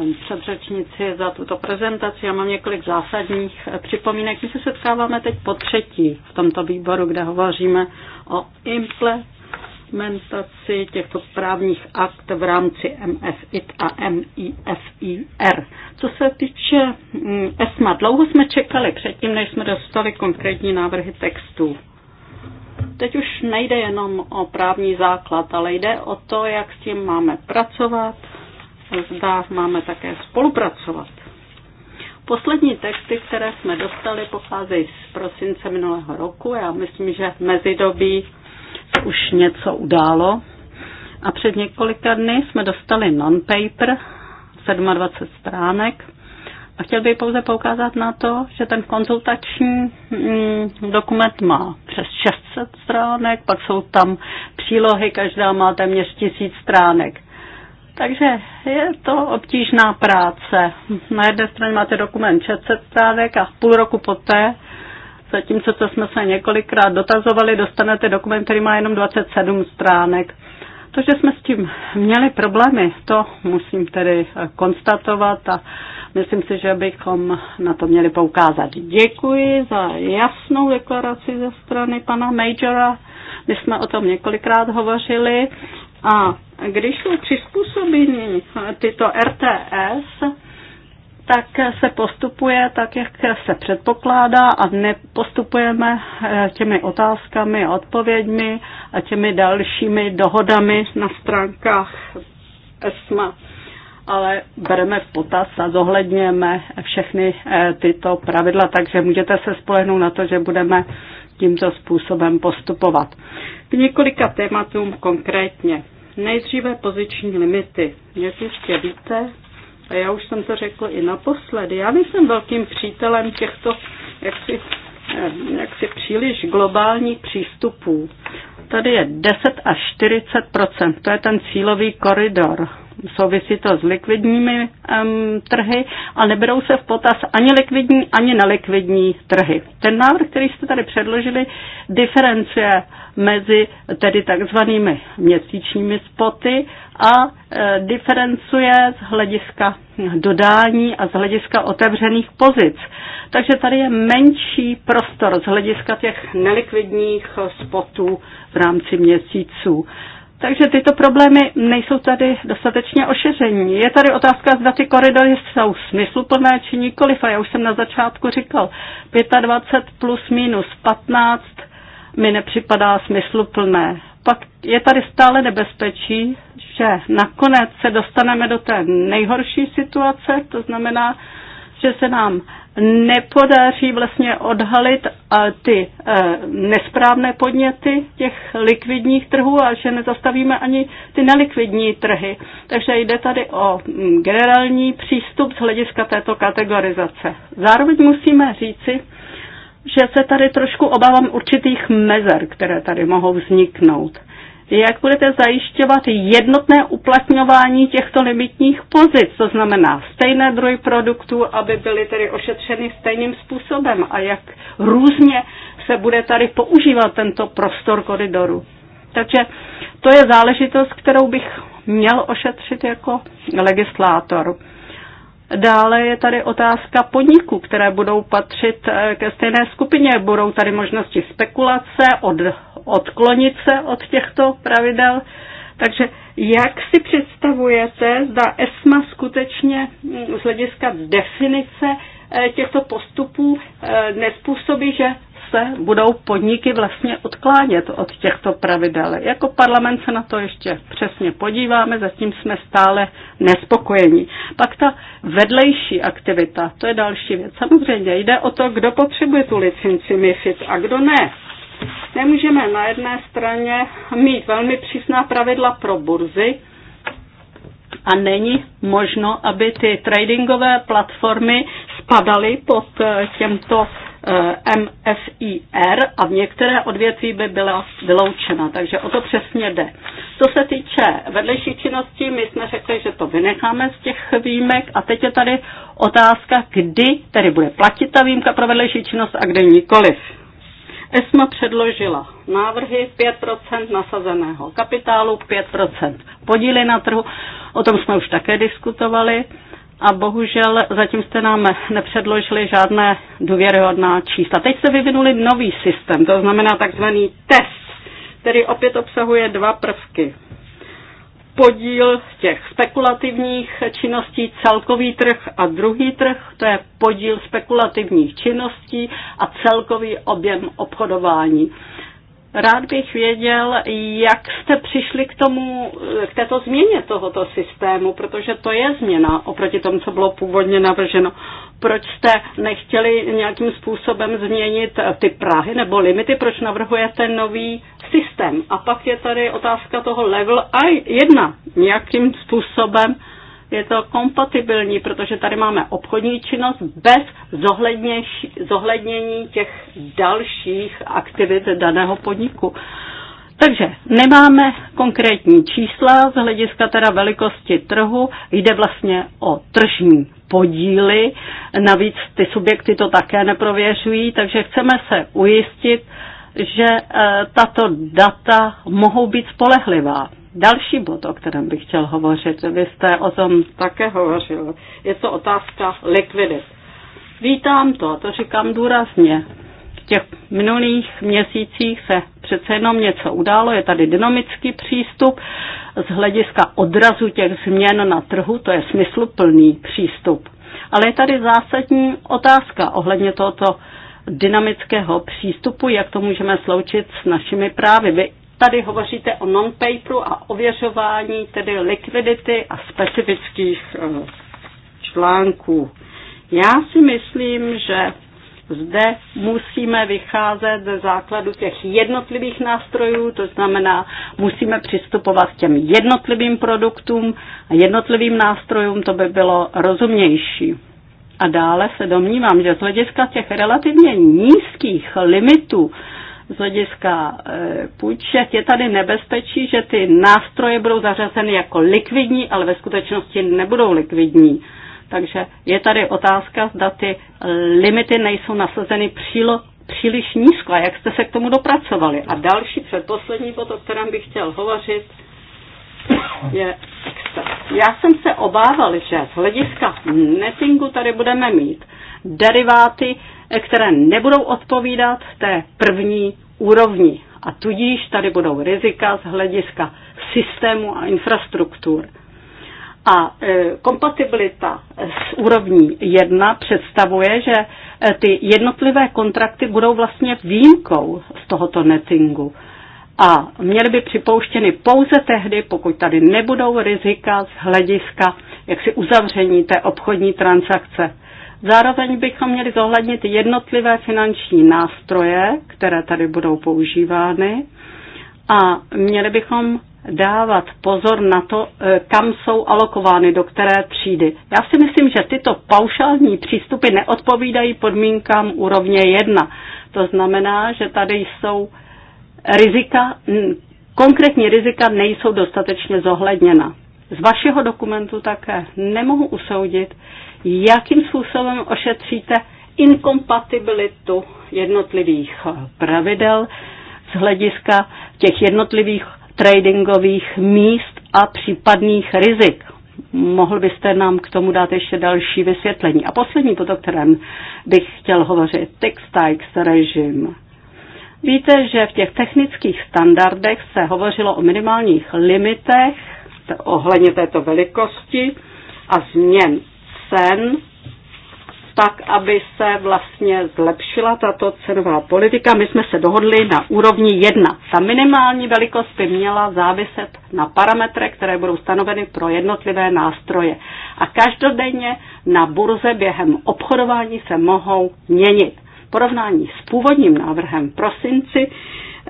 S4: eh, předřečnici za tuto prezentaci. Já mám několik zásadních eh, připomínek. My se setkáváme teď po třetí v tomto výboru, kde hovoříme o implementaci těchto právních akt v rámci MFIT a MIFIR. Co se týče mm, ESMA, dlouho jsme čekali předtím, než jsme dostali konkrétní návrhy textů. Teď už nejde jenom o právní základ, ale jde o to, jak s tím máme pracovat, zda máme také spolupracovat. Poslední texty, které jsme dostali, pocházejí z prosince minulého roku. Já myslím, že v mezidobí se už něco událo. A před několika dny jsme dostali non-paper, 27 stránek, a chtěl bych pouze poukázat na to, že ten konzultační mm, dokument má přes 600 stránek, pak jsou tam přílohy, každá má téměř 1000 stránek. Takže je to obtížná práce. Na jedné straně máte dokument 600 stránek a půl roku poté, zatímco co jsme se několikrát dotazovali, dostanete dokument, který má jenom 27 stránek. To, že jsme s tím měli problémy, to musím tedy konstatovat a Myslím si, že bychom na to měli poukázat. Děkuji za jasnou deklaraci ze strany pana Majora. My jsme o tom několikrát hovořili. A když jsou přizpůsobení tyto RTS, tak se postupuje tak, jak se předpokládá a nepostupujeme eh, těmi otázkami a odpověďmi a těmi dalšími dohodami na stránkách ESMA ale bereme v potaz a zohledněme všechny eh, tyto pravidla, takže můžete se spolehnout na to, že budeme tímto způsobem postupovat. K několika tématům konkrétně. Nejdříve poziční limity. Jak ještě víte, a já už jsem to řekl i naposledy, já nejsem velkým přítelem těchto jaksi, eh, jaksi příliš globálních přístupů. Tady je 10 až 40 to je ten cílový koridor souvisí to s likvidními um, trhy a neberou se v potaz ani likvidní, ani nelikvidní trhy. Ten návrh, který jste tady předložili, diferencuje mezi tedy takzvanými měsíčními spoty a e, diferencuje z hlediska dodání a z hlediska otevřených pozic. Takže tady je menší prostor z hlediska těch nelikvidních spotů v rámci měsíců. Takže tyto problémy nejsou tady dostatečně ošeření. Je tady otázka, zda ty koridory jsou smysluplné či nikoliv. A já už jsem na začátku říkal, 25 plus minus 15 mi nepřipadá smysluplné. Pak je tady stále nebezpečí, že nakonec se dostaneme do té nejhorší situace, to znamená, že se nám nepodaří vlastně odhalit eh, ty eh, nesprávné podněty těch likvidních trhů a že nezastavíme ani ty nelikvidní trhy. Takže jde tady o mm, generální přístup z hlediska této kategorizace. Zároveň musíme říci, že se tady trošku obávám určitých mezer, které tady mohou vzniknout jak budete zajišťovat jednotné uplatňování těchto limitních pozic, to znamená stejné druhy produktů, aby byly tedy ošetřeny stejným způsobem a jak různě se bude tady používat tento prostor koridoru. Takže to je záležitost, kterou bych měl ošetřit jako legislátor. Dále je tady otázka podniků, které budou patřit eh, ke stejné skupině. Budou tady možnosti spekulace od odklonit se od těchto pravidel. Takže jak si představujete, zda ESMA skutečně mm, z hlediska definice eh, těchto postupů eh, nespůsobí, že se budou podniky vlastně odklánět od těchto pravidel. Jako parlament se na to ještě přesně podíváme, zatím jsme stále nespokojení. Pak ta vedlejší aktivita, to je další věc. Samozřejmě jde o to, kdo potřebuje tu licenci MIFID a kdo ne. Nemůžeme na jedné straně mít velmi přísná pravidla pro burzy a není možno, aby ty tradingové platformy spadaly pod eh, těmto eh, MFIR a v některé odvětví by byla vyloučena. Takže o to přesně jde. Co se týče vedlejší činnosti, my jsme řekli, že to vynecháme z těch výjimek a teď je tady otázka, kdy tedy bude platit ta výjimka pro vedlejší činnost a kdy nikoliv. ESMA předložila návrhy 5% nasazeného kapitálu, 5% podíly na trhu, o tom jsme už také diskutovali a bohužel zatím jste nám nepředložili žádné důvěryhodná čísla. Teď se vyvinuli nový systém, to znamená takzvaný test, který opět obsahuje dva prvky podíl těch spekulativních činností, celkový trh a druhý trh, to je podíl spekulativních činností a celkový objem obchodování. Rád bych věděl, jak jste přišli k tomu, k této změně tohoto systému, protože to je změna oproti tomu, co bylo původně navrženo proč jste nechtěli nějakým způsobem změnit eh, ty Prahy nebo limity, proč navrhujete nový systém. A pak je tady otázka toho level A1, nějakým způsobem je to kompatibilní, protože tady máme obchodní činnost bez zohlednění těch dalších aktivit daného podniku. Takže nemáme konkrétní čísla z hlediska teda velikosti trhu, jde vlastně o tržní podíly. Navíc ty subjekty to také neprověřují, takže chceme se ujistit, že eh, tato data mohou být spolehlivá. Další bod, o kterém bych chtěl hovořit, vy jste o tom také hovořil, je to otázka likvidit. Vítám to, to říkám důrazně. V těch minulých měsících se přece jenom něco událo, je tady dynamický přístup z hlediska odrazu těch změn na trhu, to je smysluplný přístup. Ale je tady zásadní otázka ohledně tohoto dynamického přístupu, jak to můžeme sloučit s našimi právy. Vy tady hovoříte o non-paperu a ověřování tedy likvidity a specifických eh, článků. Já si myslím, že zde musíme vycházet ze základu těch jednotlivých nástrojů, to znamená, musíme přistupovat k těm jednotlivým produktům a jednotlivým nástrojům, to by bylo rozumnější. A dále se domnívám, že z hlediska těch relativně nízkých limitů, z hlediska e, půjček je tady nebezpečí, že ty nástroje budou zařazeny jako likvidní, ale ve skutečnosti nebudou likvidní. Takže je tady otázka, zda ty limity nejsou nasazeny přílo, příliš nízko a jak jste se k tomu dopracovali. A další předposlední bod, o kterém bych chtěl hovořit, je extra. Já jsem se obával, že z hlediska nettingu tady budeme mít deriváty, které nebudou odpovídat té první úrovni. A tudíž tady budou rizika z hlediska systému a infrastruktur. A e, kompatibilita s úrovní 1 představuje, že e, ty jednotlivé kontrakty budou vlastně výjimkou z tohoto nettingu. A měly by připouštěny pouze tehdy, pokud tady nebudou rizika z hlediska jaksi uzavření té obchodní transakce. Zároveň bychom měli zohlednit jednotlivé finanční nástroje, které tady budou používány a měli bychom dávat pozor na to, eh, kam jsou alokovány, do které třídy. Já si myslím, že tyto paušální přístupy neodpovídají podmínkám úrovně 1. To znamená, že tady jsou rizika, konkrétní rizika nejsou dostatečně zohledněna. Z vašeho dokumentu také nemohu usoudit, jakým způsobem ošetříte inkompatibilitu jednotlivých eh, pravidel z hlediska těch jednotlivých tradingových míst a případných rizik. Mohl byste nám k tomu dát ještě další vysvětlení. A poslední pod o kterém bych chtěl hovořit, textiles režim. Víte, že v těch technických standardech se hovořilo o minimálních limitech ohledně této velikosti a změn cen tak, aby se vlastně zlepšila tato cenová politika. My jsme se dohodli na úrovni 1. Ta minimální velikost by měla záviset na parametrech, které budou stanoveny pro jednotlivé nástroje. A každodenně na burze během obchodování se mohou měnit. V porovnání s původním návrhem v prosinci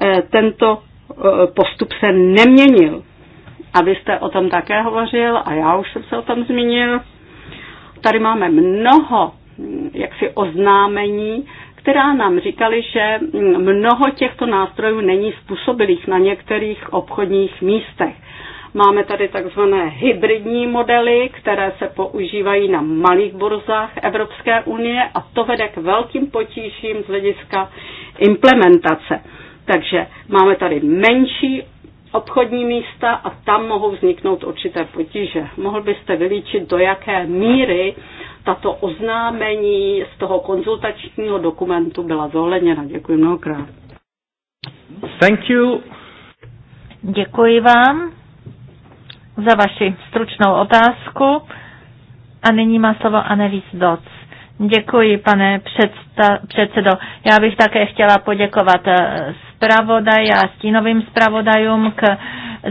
S4: eh, tento eh, postup se neměnil. A vy jste o tom také hovořil a já už jsem se o tom zmínil. Tady máme mnoho Mm, jaksi oznámení, která nám říkali, že mm, mnoho těchto nástrojů není způsobilých na některých obchodních místech. Máme tady takzvané hybridní modely, které se používají na malých burzách Evropské unie a to vede k velkým potížím z hlediska implementace. Takže máme tady menší obchodní místa a tam mohou vzniknout určité potíže. Mohl byste vylíčit, do jaké míry tato oznámení z toho konzultačního dokumentu byla zohledněna. Děkuji mnohokrát.
S2: Thank you.
S3: Děkuji vám za vaši stručnou otázku. A nyní má slovo Annelies Doc. Děkuji, pane předsta- předsedo. Já bych také chtěla poděkovat eh, zpravodaji a stínovým zpravodajům k,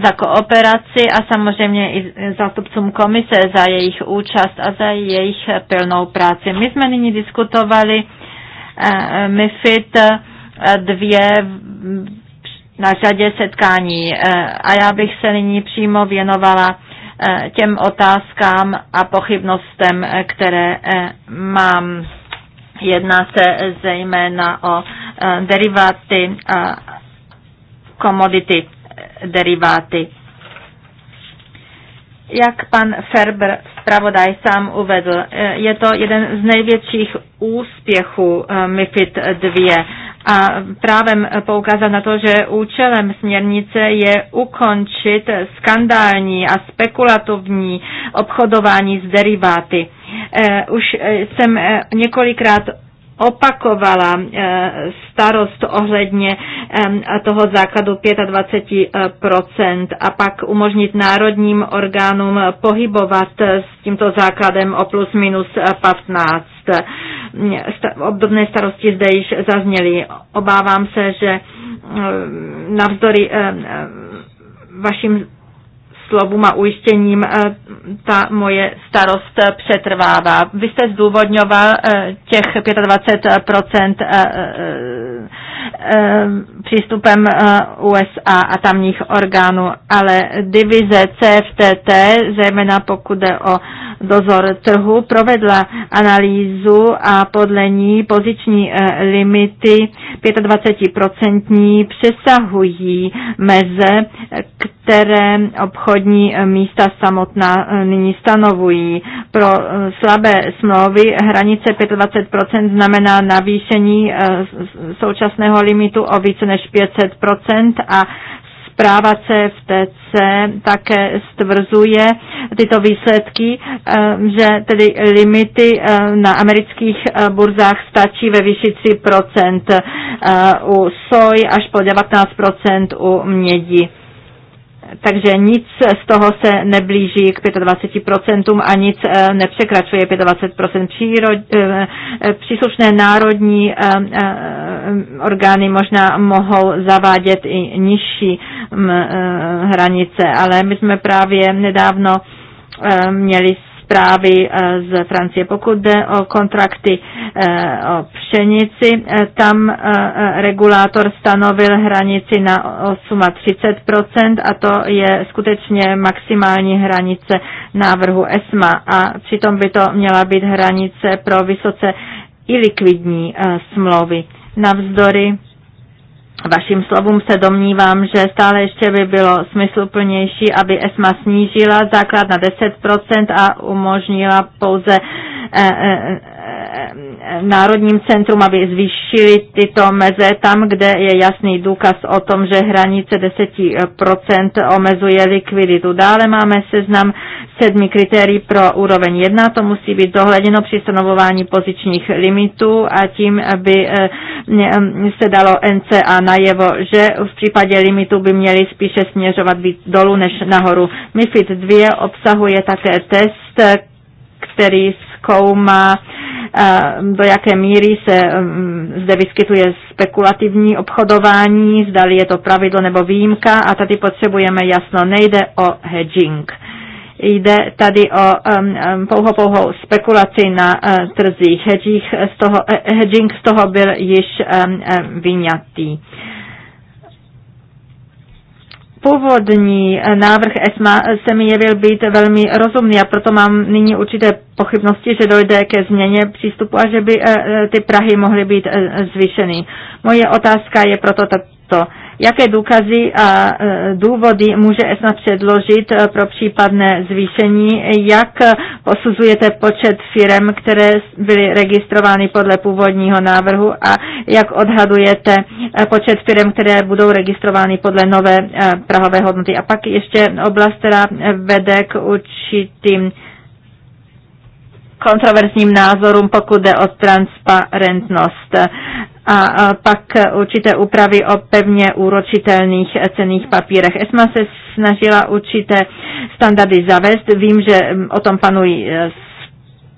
S3: za kooperaci a samozřejmě i zástupcům komise za jejich účast a za jejich pilnou práci. My jsme nyní diskutovali eh, MIFID eh, dvě na řadě setkání eh, a já bych se nyní přímo věnovala těm otázkám a pochybnostem, které mám. Jedná se zejména o eh, deriváty komodity eh, eh, deriváty. Jak pan Ferber, zpravodaj, sám uvedl, je to jeden z největších úspěchů MIFID 2 a právem poukázat na to, že účelem směrnice je ukončit skandální a spekulativní obchodování s deriváty. Eh, už eh, jsem eh, několikrát opakovala starost ohledně toho základu 25% a pak umožnit národním orgánům pohybovat s tímto základem o plus minus 15. Obdobné starosti zde již zazněly. Obávám se, že navzdory vašim slovům a ujištěním eh, ta moje starost eh, přetrvává. Vy jste zdůvodňoval eh, těch 25% přístupem USA a tamních orgánů, ale divize CFTT, zejména pokud jde o dozor trhu provedla analýzu a podle ní poziční eh, limity 25% přesahují meze, které obchodní eh, místa samotná eh, nyní stanovují. Pro slabé smlouvy hranice 25% znamená navýšení současného limitu o více než 500% a Zpráva CFTC také stvrzuje tyto výsledky, eh, že tedy limity eh, na amerických eh, burzách stačí ve výši 3% u soj až po 19% u mědi takže nic z toho se neblíží k 25% a nic eh, nepřekračuje 25%. Příro, eh, eh, příslušné národní orgány možná mohou zavádět i nižší mm, hranice, ale my jsme právě nedávno měli zprávy eh, z Francie. Pokud jde o kontrakty eh, o pšenici, eh, tam regulátor stanovil hranici na 8,30% a to je skutečně maximální hranice návrhu ESMA a přitom by to měla být hranice pro vysoce i likvidní smlouvy. Navzdory vašim slovům se domnívám, že stále ještě by bylo smysluplnější, aby ESMA snížila základ na 10% a umožnila pouze eh, eh, Eh, Národním centrum, aby zvýšili tyto meze tam, kde je jasný důkaz o tom, že hranice 10% eh, omezuje likviditu. Dále máme seznam sedmi kritérií pro úroveň 1. To musí být dohleděno při stanovování pozičních limitů a tím by eh, se dalo NCA najevo, že v případě limitu by měli spíše směřovat víc dolů než nahoru. MIFID 2 obsahuje také test, který zkoumá Mm, do jaké míry se mm, zde vyskytuje spekulativní obchodování, zdali je to pravidlo nebo výjimka a tady potřebujeme jasno, nejde o hedging. Jde tady o um, mm, pouho pouhou spekulaci na uh, trzích. Hedging z, toho, e, hedging z toho byl již um, um, vyňatý. Uh, původní eh, návrh ESMA se mi jevil být velmi rozumný a proto mám nyní určité pochybnosti, že dojde ke změně přístupu a že by eh, eh, ty Prahy mohly být zvýšeny. Moje otázka je proto tato. Jaké důkazy a e, důvody může ESMA předložit e, pro případné zvýšení? Jak posuzujete počet firm, které byly registrovány podle původního návrhu a jak odhadujete e, počet firm, které budou registrovány podle nové prahové hodnoty? A pak ještě oblast, která vede k určitým kontroverzním názorům, pokud jde o transparentnost a pak určité úpravy o pevně úročitelných cených papírech. ESMA se snažila určité standardy zavést. Vím, že mm, o tom panují e,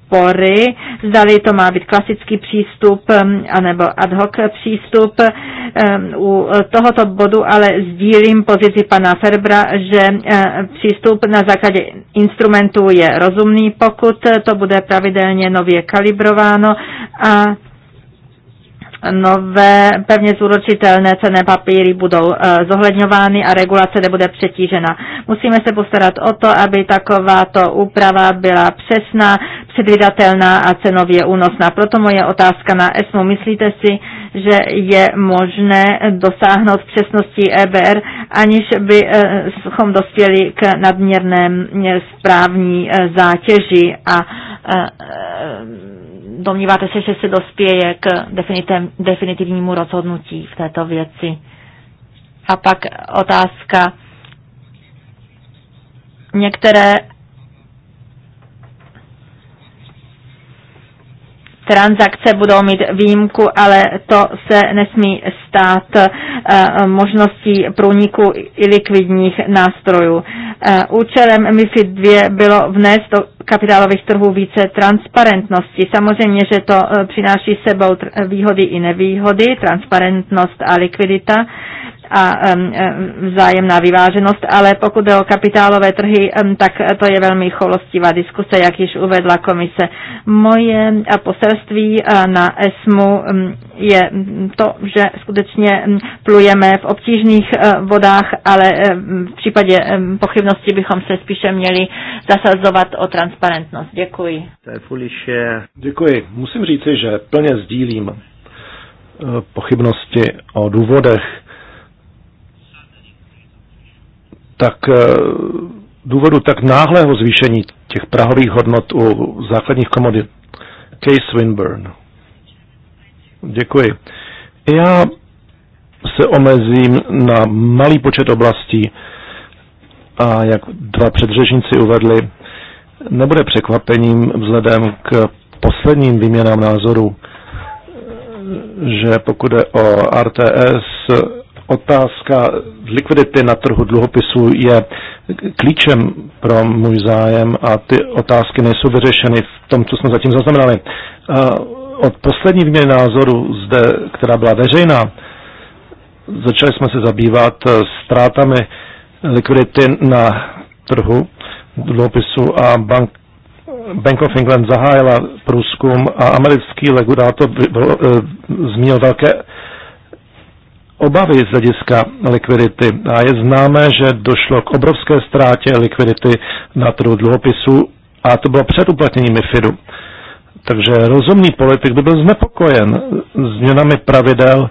S3: spory, zdali to má být klasický přístup mm, anebo ad hoc přístup. E, u tohoto bodu ale sdílím pozici pana Ferbra, že e, přístup na základě instrumentů je rozumný, pokud to bude pravidelně nově kalibrováno a nové pevně zúročitelné cené papíry budou eh, zohledňovány a regulace nebude přetížena. Musíme se postarat o to, aby takováto úprava byla přesná, předvydatelná a cenově únosná. Proto moje otázka na ESMU. Myslíte si, že je možné dosáhnout přesnosti EBR, aniž eh, bychom dospěli k nadměrné eh, správní zátěži a domníváte se, že se dospěje k definitivnímu rozhodnutí v této věci? A pak otázka. Některé transakce budou mít výjimku, ale to se nesmí stát eh, možností průniku i likvidních nástrojů. Eh, účelem MIFID 2 bylo vnést do kapitálových trhů více transparentnosti. Samozřejmě, že to eh, přináší sebou výhody i nevýhody, transparentnost a likvidita a e, vzájemná vyváženost, ale pokud jde o kapitálové trhy, tak to je velmi cholostivá diskuse, jak již uvedla komise. Moje poselství e, na ESMu je to, že skutečně plujeme v obtížných e, vodách, ale v případě pochybnosti bychom se spíše měli zasazovat o transparentnost.
S1: Děkuji. Děkuji. Musím říci, že plně sdílím pochybnosti o důvodech, tak eh, důvodu tak náhlého zvýšení těch prahových hodnot u základních komodit. Case Winburn. Děkuji. Já se omezím na malý počet oblastí a jak dva předřežníci uvedli, nebude překvapením vzhledem k posledním výměnám názoru, že pokud je o RTS, otázka likvidity na trhu dluhopisů je klíčem pro můj zájem a ty otázky nejsou vyřešeny v tom, co jsme zatím zaznamenali. Eh, od poslední výměny názoru zde, která byla veřejná, začali jsme se zabývat eh, ztrátami likvidity na trhu dluhopisů a bank, Bank of England zahájila průzkum a americký legudátor eh, zmínil velké obavy z hlediska likvidity a je známé, že došlo k obrovské ztrátě likvidity na trhu dluhopisů a to bylo před uplatněním MIFIDu. Takže rozumný politik by byl znepokojen změnami pravidel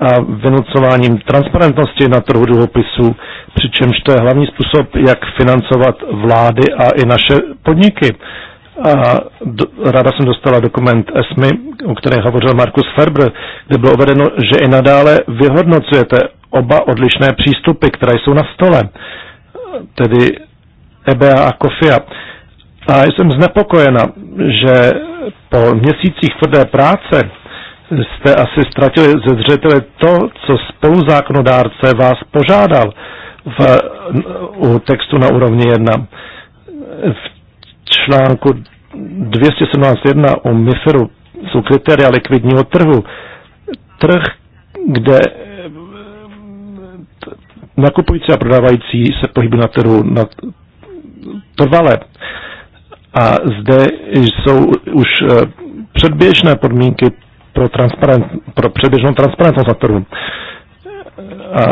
S1: a vynucováním transparentnosti na trhu dluhopisů, přičemž to je hlavní způsob, jak financovat vlády a i naše podniky a do, ráda jsem dostala dokument ESMI, o kterém hovořil Markus Ferber, kde bylo uvedeno, že i nadále vyhodnocujete oba odlišné přístupy, které jsou na stole, tedy EBA a COFIA. A jsem znepokojena, že po měsících tvrdé práce jste asi ztratili ze zřetele to, co spoluzákonodárce vás požádal v, u textu na úrovni 1. V článku 217.1 o MIFERu jsou kritéria likvidního trhu. Trh, kde eh, nakupující a prodávající se pohybují na trhu na trvale. A zde jsou už eh, předběžné podmínky pro, transparent, pro předběžnou transparentnost na trhu. A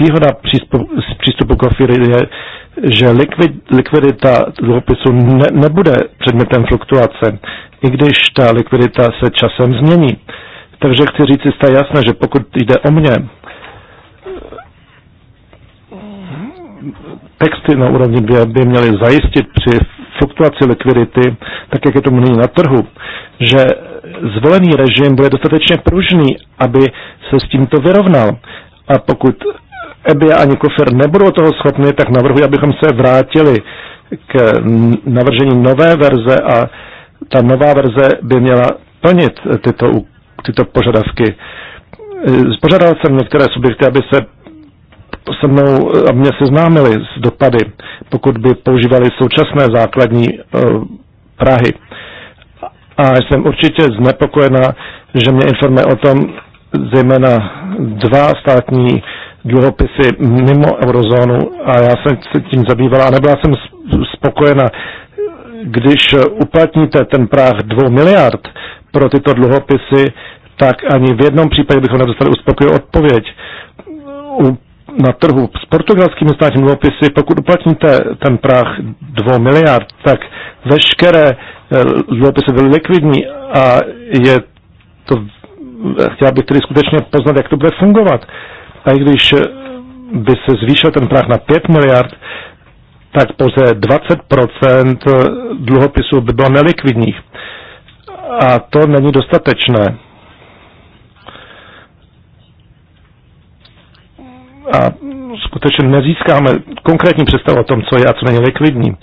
S1: výhoda přístupu, přístupu k je že likvid, likvidita dluhopisu ne, nebude předmětem fluktuace, i když ta likvidita se časem změní. Takže chci říct si stále jasné, že pokud jde o mě, texty na úrovni by by měly zajistit při fluktuaci likvidity, tak jak je to nyní na trhu, že zvolený režim bude dostatečně pružný, aby se s tímto vyrovnal. A pokud EBI ani KOFER nebudou toho schopni, tak navrhuji, abychom se vrátili k navržení nové verze a ta nová verze by měla plnit tyto, tyto požadavky. E, Požadal jsem některé subjekty, aby se se mnou e, a mě seznámili s dopady, pokud by používali současné základní uh, Prahy. A jsem určitě znepokojena, že mě informuje o tom zejména dva státní dluhopisy mimo eurozónu a já jsem se tím zabývala a nebyla jsem spokojena, když uplatníte ten práh dvou miliard pro tyto dluhopisy, tak ani v jednom případě bychom nedostali uspokojivou odpověď. U, na trhu s portugalskými státními dluhopisy, pokud uplatníte ten práh 2 miliard, tak veškeré eh, dluhopisy byly likvidní a je to, chtěla bych tedy skutečně poznat, jak to bude fungovat. Uh, a i když eh, by se zvýšil ten práh na 5 miliard, tak pouze 20% eh, dluhopisů by bylo nelikvidních. A to není dostatečné. A skutečně nezískáme konkrétní představu o tom, co je a co není likvidní.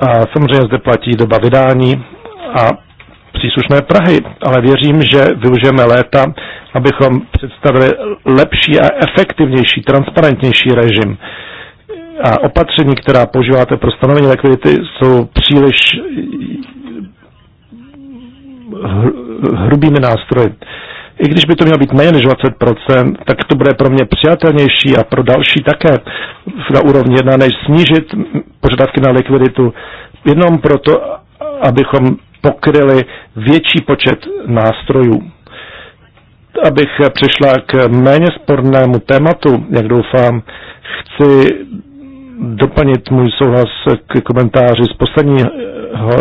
S1: A samozřejmě zde platí doba vydání a příslušné Prahy, ale věřím, že využijeme léta, abychom představili lepší a efektivnější, transparentnější režim. A opatření, která používáte pro stanovení likvidity, jsou příliš hrubými nástroji. I když by to mělo být méně než 20%, tak to bude pro mě přijatelnější a pro další také na úrovni jedna, než snížit požadavky na likviditu jenom proto, abychom pokryly větší počet nástrojů. Abych přišla k méně spornému tématu, jak doufám, chci doplnit můj souhlas k komentáři z posledního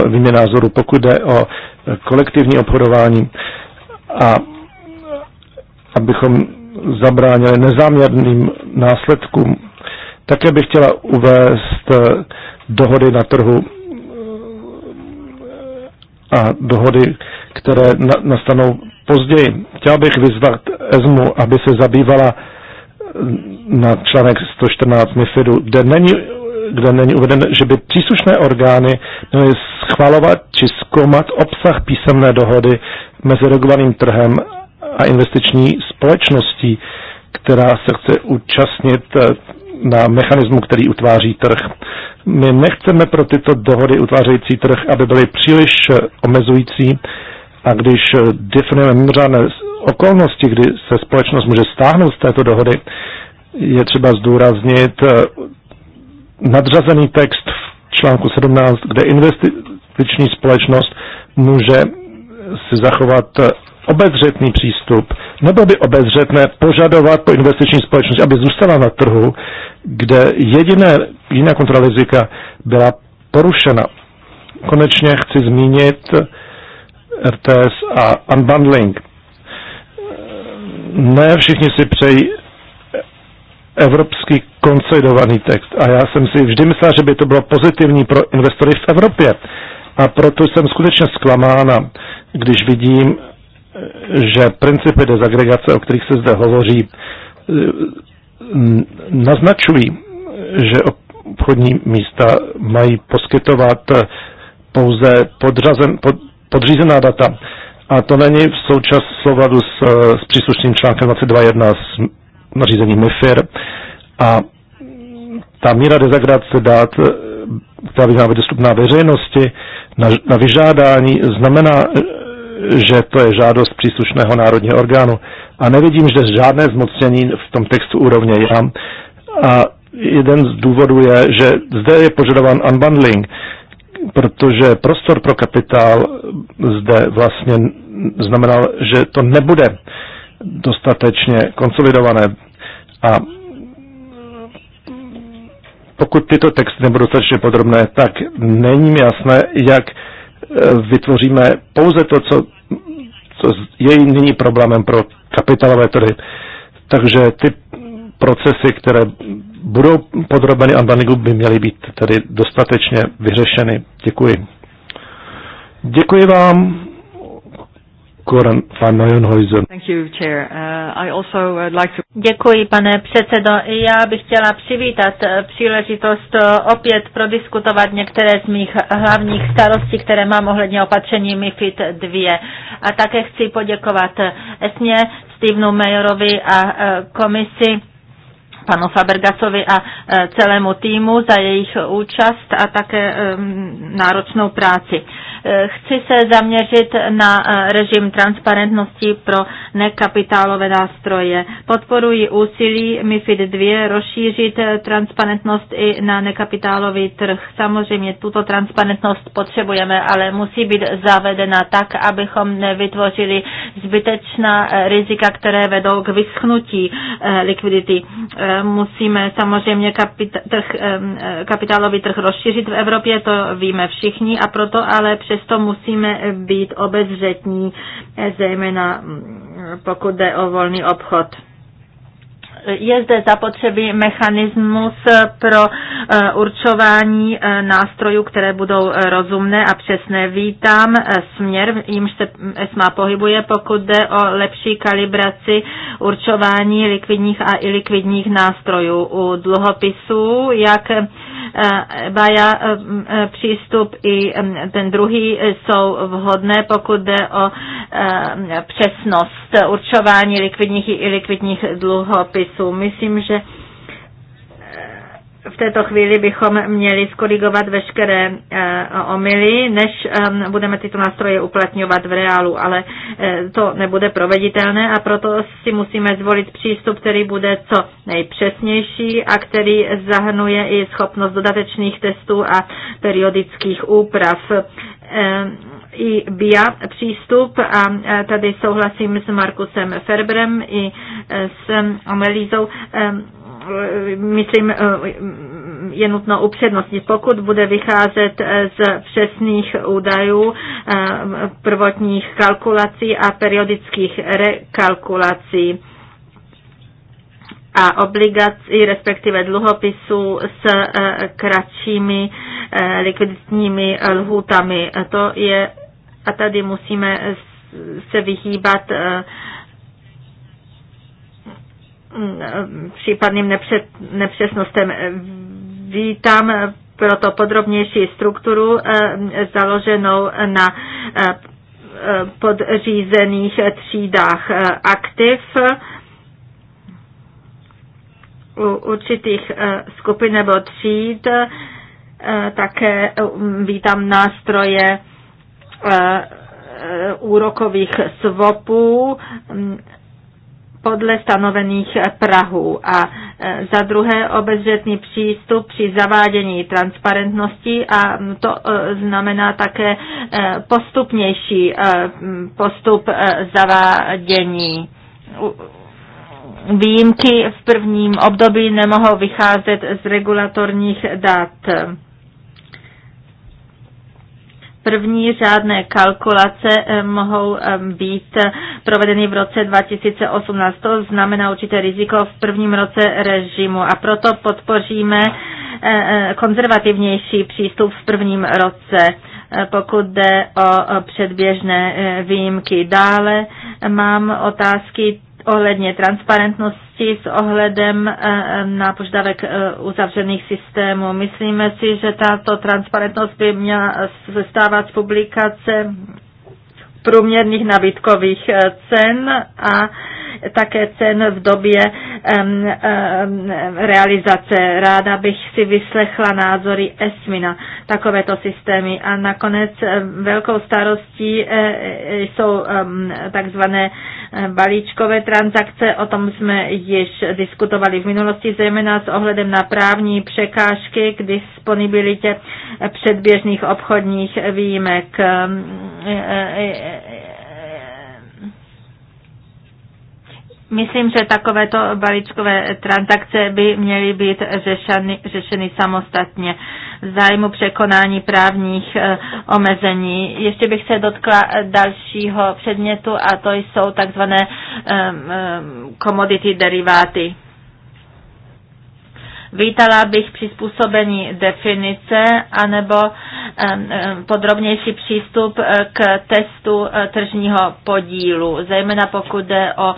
S1: výměny názoru, pokud jde o kolektivní obchodování a abychom zabránili nezáměrným následkům. Také bych chtěla uvést dohody na trhu a dohody, které nastanou později. Chtěl bych vyzvat ESMu, aby se zabývala mm, na článek 114 MIFIDu, kde není, kde není uveden, že by příslušné orgány měly schvalovat či zkoumat obsah písemné dohody mezi regulovaným trhem a investiční společností, která se chce účastnit eh, na mechanismu, který utváří trh. My nechceme pro tyto dohody utvářející trh, aby byly příliš omezující a když definujeme mimořádné okolnosti, kdy se společnost může stáhnout z této dohody, je třeba zdůraznit eh, nadřazený text v článku 17, kde investiční společnost může si zachovat obezřetný přístup. Nebylo by obezřetné požadovat po investiční společnosti, aby zůstala na trhu, kde jediné, jiná kontrola rizika byla porušena. Konečně chci zmínit RTS a unbundling. Ne všichni si přejí evropský konsolidovaný text a já jsem si vždy myslel, že by to bylo pozitivní pro investory v Evropě. A proto jsem skutečně zklamána, když vidím, že principy dezagregace, o kterých se zde hovoří, naznačují, že obchodní místa mají poskytovat pouze podřazen, pod, podřízená data. A to není v součas s, s příslušným článkem 22.1 s nařízením MIFIR. A ta míra dezagregace dát, která by měla být dostupná veřejnosti na, na vyžádání, znamená, že to je žádost příslušného národního orgánu. A nevidím, že žádné zmocnění v tom textu úrovně je. A jeden z důvodů je, že zde je požadován unbundling, protože prostor pro kapitál zde vlastně znamenal, že to nebude dostatečně konsolidované. A pokud tyto texty nebudou dostatečně podrobné, tak není mi jasné, jak vytvoříme pouze to, co, co je nyní problémem pro kapitalové trhy. Takže ty procesy, které budou podrobeny unbundlingu, by měly být tedy dostatečně vyřešeny. Děkuji. Děkuji vám van uh,
S3: uh, Děkuji, pane předsedo. Já bych chtěla přivítat uh, příležitost opět prodiskutovat některé z mých hlavních starostí, které mám ohledně opatření MIFID 2. A také chci poděkovat Esně, Stevenu Mayorovi a komisi panu Fabergasovi a celému týmu za jejich účast a také um, náročnou práci. Eh, chci se zaměřit na eh, režim transparentnosti pro nekapitálové nástroje. Podporuji úsilí MIFID 2 rozšířit eh, transparentnost i na nekapitálový trh. Samozřejmě tuto transparentnost potřebujeme, ale musí být zavedena tak, abychom nevytvořili zbytečná rizika, které vedou k vyschnutí likvidity. Musíme samozřejmě kapit- trh, kapitálový trh rozšířit v Evropě, to víme všichni, a proto ale při přesto musíme být obezřetní, zejména pokud jde o volný obchod je zde zapotřebí mechanismus pro eh, určování eh, nástrojů, které budou eh, rozumné a přesné. Vítám směr, jimž se ESMA pohybuje, pokud jde o lepší kalibraci určování likvidních a ilikvidních nástrojů u dluhopisů, jak Baja eh, eh, přístup i mm, ten druhý jsou vhodné, pokud jde o eh, přesnost určování likvidních i likvidních dluhopisů. Myslím, že v této chvíli bychom měli skorigovat veškeré eh, omily, než ehm, budeme tyto nástroje uplatňovat v reálu, ale eh, to nebude proveditelné a proto si musíme zvolit přístup, který bude co nejpřesnější a který zahrnuje i schopnost dodatečných testů a periodických úprav eh, i BIA přístup a tady souhlasím s Markusem Ferbrem i s Amelízou ehm, myslím, eh, je nutno upřednostnit. Pokud bude vycházet eh, z přesných údajů, eh, prvotních kalkulací a periodických rekalkulací a obligací, respektive dluhopisů s kratšími likviditními lhůtami. To je, a tady musíme se vyhýbat Mm, případným nepřed, nepřesnostem. Vítám proto podrobnější strukturu eh, založenou na eh, podřízených třídách eh, aktiv u určitých skupin nebo tříd. Také vítám nástroje úrokových swapů mm, podle stanovených Prahů a e, za druhé obezřetný přístup při zavádění transparentnosti a to e, znamená také e, postupnější postup zavádění výjimky v prvním období nemohou vycházet z regulatorních dat. První řádné kalkulace eh, mohou být eh, provedeny v roce 2018. To znamená určité riziko v prvním roce režimu a proto podpoříme eh, konzervativnější přístup v prvním roce pokud jde o předběžné výjimky. Dále mám otázky ohledně transparentnosti s ohledem eh, na požadavek eh, uzavřených systémů. Myslíme si, že tato transparentnost by měla sestávat z publikace průměrných nabídkových eh, cen a také cen v době um, um, realizace. Ráda bych si vyslechla názory ESMI na takovéto systémy. A nakonec velkou starostí e, e, jsou takzvané balíčkové transakce. O tom jsme již diskutovali v minulosti, zejména s ohledem na právní překážky k disponibilitě předběžných obchodních výjimek e, Myslím, že takovéto balíčkové transakce by měly být řešeny, řešeny samostatně v zájmu překonání právních eh, omezení. Ještě bych se dotkla dalšího předmětu a to jsou takzvané komodity eh, eh, deriváty. Vítala bych přizpůsobení definice anebo podrobnější přístup eh, k testu eh, tržního podílu, zejména pokud jde o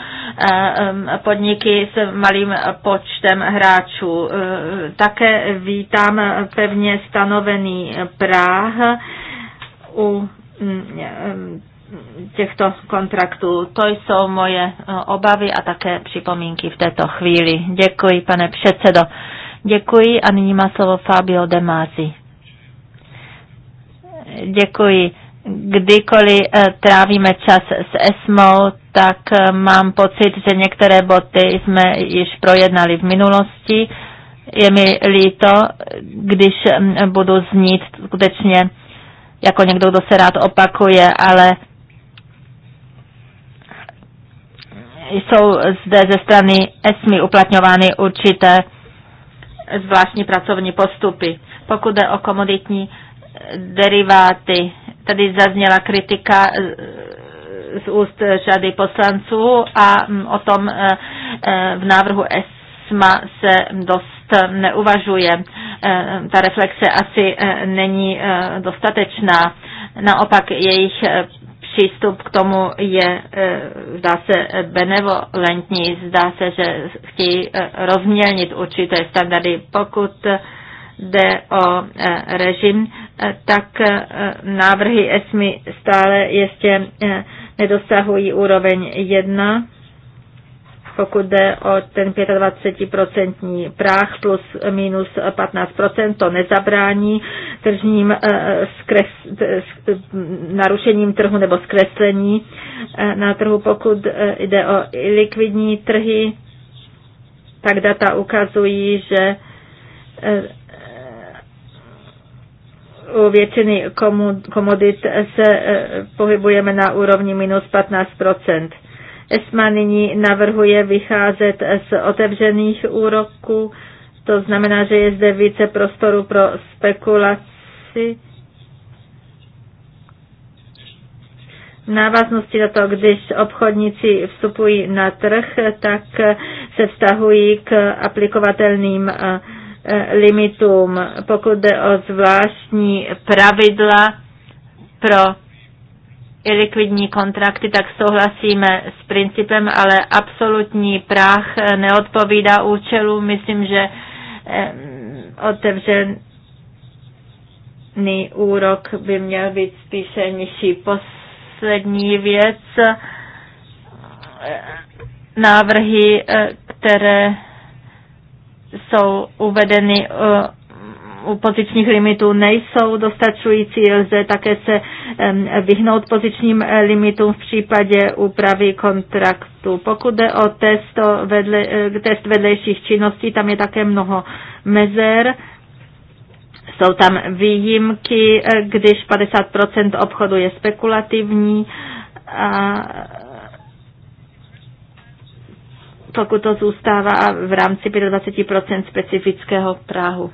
S3: eh, podniky s malým počtem hráčů. Také vítám pevně stanovený práh u mm, těchto kontraktů. To jsou moje obavy a také připomínky v této chvíli. Děkuji, pane předsedo. Děkuji a nyní má slovo Fabio De Masi. Děkuji. Kdykoliv eh, trávíme čas s ESMO, tak eh, mám pocit, že některé boty jsme již projednali v minulosti. Je mi líto, když mm, budu znít skutečně jako někdo, kdo se rád opakuje, ale jsou zde ze strany ESMI uplatňovány určité zvláštní pracovní postupy. Pokud jde o komoditní eh, deriváty, tady zazněla kritika eh, z úst řady poslanců a mm, o tom eh, v návrhu ESMA se dost neuvažuje. Ta reflexe asi není dostatečná. Naopak jejich přístup k tomu je, eh, zdá se, benevolentní, zdá se, že chtějí eh, rozmělnit určité standardy. Pokud jde o eh, režim, tak návrhy ESMI stále ještě nedosahují úroveň 1 pokud jde o ten 25% práh plus minus 15%, to nezabrání tržním eh, skres, eh, hm, narušením trhu nebo zkreslení eh, na trhu. Pokud jde o likvidní trhy, tak data ukazují, že u většiny komodit se pohybujeme na úrovni minus 15 ESMA nyní navrhuje vycházet z otevřených úroků, to znamená, že je zde více prostoru pro spekulaci. V návaznosti na to, když obchodníci vstupují na trh, tak se vztahují k aplikovatelným eh, eh, limitům. Pokud jde o zvláštní pravidla pro likvidní kontrakty, tak souhlasíme s principem, ale absolutní práh neodpovídá účelu. Myslím, že eh, otevřený úrok by měl být spíše nižší. Poslední věc, eh, návrhy, eh, které jsou uvedeny pozičních limitů nejsou dostačující, lze také se vyhnout pozičním eh, limitům v případě úpravy kontraktu. Pokud jde o test, vedle, eh, test vedlejších činností, tam je také mnoho mezer. Jsou tam výjimky, eh, když 50% obchodu je spekulativní a pokud to zůstává v rámci 25% specifického práhu.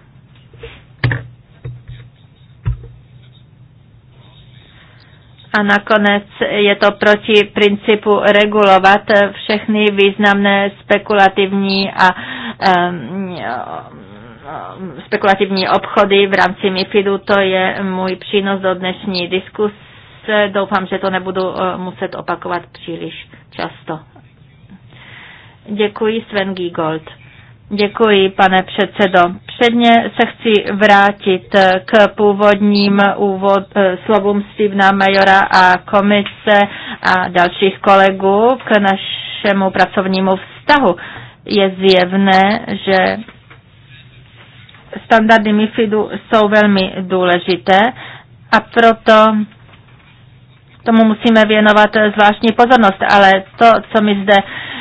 S3: A nakonec je to proti principu regulovat všechny významné spekulativní a um, spekulativní obchody v rámci MIFIDu. To je můj přínos do dnešní diskuse. Doufám, že to nebudu eh, muset opakovat příliš často. Děkuji Sven Giegold. Děkuji, pane předsedo. Předně se chci vrátit k původním úvod, eh, slovům Stevena Majora a komise a dalších kolegů k našemu pracovnímu vztahu. Je zjevné, že standardy MIFIDu jsou velmi důležité a proto tomu musíme věnovat zvláštní pozornost, ale to, co mi zde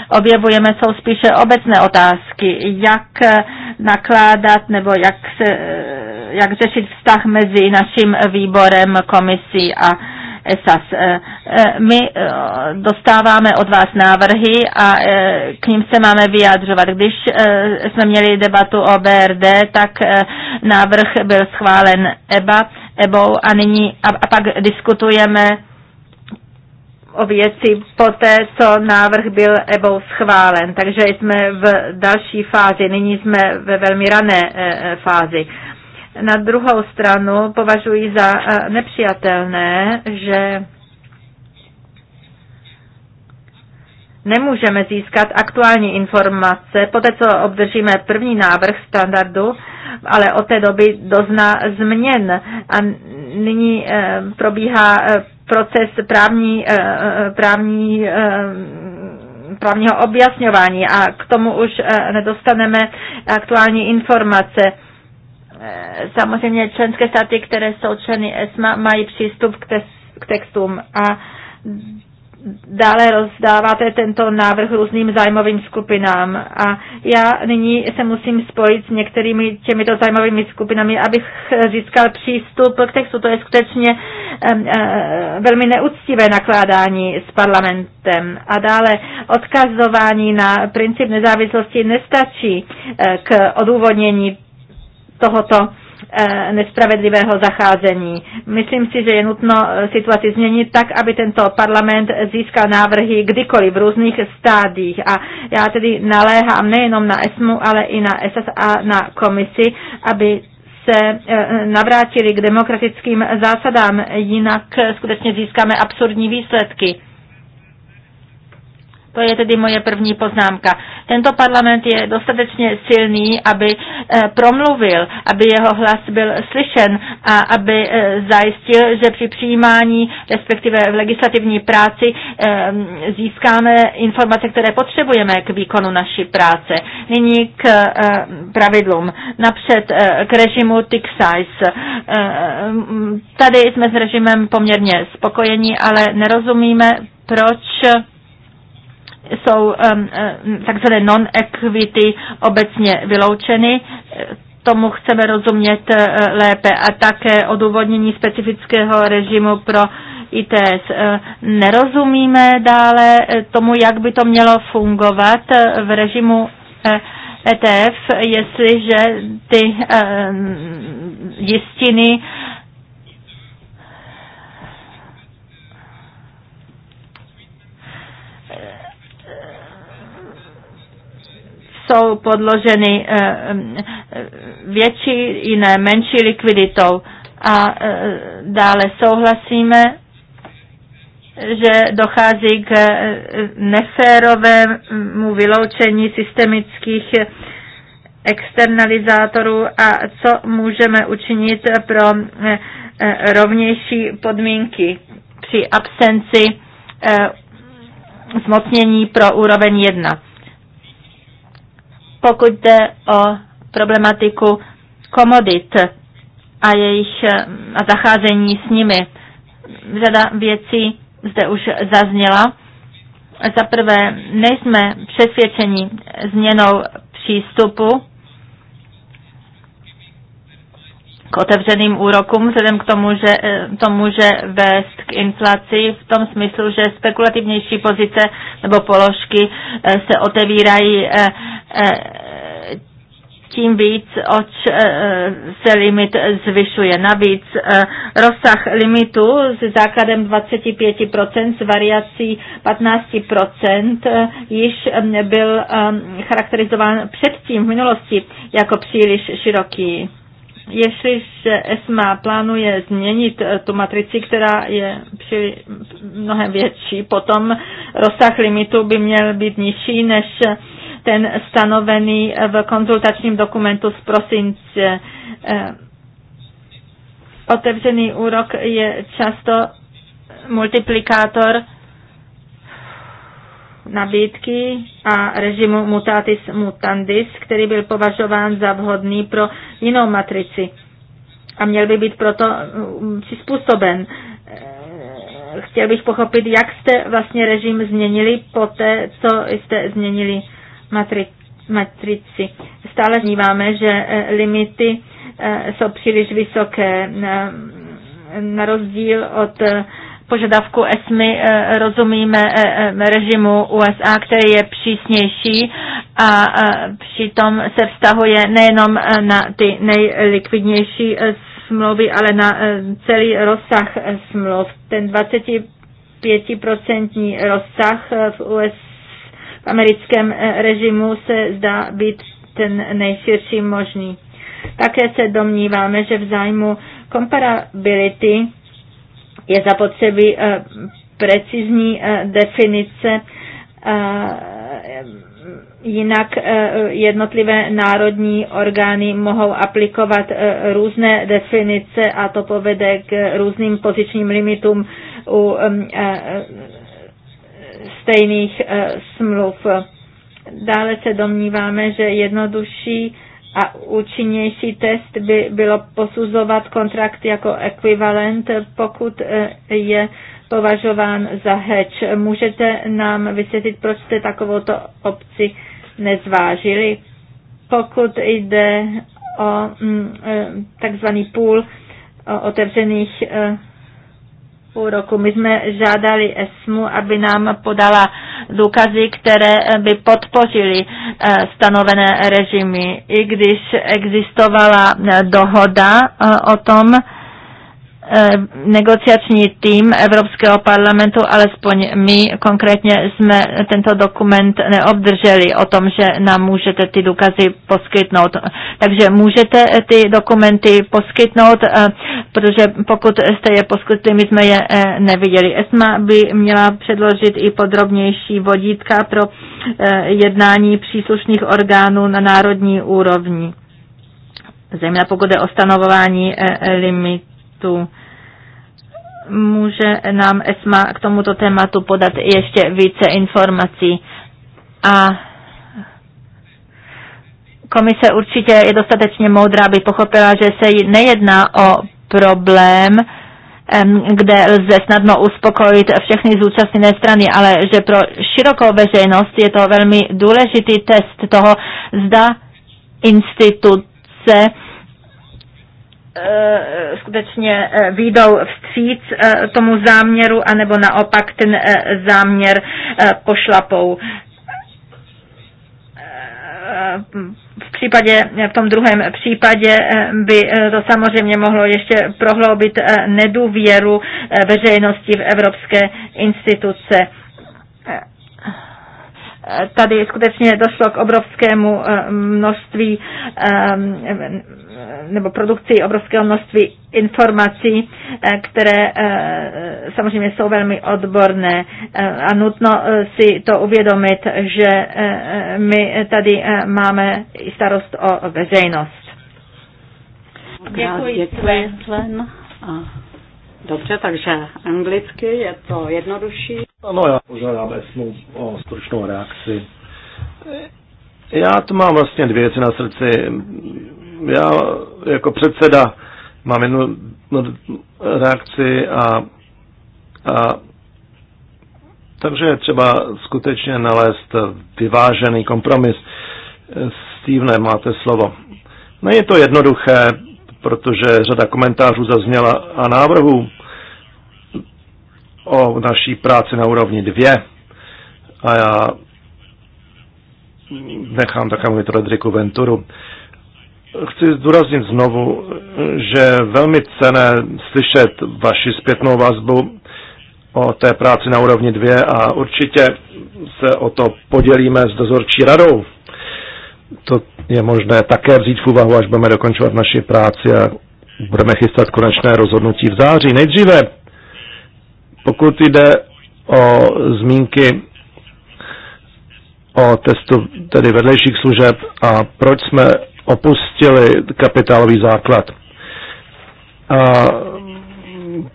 S3: objevujeme, jsou spíše obecné otázky, jak eh, nakládat nebo jak, se, eh, jak řešit vztah mezi naším výborem, komisí a ESAS. Eh, my dostáváme od vás návrhy a k ním se máme vyjadřovat. Když jsme měli debatu o BRD, tak návrh byl schválen EBA, ebo a nyní a, a pak diskutujeme o věci poté, co návrh byl EBO schválen. Takže jsme v další fázi, nyní jsme ve velmi rané e, e, fázi. Na druhou stranu považuji za e, nepřijatelné, že nemůžeme získat aktuální informace. Poté, co obdržíme první návrh standardu, ale od té doby dozná změn a nyní probíhá proces právní, eh, eh, právní eh, právního objasňování a k tomu už nedostaneme aktuální informace. Samozřejmě členské státy, které jsou členy ESMA, mají přístup k, k textům a dále rozdáváte tento návrh různým zájmovým skupinám. A já nyní se musím spojit s některými těmito zájmovými skupinami, abych získal přístup k textu. To je skutečně eh, velmi neúctivé nakládání s parlamentem. A dále odkazování na princip nezávislosti nestačí eh, k odůvodnění tohoto Eh, nespravedlivého zacházení. Myslím si, že je nutno eh, situaci změnit tak, aby tento parlament získal návrhy kdykoliv v různých stádích. A já tedy naléhám nejenom na ESMu, ale i na SSA, a na komisi, aby se eh, navrátili k demokratickým zásadám, jinak skutečně získáme absurdní výsledky. To je tedy moje první poznámka. Tento parlament je dostatečně silný, aby eh, promluvil, aby jeho hlas byl slyšen a aby eh, zajistil, že při přijímání, respektive v legislativní práci, eh, získáme informace, které potřebujeme k výkonu naší práce. Nyní k pravidlům. Napřed k režimu tick size. Tady jsme s režimem poměrně spokojení, ale nerozumíme, proč jsou um, um, takzvané non-equity obecně vyloučeny. Tomu chceme rozumět uh, lépe a také odůvodnění specifického režimu pro ITS. Uh, nerozumíme dále tomu, jak by to mělo fungovat v režimu uh, ETF, jestliže ty um, jistiny jsou podloženy eh, eh, větší, jiné menší likviditou. A eh, dále souhlasíme, že dochází k neférovému vyloučení systemických externalizátorů a co můžeme učinit pro rovnější podmínky při absenci zmocnění pro úroveň 1 pokud jde o problematiku komodit a jejich eh, a zacházení s nimi. Řada věcí zde už zazněla. Za prvé, nejsme přesvědčeni změnou přístupu k otevřeným úrokům, vzhledem k tomu, že eh, to může vést k inflaci v tom smyslu, že spekulativnější pozice nebo položky eh, se otevírají eh, tím víc, oč se limit zvyšuje. Navíc rozsah limitu s základem 25% s variací 15% již byl charakterizován předtím v minulosti jako příliš široký jestli se ESMA plánuje změnit eh, tu matrici, která je při mnohem větší, potom rozsah limitu by měl být nižší než ten stanovený v konzultačním dokumentu z prosince. Eh, otevřený úrok je často multiplikátor nabídky a režimu mutatis mutandis, který byl považován za vhodný pro jinou matrici a měl by být proto mm, přizpůsoben. Eh, chtěl bych pochopit, jak jste vlastně režim změnili po té, co jste změnili matrici matrici. Stále vnímáme, že eh, limity eh, jsou příliš vysoké. Na rozdíl od požadavku ESMI eh, rozumíme eh, eh, režimu USA, který je přísnější a přitom se vztahuje nejenom na ty nejlikvidnější smlouvy, ale na celý rozsah smluv. Ten 25% rozsah v US v americkém režimu se zdá být ten nejširší možný. Také se domníváme, že v zájmu komparability je zapotřebí eh, precizní eh, definice eh, jinak jednotlivé národní orgány mohou aplikovat různé definice a to povede k různým pozičním limitům u stejných smluv. Dále se domníváme, že jednodušší a účinnější test by bylo posuzovat kontrakt jako ekvivalent, pokud eh, je považován za heč. Můžete nám vysvětlit, proč jste takovouto obci nezvážili? Pokud jde o mm, eh, takzvaný půl otevřených eh, půl roku. My jsme žádali ESMu, aby nám podala důkazy, které by podpořily eh, stanovené režimy, i když existovala eh, dohoda eh, o tom, Eh, negociační tým Evropského parlamentu, alespoň my konkrétně jsme tento dokument neobdrželi o tom, že nám můžete ty důkazy poskytnout. Takže můžete ty dokumenty poskytnout, eh, protože pokud jste je poskytli, my jsme je eh, neviděli. ESMA by měla předložit i podrobnější vodítka pro jednání příslušných orgánů na národní úrovni zejména pokud je o stanovování limit tu Může nám ESMA k tomuto tématu podat ještě více informací. A komise určitě je dostatečně moudrá, aby pochopila, že se nejedná o problém, kde lze snadno uspokojit všechny zúčastněné strany, ale že pro širokou veřejnost je to velmi důležitý test toho, zda instituce Eh, skutečně eh, výjdou vstříc eh, tomu záměru, anebo naopak ten záměr pošlapou v případě, v tom druhém případě by to samozřejmě mohlo ještě prohloubit nedůvěru veřejnosti v evropské instituce. Tady skutečně došlo k obrovskému množství Eh, nebo produkci obrovského množství informací, eh, které eh, samozřejmě jsou velmi odborné a nutno si to uvědomit, že my tady máme starost o veřejnost.
S4: Děkuji, Sven. Dobře, takže anglicky je to jednodušší.
S1: Ano, já požádám Esmu o stručnou reakci. Já tu mám vlastně dvě věci na srdci já jako předseda mám jednu reakci a, a takže je třeba skutečně nalézt vyvážený kompromis. Steve, máte slovo. je to jednoduché, protože řada komentářů zazněla a návrhů o naší práci na úrovni dvě. A já nechám také mluvit Rodriku Venturu chci zdůraznit znovu, že velmi cené slyšet vaši zpětnou vazbu o té práci na úrovni dvě a určitě se o to podělíme s dozorčí radou. To je možné také vzít v úvahu, až budeme dokončovat naši práci a budeme chystat konečné rozhodnutí v září. Nejdříve, pokud jde o zmínky o testu tedy vedlejších služeb a proč jsme opustili kapitálový základ. A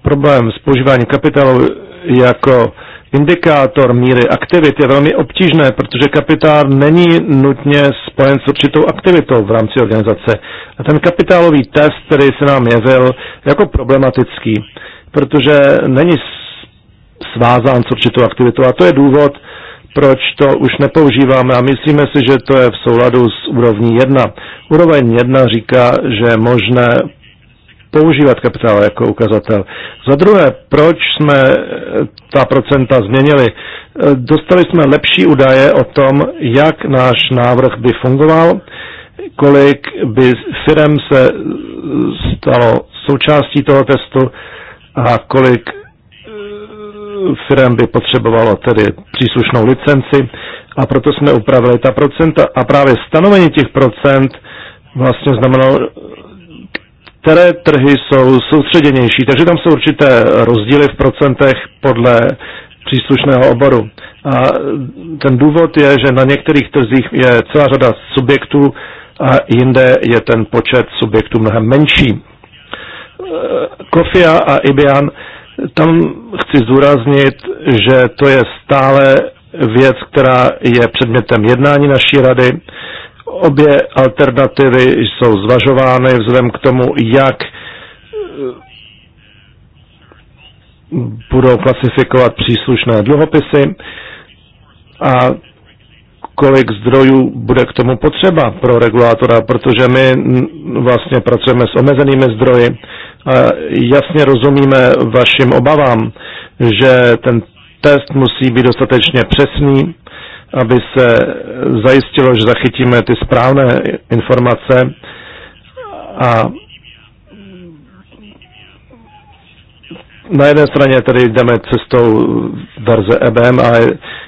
S1: problém s používáním kapitálu jako indikátor míry aktivit je velmi obtížné, protože kapitál není nutně spojen s určitou aktivitou v rámci organizace. A ten kapitálový test, který se nám jevil jako problematický, protože není svázán s určitou aktivitou. A to je důvod, proč to už nepoužíváme a myslíme si, že to je v souladu s úrovní 1. Úroveň 1 říká, že je možné používat kapitál jako ukazatel. Za druhé, proč jsme ta procenta změnili? Dostali jsme lepší údaje o tom, jak náš návrh by fungoval, kolik by firm se stalo součástí toho testu a kolik firm by potřebovalo tedy příslušnou licenci a proto jsme upravili ta procenta a právě stanovení těch procent vlastně znamenalo, které trhy jsou soustředěnější. Takže tam jsou určité rozdíly v procentech podle příslušného oboru. A ten důvod je, že na některých trzích je celá řada subjektů a jinde je ten počet subjektů mnohem menší. Kofia a Ibian tam chci zdůraznit, že to je stále věc, která je předmětem jednání naší rady. Obě alternativy jsou zvažovány vzhledem k tomu, jak eh, budou klasifikovat příslušné dluhopisy a kolik zdrojů bude k tomu potřeba pro regulátora, protože my vlastně pracujeme s omezenými zdroji jasně rozumíme vašim obavám, že ten test musí být dostatečně přesný, aby se zajistilo, že zachytíme ty správné informace a na jedné straně tedy jdeme cestou verze EBM a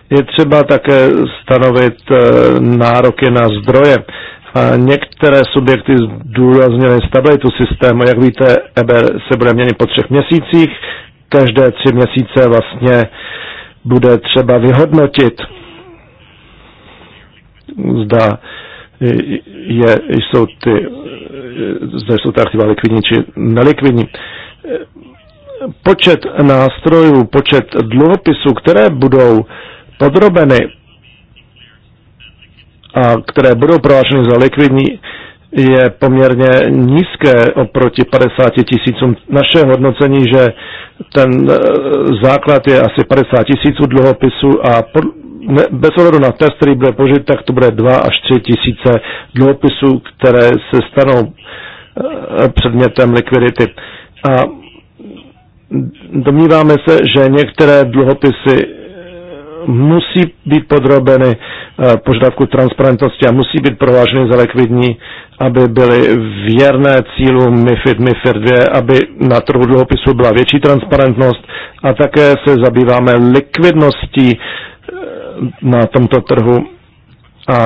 S1: je třeba také stanovit e, nároky na zdroje Některé subjekty zdůraznily stabilitu systému. Jak víte, EBR se bude měnit po třech měsících. Každé tři měsíce vlastně bude třeba vyhodnotit, zda je, jsou ty, zda jsou ty aktiva likvidní či nelikvidní. Počet nástrojů, počet dluhopisů, které budou podrobeny a které budou prohlášeny za likvidní, je poměrně nízké oproti 50 tisícům. Naše hodnocení, že ten eh, základ je asi 50 tisíců dluhopisů a pod, ne, bez ohledu na test, který bude požit, tak to bude 2 až 3 tisíce dluhopisů, které se stanou eh, předmětem likvidity. A domníváme se, že některé dluhopisy musí být podrobeny eh, požadavku transparentnosti a musí být prohlášeny za likvidní, aby byly věrné cílu MIFID, MIFID 2, aby na trhu dluhopisu byla větší transparentnost a také se zabýváme likvidností eh, na tomto trhu a,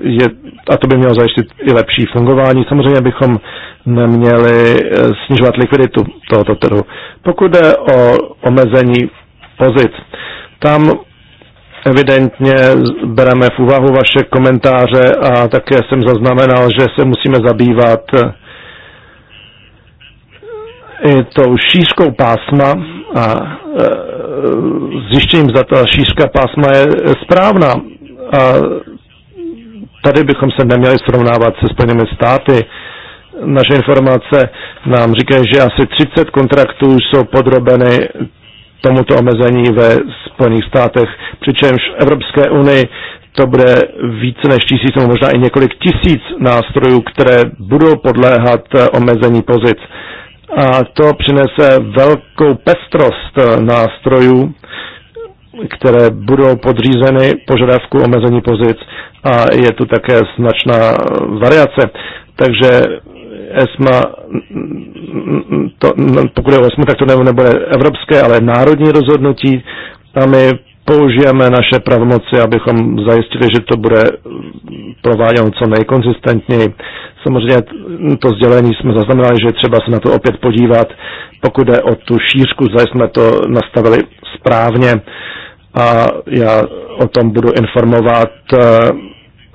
S1: je, a to by mělo zajistit i lepší fungování. Samozřejmě bychom neměli eh, snižovat likviditu tohoto trhu. Pokud jde o omezení pozic, tam Evidentně bereme v úvahu vaše komentáře a také jsem zaznamenal, že se musíme zabývat eh, i tou šířkou pásma a eh, zjištěním, zda ta šířka pásma je správná. A tady bychom se neměli srovnávat se Spojenými státy. Naše informace nám říkají, že asi 30 kontraktů jsou podrobeny tomuto omezení ve Spojených státech, přičemž v Evropské unii to bude více než tisíc, nebo možná i několik tisíc nástrojů, které budou podléhat eh, omezení pozic. A to přinese velkou pestrost eh, nástrojů, které budou podřízeny požadavku omezení pozic a je tu také značná eh, variace. Takže ESMA, to, pokud je o ESMA, tak to nebude evropské, ale národní rozhodnutí a my použijeme naše pravomoci, abychom zajistili, že to bude prováděno co nejkonzistentněji. Samozřejmě to sdělení jsme zaznamenali, že třeba se na to opět podívat. Pokud je o tu šířku, zda jsme to nastavili správně a já o tom budu informovat eh,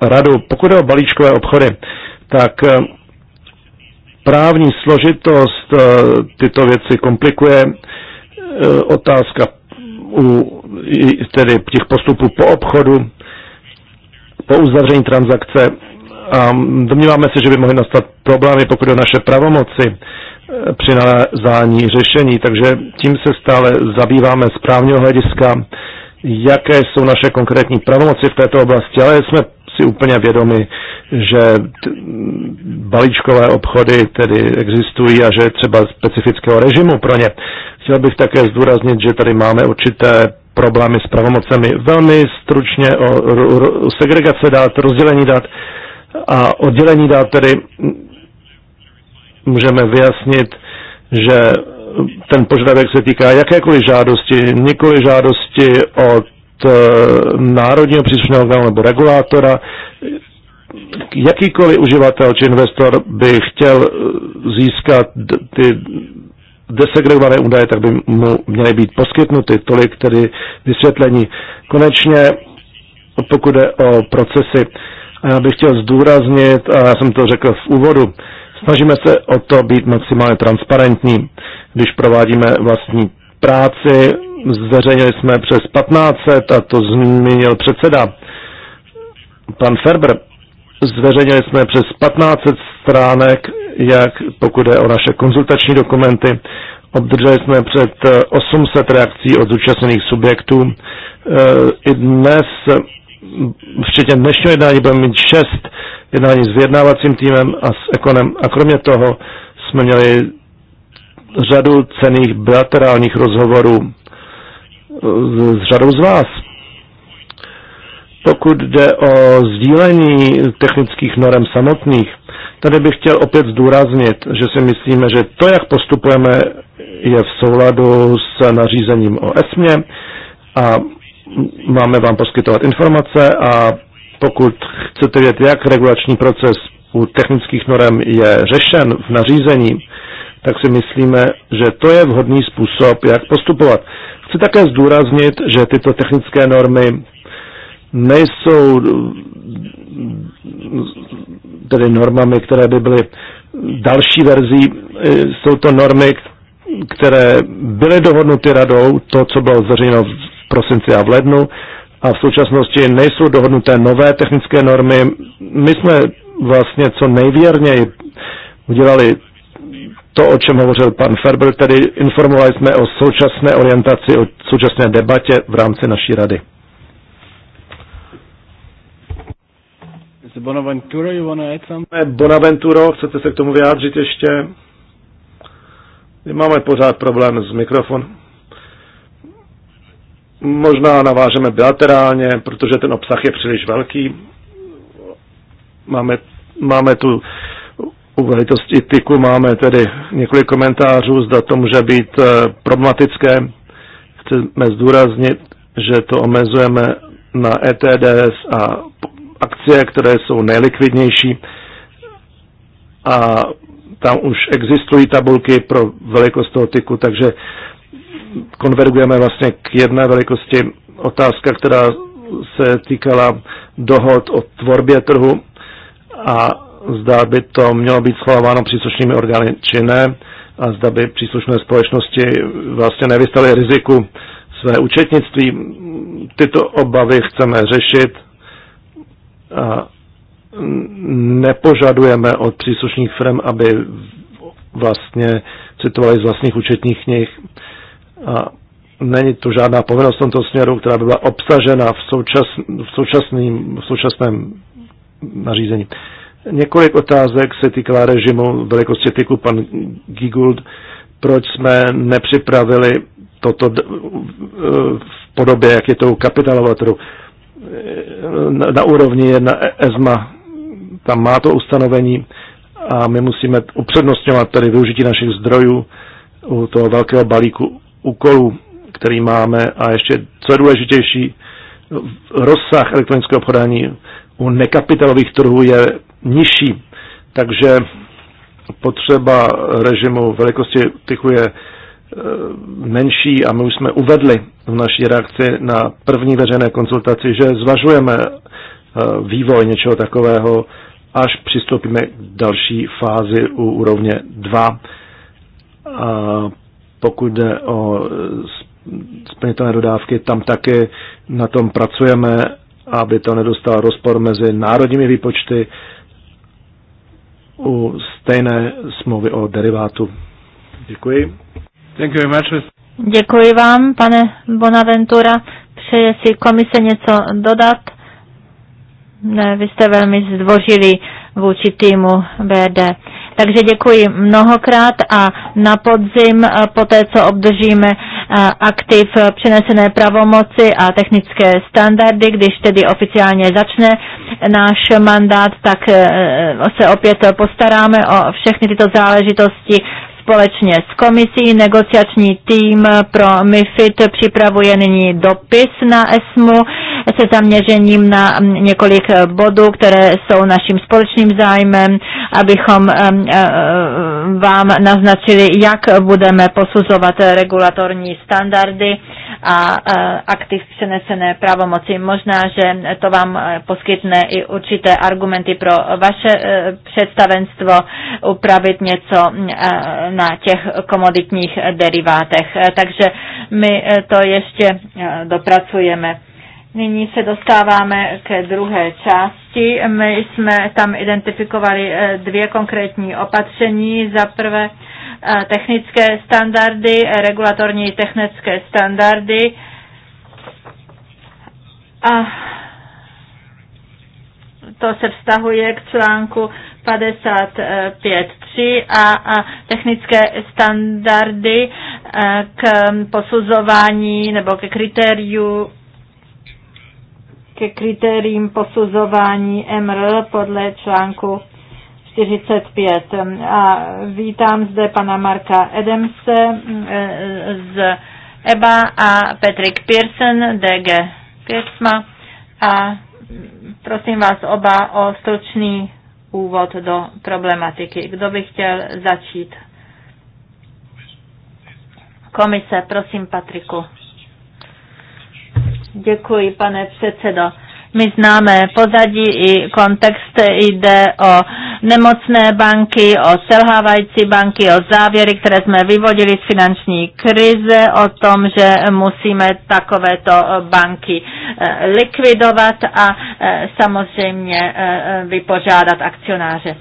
S1: radu. Pokud je o balíčkové obchody, tak eh, právní složitost eh, tyto věci komplikuje. Eh, otázka u tedy těch postupů po obchodu, po uzavření transakce. A domníváme se, že by mohly nastat problémy, pokud o naše pravomoci eh, při nalézání řešení. Takže tím se stále zabýváme z právního hlediska, jaké jsou naše konkrétní pravomoci v této oblasti. Ale jsme si úplně vědomi, že balíčkové obchody tedy existují a že je třeba specifického režimu pro ně. Chtěl bych také zdůraznit, že tady máme určité problémy s pravomocemi. Velmi stručně o, o segregace dát, rozdělení dát a oddělení dát tedy můžeme vyjasnit, že ten požadavek se týká jakékoliv žádosti, nikoli žádosti o Eh, národního příslušného orgánu nebo regulátora. Jakýkoliv uživatel či investor by chtěl eh, získat ty desegregované údaje, tak by mu měly být poskytnuty. Tolik tedy vysvětlení. Konečně, pokud jde o procesy, a já bych chtěl zdůraznit, a já jsem to řekl v úvodu, snažíme se o to být maximálně transparentní, když provádíme vlastní práci, Zveřejnili jsme přes 1500 a to zmínil předseda pan Ferber. Zveřejnili jsme přes 1500 stránek, jak pokud je o naše konzultační dokumenty. Obdrželi jsme před 800 eh, reakcí od zúčastněných subjektů. Eh, I dnes, včetně dnešního jednání, budeme mít 6 jednání s vyjednávacím týmem a s ekonem. A kromě toho jsme měli řadu cených bilaterálních rozhovorů s, s řadou z vás. Pokud jde o sdílení technických norem samotných, tady bych chtěl opět zdůraznit, že si myslíme, že to, jak postupujeme, je v souladu s nařízením o ESMě a máme vám poskytovat informace a pokud chcete vědět, jak regulační proces u technických norem je řešen v nařízení, tak si myslíme, že to je vhodný způsob, jak postupovat. Chci také zdůraznit, že tyto technické normy nejsou tedy normami, které by byly další verzí. Jsou to normy, které byly dohodnuty radou, to, co bylo zveřejněno v prosinci a v lednu, a v současnosti nejsou dohodnuté nové technické normy. My jsme vlastně co nejvěrněji udělali to, o čem hovořil pan Ferber, tedy informovali jsme o současné orientaci, o současné debatě v rámci naší rady. Bonaventura, you add something? Bonaventuro, chcete se k tomu vyjádřit ještě? My máme pořád problém s mikrofon. Možná navážeme bilaterálně, protože ten obsah je příliš velký. Máme, máme tu velitosti tyku máme tedy několik komentářů, zda to může být eh, problematické. Chceme zdůraznit, že to omezujeme na ETDS a akcie, které jsou nejlikvidnější a tam už existují tabulky pro velikost toho tyku, takže konvergujeme vlastně k jedné velikosti. Otázka, která se týkala dohod o tvorbě trhu a zda by to mělo být schováváno příslušnými orgány či ne a zda by příslušné společnosti vlastně nevystaly riziku své účetnictví. Tyto obavy chceme řešit a nepožadujeme od příslušných firm, aby vlastně citovali z vlastních účetních knih. A není tu žádná povinnost v tomto směru, která by byla obsažena v, součas, v, současným, v současném nařízení. Několik otázek se týká režimu velikosti tyku. Pan Giguld, proč jsme nepřipravili toto v podobě, jak je to u kapitalovatru? trhu? Na, na úrovni jedna ESMA, tam má to ustanovení a my musíme upřednostňovat tady využití našich zdrojů u toho velkého balíku úkolů, který máme a ještě, co je důležitější, rozsah elektronického podání u nekapitalových trhů je nižší. Takže potřeba režimu velikosti tychu je e, menší a my už jsme uvedli v naší reakci na první veřejné konzultaci, že zvažujeme e, vývoj něčeho takového, až přistoupíme k další fázi u úrovně 2. A pokud jde o e, splnitelné dodávky, tam taky na tom pracujeme, aby to nedostalo rozpor mezi národními výpočty u stejné smlouvy o derivátu. Děkuji. Thank you very much. Děkuji vám, pane
S3: Bonaventura. Přeje si komise něco dodat? Ne, vy jste velmi zdvořili vůči týmu BD. Takže děkuji mnohokrát a na podzim, eh, po té, co obdržíme eh, aktiv eh, přenesené pravomoci a technické standardy, když tedy oficiálně začne náš mandát, tak se opět postaráme o všechny tyto záležitosti společně s komisí. Negociační tým pro MIFID připravuje nyní dopis na ESMU se zaměřením na mm, několik eh, bodů, které jsou naším společným zájmem, abychom eh, eh, vám naznačili, jak budeme posuzovat regulatorní standardy a e, aktiv přenesené pravomoci. Možná, že to vám e, poskytne i určité argumenty pro vaše e, představenstvo upravit něco na těch komoditních derivátech. Takže my to ještě dopracujeme. Nyní se dostáváme ke druhé části. My jsme tam identifikovali dvě konkrétní opatření. Za prvé technické standardy, regulatorní technické standardy a to se vztahuje k článku 55.3 a, a technické standardy k posuzování nebo ke kritériu ke kritériím posuzování MRL podle článku 45. A vítám zde pana Marka Edemse eh, z EBA a Patrick Pearson, DG Pěcma. A prosím vás oba o stručný úvod do problematiky. Kdo by chtěl začít? Komise, prosím Patriku. Děkuji, pane předsedo. My známe pozadí i kontext, jde o nemocné banky, o selhávající banky, o závěry, které jsme vyvodili z finanční krize, o tom, že musíme takovéto banky eh, likvidovat a eh, samozřejmě eh, vypožádat akcionáře.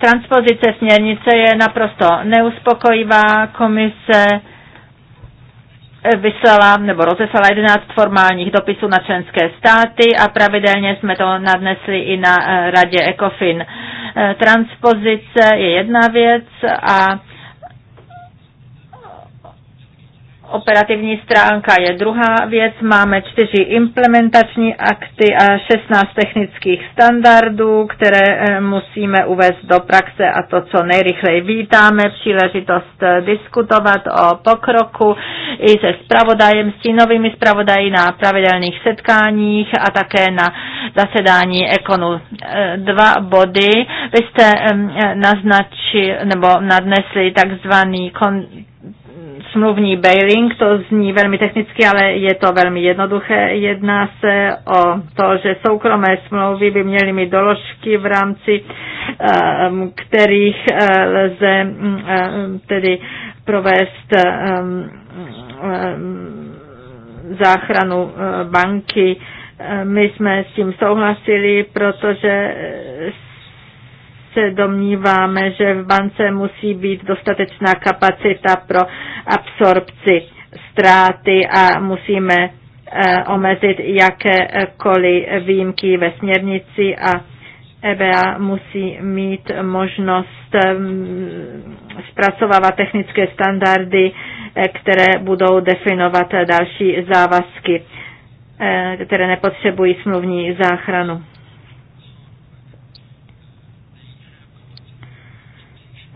S3: Transpozice směrnice je naprosto neuspokojivá. Komise Eh, vyslala nebo rozeslala 11 formálních dopisů na členské státy a pravidelně jsme to nadnesli i na eh, radě ECOFIN. Eh, transpozice je jedna věc a operativní stránka je druhá věc. Máme čtyři implementační akty a 16 technických standardů, které eh, musíme uvést do praxe a to, co nejrychleji vítáme, příležitost eh, diskutovat o pokroku i se spravodajem, s novými spravodají na pravidelných setkáních a také na zasedání ekonu. Eh, dva body. Vy jste naznačili nebo nadnesli takzvaný kon smluvní bailing, to zní velmi technicky, ale je to velmi jednoduché. Jedná se o to, že soukromé smlouvy by měly mít doložky v rámci ehm, kterých eh, lze mm, ehm, tedy provést ehm, záchranu eh, banky. Eh, my jsme s tím souhlasili, protože se domníváme, že v bance musí být dostatečná kapacita pro absorpci ztráty a musíme eh, omezit jakékoliv výjimky ve směrnici a EBA musí mít možnost eh, zpracovávat technické standardy, eh, které budou definovat další závazky, které nepotřebují smluvní záchranu.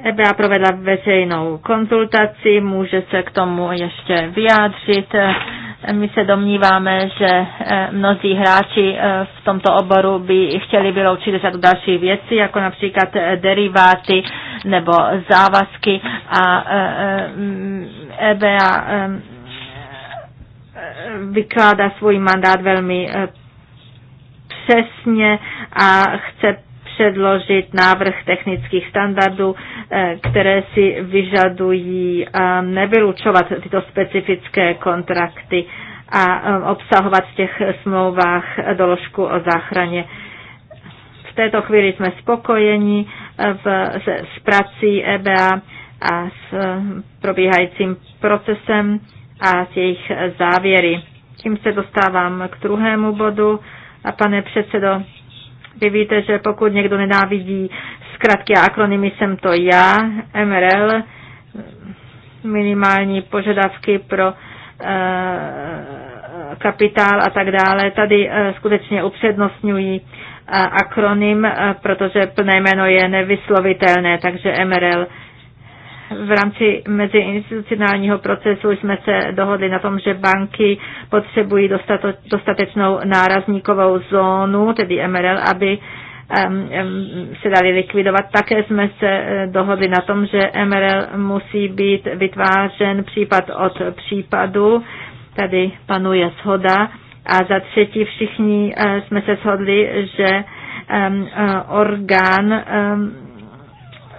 S3: EBA provedla veřejnou konzultaci, může se k tomu ještě vyjádřit. My se domníváme, že eh, mnozí hráči eh, v tomto oboru by chtěli vyloučit řadu další věci, jako například eh, deriváty nebo závazky a EBA vykládá svůj mandát velmi přesně a chce předložit návrh technických standardů, eh, které si vyžadují eh, nevylučovat tyto specifické kontrakty a eh, obsahovat v těch smlouvách doložku o záchraně. V této chvíli jsme spokojeni v, s, s prací EBA a s probíhajícím procesem a s jejich závěry. Tím se dostávám k druhému bodu. A pane předsedo, vy víte, že pokud někdo nenávidí zkratky a akronymy, jsem to já, MRL, minimální požadavky pro eh, kapitál a tak dále. Tady eh, skutečně upřednostňují eh, akronym, protože plné jméno je nevyslovitelné, takže MRL v rámci meziinstitucionálního procesu jsme se dohodli na tom, že banky potřebují dostatečnou nárazníkovou zónu, tedy MRL, aby se dali likvidovat. Také jsme se eh, dohodli na tom, že MRL musí být vytvářen případ od případu. Tady panuje shoda. A za třetí všichni eh, jsme se shodli, že eh, orgán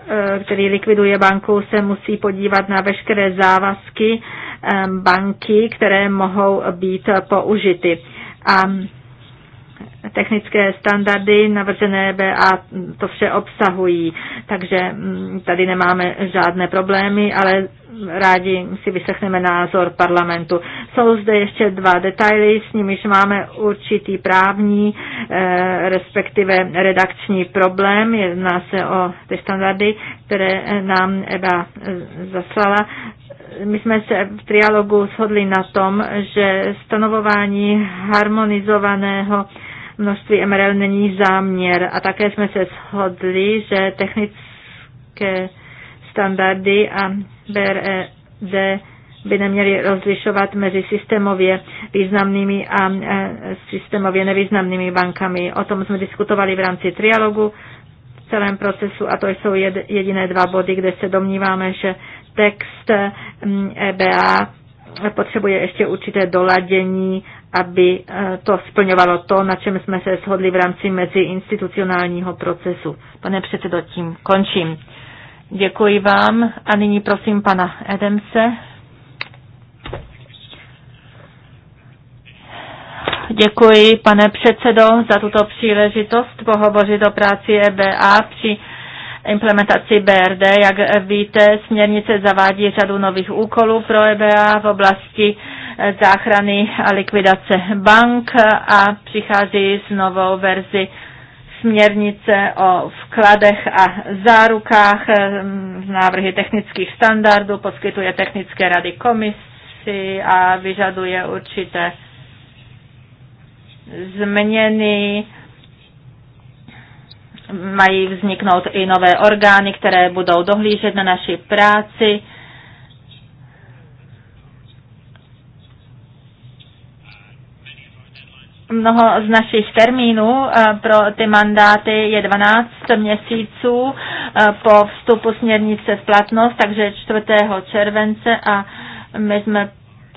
S3: Eh, který likviduje banku, se musí podívat na veškeré závazky eh, banky, které mohou být použity. A technické standardy navržené BA to vše obsahují, takže mm, tady nemáme žádné problémy, ale rádi si vyslechneme názor parlamentu. Jsou zde ještě dva detaily, s nimiž máme určitý právní, eh, respektive redakční problém. Jedná se o ty standardy, které eh, nám EBA eh, zaslala. My jsme se v trialogu shodli na tom, že stanovování harmonizovaného množství MRL není záměr a také jsme se shodli, že technické standardy a BRD e by neměly rozlišovat mezi systémově významnými a e, systémově nevýznamnými bankami. O tom jsme diskutovali v rámci trialogu v celém procesu a to jsou jediné dva body, kde se domníváme, že text EBA potřebuje ještě určité doladění, aby e, to splňovalo to, na čem jsme se shodli v rámci meziinstitucionálního procesu. Pane předsedo, tím končím. Děkuji vám a nyní prosím pana Edemse. Děkuji, pane předsedo, za tuto příležitost pohovořit o práci EBA při implementaci BRD. Jak víte, směrnice zavádí řadu nových úkolů pro EBA v oblasti eh, záchrany a likvidace bank a přichází s novou verzi směrnice o vkladech a zárukách, návrhy technických standardů, poskytuje technické rady komisi a vyžaduje určité změny. Mají vzniknout i nové orgány, které budou dohlížet na naši práci mnoho z našich termínů eh, pro ty mandáty je 12 měsíců eh, po vstupu směrnice v platnost, takže 4. července a my jsme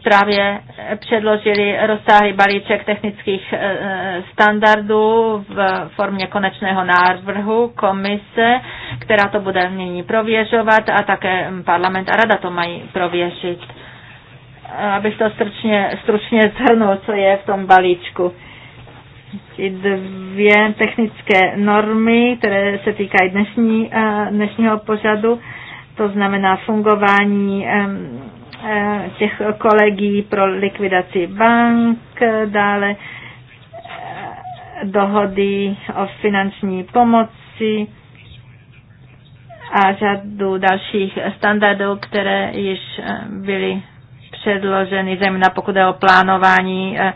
S3: právě předložili rozsáhlý balíček technických eh, standardů v formě konečného návrhu komise, která to bude nyní prověřovat a také parlament a rada to mají prověřit. Eh, abych to stručně, stručně zhrnul, co je v tom balíčku. Ty dvě technické normy, které se týkají dnešní, eh, dnešního pořadu, to znamená fungování eh, těch kolegí pro likvidaci bank, dále dohody o finanční pomoci a řadu dalších standardů, které již byly předloženy, zejména pokud je o plánování eh,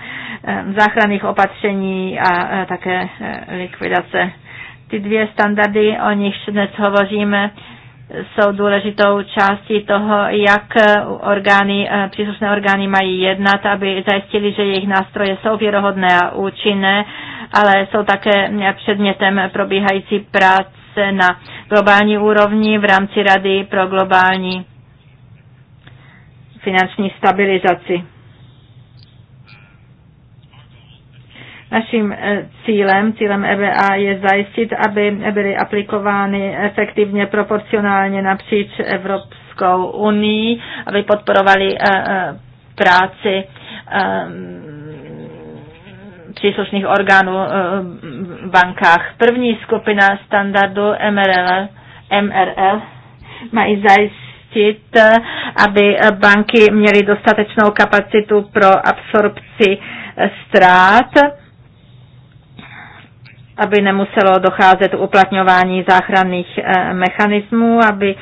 S3: eh, záchranných opatření a eh, také likvidace. Ty dvě standardy, o nichž dnes hovoříme, jsou důležitou částí toho, jak orgány, příslušné orgány mají jednat, aby zajistili, že jejich nástroje jsou věrohodné a účinné, ale jsou také předmětem probíhající práce na globální úrovni v rámci Rady pro globální finanční stabilizaci. Naším eh, cílem, cílem EBA je zajistit, aby byly aplikovány efektivně proporcionálně napříč Evropskou unii, aby podporovali eh, eh, práci příslušných orgánů v bankách. První skupina standardu MRL, MRL mají zajistit, zajistit, eh, aby eh, banky měly dostatečnou kapacitu pro absorpci eh, ztrát aby nemuselo docházet uplatňování záchranných mechanismů, aby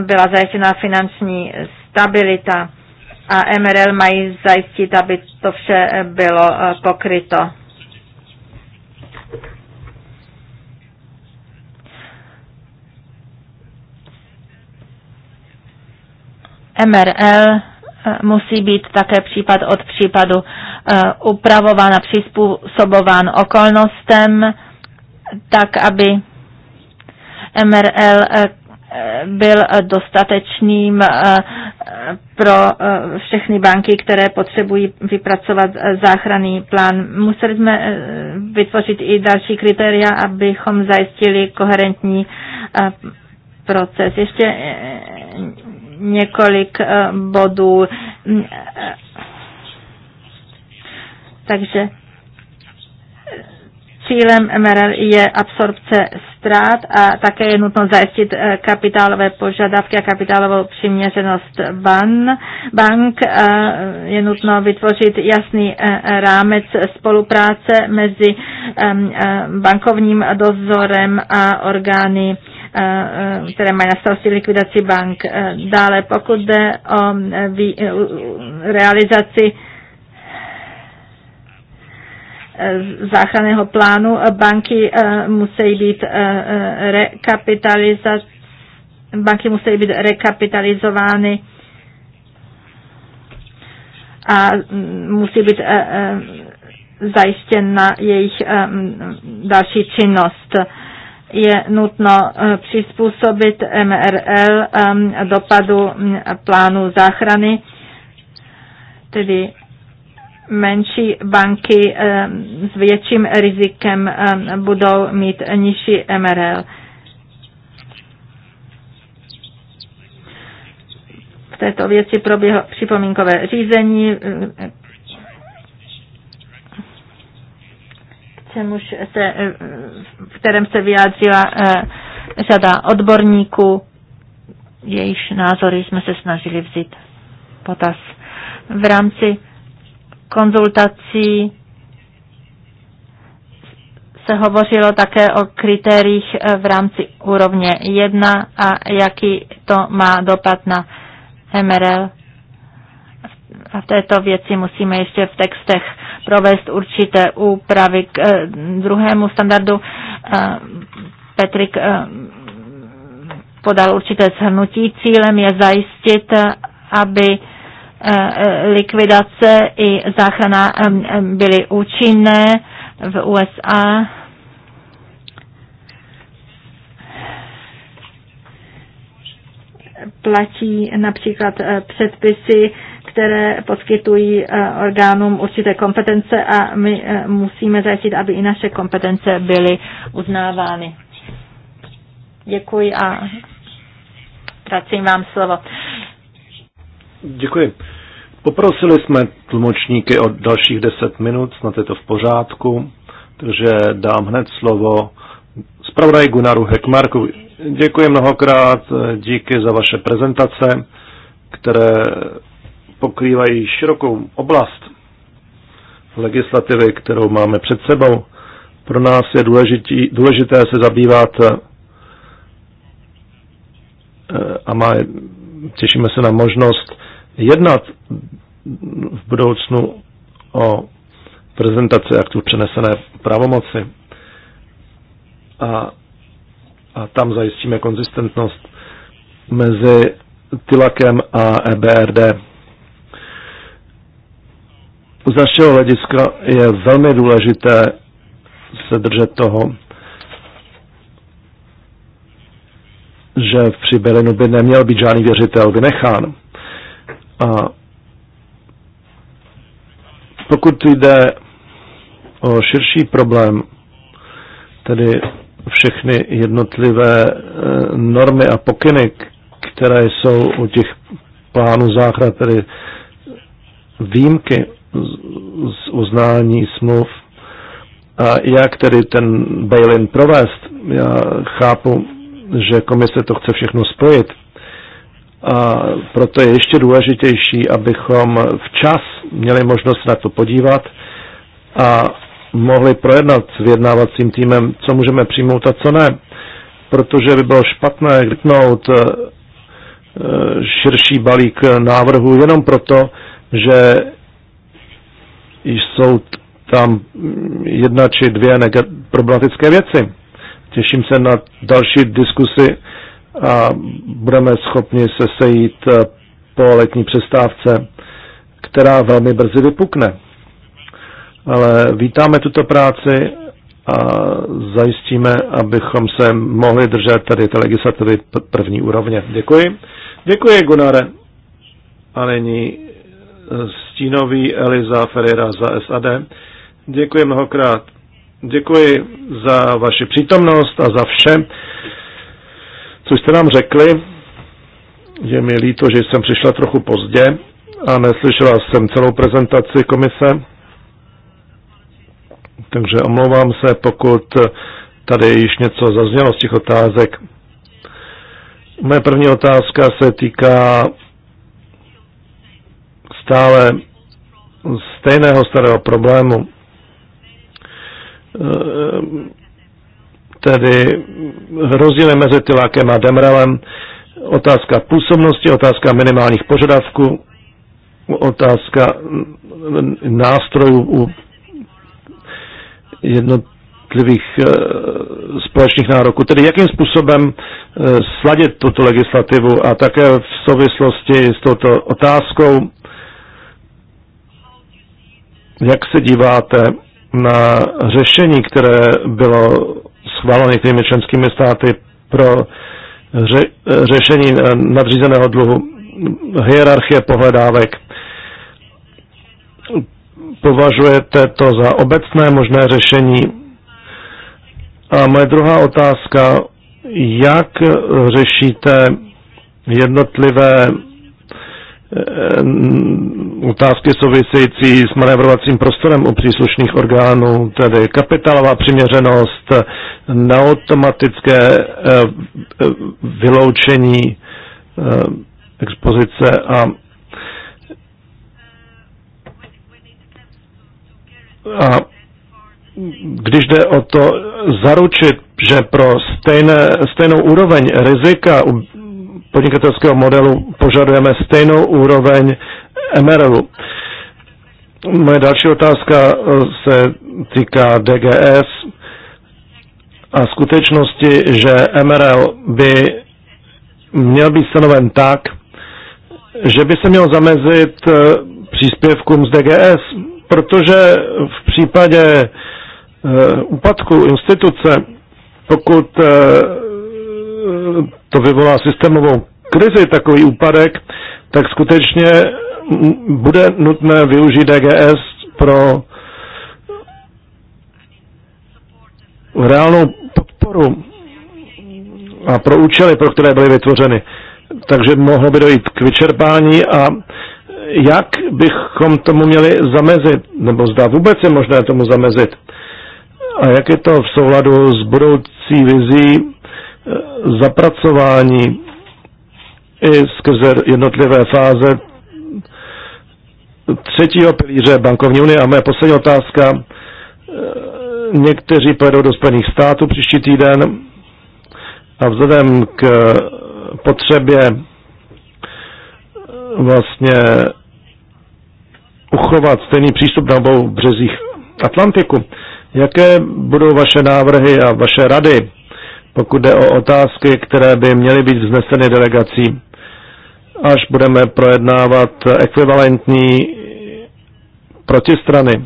S3: byla zajištěna finanční stabilita a MRL mají zajistit, aby to vše bylo pokryto. MRL eh, musí být také případ od případu eh, upravován a přizpůsobován okolnostem, tak aby MRL eh, byl dostatečným pro všechny banky, které potřebují vypracovat záchranný plán. Museli jsme vytvořit i další kritéria, abychom zajistili koherentní proces. Ještě několik eh, bodů. Takže cílem MRL je absorpce ztrát a také je nutno zajistit eh, kapitálové požadavky a kapitálovou přiměřenost ban. bank. Eh, je nutno vytvořit jasný rámec spolupráce mezi bankovním dozorem a orgány Eh, eh, které mají na starosti likvidaci bank. Eh, dále, pokud jde o realizaci záchranného plánu, banky musí být rekapitalizovány, banky musí být rekapitalizovány a mm, musí být zajištěna jejich další činnost je nutno eh, přizpůsobit MRL dopadu mm, plánu záchrany, tedy menší banky s větším rizikem budou mít nižší MRL. V této věci proběhlo připomínkové řízení, čemuž se, eh, v kterém se vyjádřila eh, řada odborníků, jejichž názory jsme se snažili vzít potaz. V rámci konzultací se hovořilo také o kritériích eh, v rámci úrovně 1 a jaký to má dopad na MRL a v této věci musíme ještě v textech provést určité úpravy k eh, druhému standardu. Eh, Petrik eh, podal určité shrnutí. Cílem je zajistit, aby likvidace i záchrana byly účinné v USA. Platí například předpisy které poskytují eh, orgánům určité kompetence a my eh, musíme zajistit, aby i naše kompetence byly uznávány. Děkuji a vracím vám slovo.
S1: Děkuji. Poprosili jsme tlumočníky o dalších 10 minut, snad je to v pořádku, takže dám hned slovo zpravodaj Gunaru Hekmarku. Děkuji mnohokrát, eh, díky za vaše prezentace, které pokrývají širokou oblast legislativy, kterou máme před sebou. Pro nás je důležitý, důležité se zabývat eh, a má, těšíme se na možnost jednat v budoucnu o prezentaci aktů přenesené pravomoci. A, a tam zajistíme konzistentnost mezi Tilakem a EBRD z našeho hlediska je velmi důležité se držet toho, že při Berlinu by neměl být žádný věřitel vynechán. A pokud jde o širší problém, tedy všechny jednotlivé e, normy a pokyny, které jsou u těch plánů záchrany, tedy výjimky z uznání smluv. A jak tedy ten bail-in provést? Já chápu, že komise to chce všechno spojit. A proto je ještě důležitější, abychom včas měli možnost na to podívat a mohli projednat s vyjednávacím týmem, co můžeme přijmout a co ne. Protože by bylo špatné kliknout eh, širší balík návrhu jenom proto, že jsou tam jedna či dvě problematické věci. Těším se na další diskusy a budeme schopni se sejít eh, po letní přestávce, která velmi brzy vypukne. Ale vítáme tuto práci a zajistíme, abychom se mohli držet tady té legislativy první úrovně. Děkuji. Děkuji, Gunare. A nyní Stínový Eliza Ferreira za SAD. Děkuji mnohokrát. Děkuji za vaši přítomnost a za vše, co jste nám řekli. Je mi líto, že jsem přišla trochu pozdě a neslyšela jsem celou prezentaci komise. Takže omlouvám se, pokud tady již něco zaznělo z těch otázek. Moje první otázka se týká stále stejného starého problému. Tedy rozdíly mezi Tylákem a Demrelem, otázka působnosti, otázka minimálních požadavků, otázka nástrojů u jednotlivých eh, společných nároků. Tedy jakým způsobem eh, sladit tuto legislativu a také v souvislosti s touto otázkou jak se díváte na řešení, které bylo schváleno některými členskými státy pro ře, řešení nadřízeného dluhu, hierarchie pohledávek? Považujete to za obecné možné řešení? A moje druhá otázka, jak řešíte jednotlivé Eh, otázky související s manévrovacím prostorem u příslušných orgánů, tedy kapitálová přiměřenost, neautomatické eh, eh, vyloučení expozice a a když jde o to zaručit, že pro stejné, stejnou úroveň rizika u podnikatelského modelu požadujeme stejnou úroveň MRLu. Moje další otázka eh, se týká DGS a skutečnosti, že MRL by měl být stanoven tak, že by se měl zamezit eh, příspěvkům z DGS, protože v případě eh, úpadku instituce, pokud to vyvolá systémovou krizi, takový úpadek, tak skutečně bude nutné využít DGS e pro reálnou podporu a pro účely, pro které byly vytvořeny. Takže mohlo by dojít k vyčerpání a jak bychom tomu měli zamezit, nebo zda vůbec je možné tomu zamezit. A jak je to v souladu s budoucí vizí zapracování i skrze jednotlivé fáze třetího pilíře bankovní unie. A moje poslední otázka. E, někteří pojedou do Spojených států příští týden a vzhledem k potřebě vlastně uchovat stejný přístup na obou březích Atlantiku. Jaké budou vaše návrhy a vaše rady pokud jde o otázky, které by měly být vzneseny delegací, až budeme projednávat ekvivalentní protistrany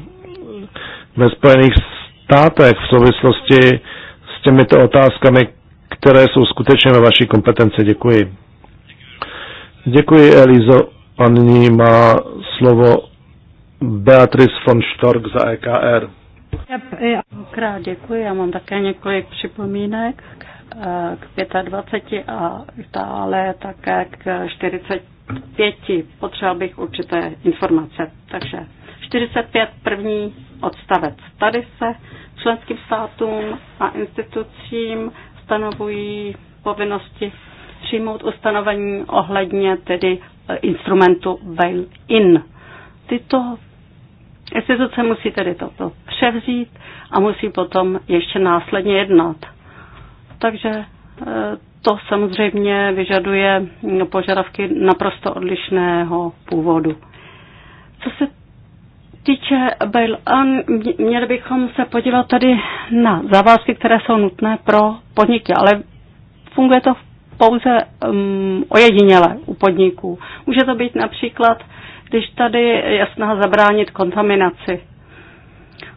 S1: ve Spojených státech v souvislosti s těmito otázkami, které jsou skutečně ve vaší kompetenci. Děkuji. Děkuji, Elizo. A nyní má slovo Beatrice von Stork za EKR.
S4: Krát děkuji, já mám také několik připomínek k 25 eh, a dále také k 45. Potřeboval bych určité informace. Takže 45 první odstavec. Tady se členským státům a institucím stanovují povinnosti přijmout ustanovení ohledně tedy eh, instrumentu bail-in. Tyto Instituce musí tedy toto převzít a musí potom ještě následně jednat. Takže e, to samozřejmě vyžaduje požadavky naprosto odlišného původu. Co se týče bail-on, měli bychom se podívat tady na závazky, které jsou nutné pro podniky, ale funguje to pouze um, ojediněle u podniků. Může to být například když tady je snaha zabránit kontaminaci.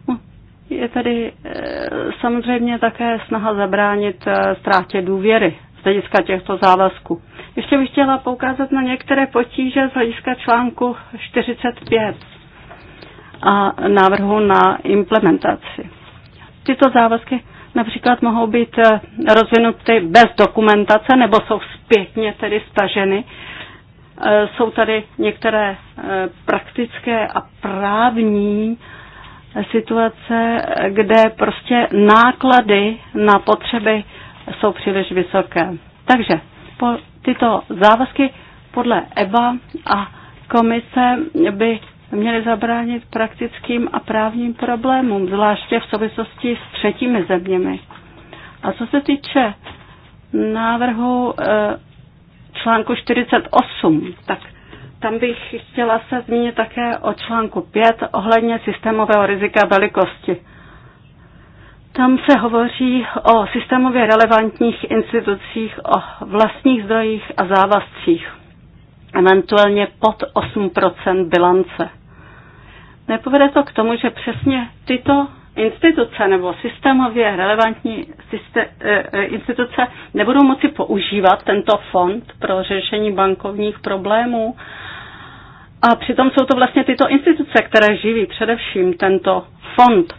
S4: No, je tady eh, samozřejmě také snaha zabránit eh, ztrátě důvěry z hlediska těchto závazků. Ještě bych chtěla poukázat na některé potíže z hlediska článku 45 a návrhu na implementaci. Tyto závazky například mohou být eh, rozvinuty bez dokumentace nebo jsou zpětně tedy staženy Eh, jsou tady některé eh, praktické a právní eh, situace, kde prostě náklady na potřeby jsou příliš vysoké. Takže po tyto závazky podle EBA a komise by měly zabránit praktickým a právním problémům, zvláště v souvislosti s třetími zeměmi. A co se týče návrhu článku 48, tak tam bych chtěla se zmínit také o článku 5 ohledně systémového rizika velikosti. Tam se hovoří o systémově relevantních institucích, o vlastních zdrojích a závazcích, eventuálně pod 8 bilance. Nepovede to k tomu, že přesně tyto instituce nebo systémově relevantní systé, eh, eh, instituce nebudou moci používat tento fond pro řešení bankovních problémů. A přitom jsou to vlastně tyto instituce, které živí především tento fond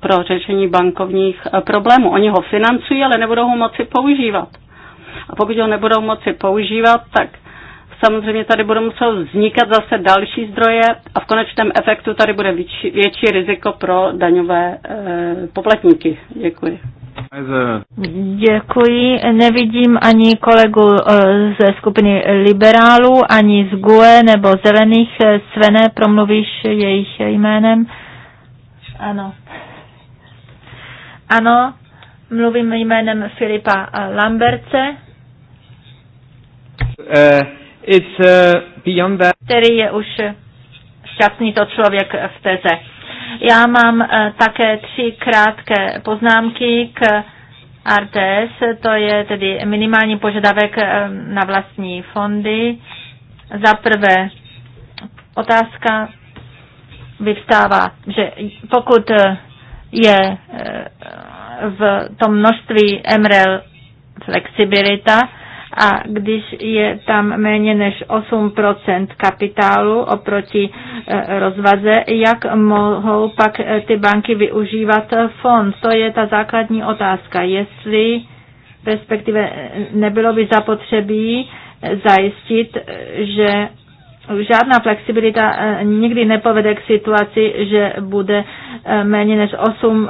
S4: pro řešení bankovních eh, problémů. Oni ho financují, ale nebudou ho moci používat. A pokud ho nebudou moci používat, tak samozřejmě tady budou muset vznikat zase další zdroje a v konečném efektu tady bude větší, větší riziko pro daňové e, poplatníky. Děkuji. Děkuji. Nevidím ani kolegu eh, ze
S6: skupiny
S3: liberálů, ani z GUE nebo zelených. Eh, Svené, promluvíš jejich jménem? Ano. Ano, mluvím jménem Filipa Lamberce.
S2: It's, uh, beyond that.
S3: který je už šťastný to člověk v teze. Já mám uh, také tři krátké poznámky k RTS, to je tedy minimální požadavek eh, na vlastní fondy. Za prvé, otázka vyvstává, že pokud eh, je v tom množství MREL flexibilita, a když je tam méně než 8% kapitálu oproti e, rozvaze, jak mohou pak e, ty banky využívat fond? To je ta základní otázka. Jestli respektive nebylo by zapotřebí e, zajistit, že žádná flexibilita nikdy nepovede k situaci, že bude méně než 8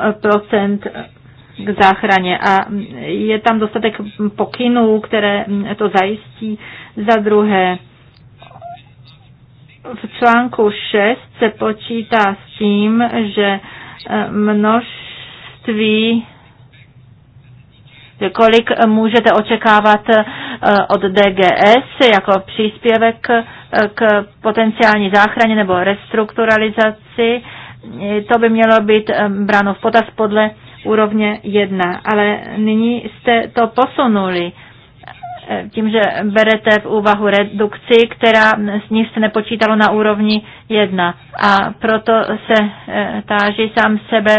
S3: k záchraně a je tam dostatek pokynů, které to zajistí. Za druhé, v článku 6 se počítá s tím, že eh, množství kolik můžete očekávat eh, od DGS jako příspěvek eh, k potenciální záchraně nebo restrukturalizaci. To by mělo být bráno v potaz podle úrovně 1, ale nyní jste to posunuli eh, tím, že berete v úvahu redukci, která s ní se nepočítalo na úrovni 1. A proto se eh, táží sám sebe,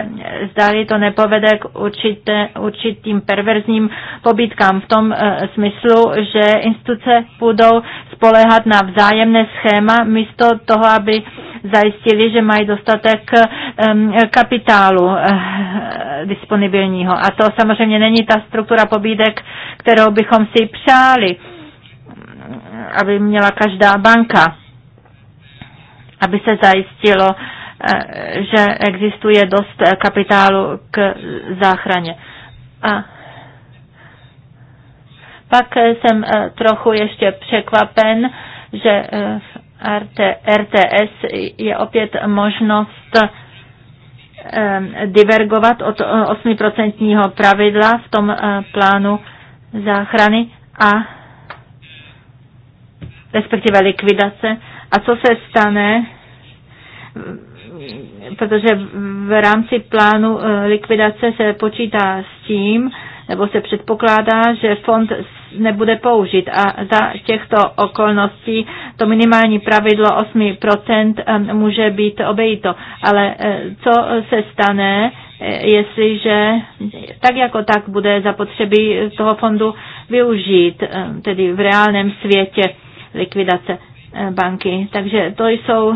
S3: zdali to nepovede k určité, určitým perverzním pobytkám v tom eh, smyslu, že instituce budou spolehat na vzájemné schéma místo toho, aby zajistili, že mají dostatek kapitálu eh, disponibilního. A to samozřejmě není ta struktura pobídek, kterou bychom si přáli, aby měla každá banka, aby se zajistilo, eh, že existuje dost eh, kapitálu k záchraně. A pak jsem trochu ještě překvapen, že v RTS je opět možnost ehm, divergovat od 8% eh, pravidla v tom eh, plánu záchrany a respektive likvidace. A co se stane, protože v rámci plánu eh, likvidace se počítá s tím, nebo se předpokládá, že fond nebude použit a za těchto okolností to minimální pravidlo 8% může být obejito. Ale eh, co se stane, eh, jestliže tak jako tak bude zapotřebí toho fondu využít, tedy v reálném světě likvidace eh, banky. Takže to jsou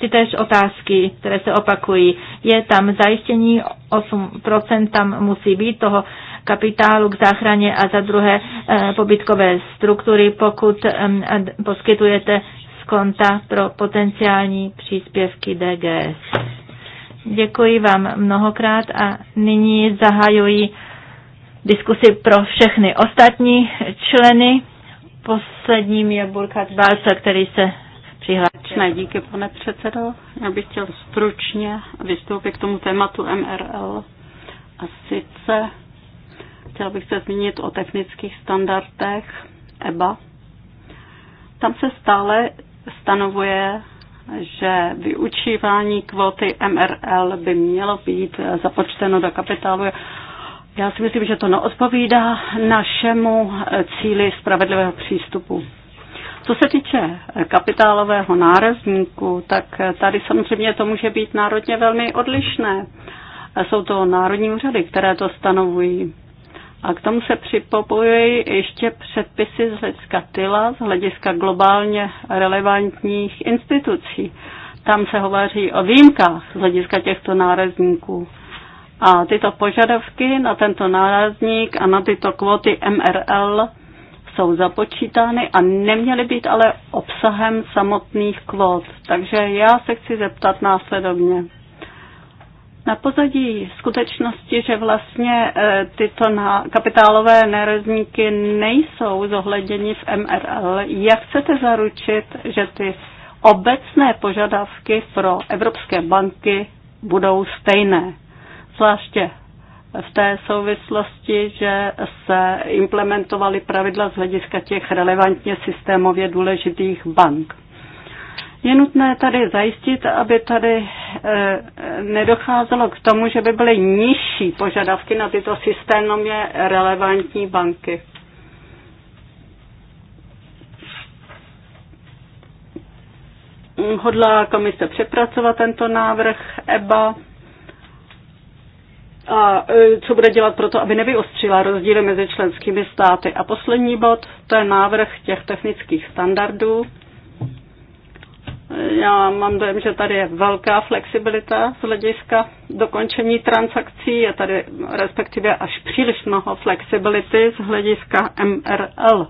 S3: ty též otázky, které se opakují. Je tam zajištění, 8% tam musí být toho kapitálu k záchraně a za druhé eh, pobytkové struktury, pokud poskytujete z konta pro potenciální příspěvky DGS. Děkuji vám mnohokrát a nyní zahajuji diskusi pro všechny ostatní členy. Posledním
S4: je Burkhard Balce, který se přihlášené. Díky, pane předsedo. Já bych chtěl stručně vystoupit k tomu tématu MRL. A sice chtěl bych se zmínit o technických standardech EBA. Tam se stále stanovuje, že vyučívání kvóty MRL by mělo být započteno do kapitálu. Já si myslím, že to neodpovídá našemu cíli spravedlivého přístupu. Co se týče eh, kapitálového nárazníku, tak eh, tady samozřejmě to může být národně velmi odlišné. Eh, jsou to národní úřady, které to stanovují. A k tomu se připojují ještě předpisy z hlediska TILA, z hlediska globálně relevantních institucí. Tam se hovoří o výjimkách z hlediska těchto nárazníků. A tyto požadavky na tento nárazník a na tyto kvóty MRL jsou započítány a neměly být ale obsahem samotných kvót. Takže já se chci zeptat následovně. Na pozadí skutečnosti, že vlastně e, tyto kapitálové nerezníky nejsou zohleděni v MRL, jak chcete zaručit, že ty obecné požadavky pro evropské banky budou stejné, zvláště v té souvislosti, že se implementovaly pravidla z hlediska těch relevantně systémově důležitých bank. Je nutné tady zajistit, aby tady e, nedocházelo k tomu, že by byly nižší požadavky na tyto systémově relevantní banky. Hodlá komise přepracovat tento návrh EBA a e, co bude dělat pro to, aby nevyostřila rozdíly mezi členskými státy. A poslední bod, to je návrh těch technických standardů. E, já mám dojem, že tady je velká flexibilita z hlediska dokončení transakcí, je tady respektive až příliš mnoho flexibility z hlediska MRL.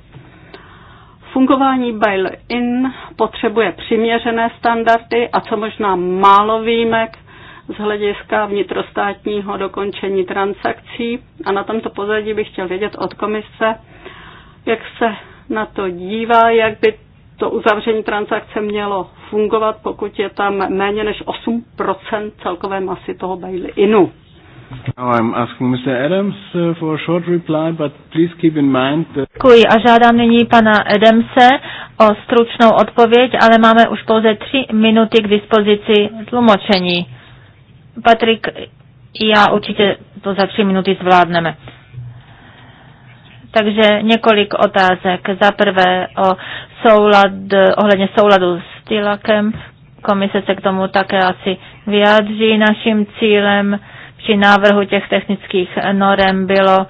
S4: Fungování bail-in potřebuje přiměřené standardy a co možná málo výjimek, z hlediska vnitrostátního dokončení transakcí. A na tomto pozadí bych chtěl vědět od komise, jak se na to dívá, jak by to uzavření transakce mělo fungovat, pokud je tam méně než 8 celkové masy toho bail-inu.
S6: Now I'm asking Mr. Adams uh, for a short reply, but please keep in mind that... Děkuji
S4: a žádám nyní pana Adamse
S3: o stručnou odpověď, ale máme už pouze tři minuty k dispozici tlumočení. Patrik, já určitě to za tři minuty zvládneme. Takže několik otázek. Za prvé o soulad, ohledně souladu s Tilakem. Komise se k tomu také asi vyjádří. Naším cílem při návrhu těch technických norem bylo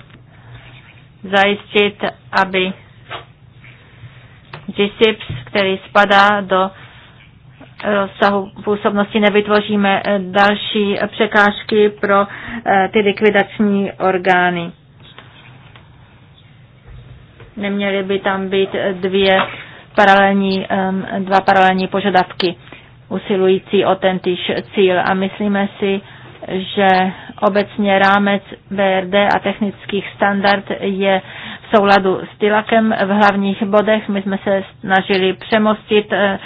S3: zajistit, aby GSIPS, který spadá do rozsahu působnosti nevytvoříme eh, další překážky pro eh, ty likvidační orgány. Neměly by tam být dvě paralelní, dva paralelní požadavky usilující o tentýž cíl a myslíme si, že obecně rámec BRD a technických standard je v souladu s Tilakem v hlavních bodech. My jsme se snažili přemostit eh,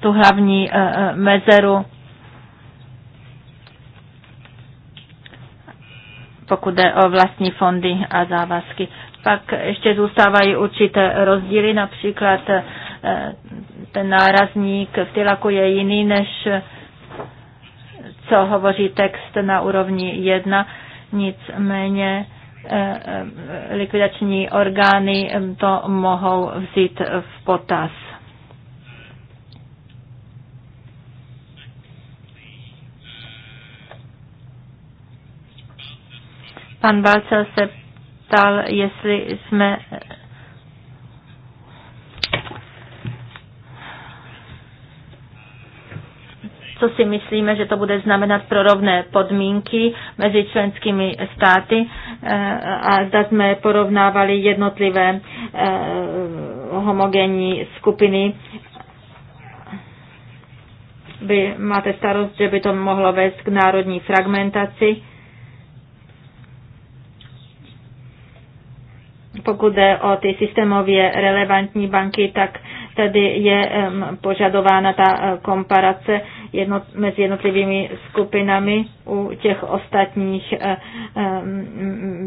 S3: tu hlavní eh, eh, mezeru, pokud jde o vlastní fondy a závazky. Pak ještě zůstávají určité rozdíly, například eh, ten nárazník v Tylaku je jiný, než co hovoří text na úrovni 1. Nicméně likvidační orgány to mohou vzít v potaz. Pan Balcel se ptal, jestli jsme co si myslíme, že to bude znamenat pro rovné podmínky mezi členskými státy eh, a zda jsme porovnávali jednotlivé eh, homogenní skupiny. Vy máte starost, že by to mohlo vést k národní fragmentaci Pokud jde o ty systémově relevantní banky, tak tady je požadována ta eh, komparace jedno, mezi jednotlivými skupinami. U těch ostatních eh,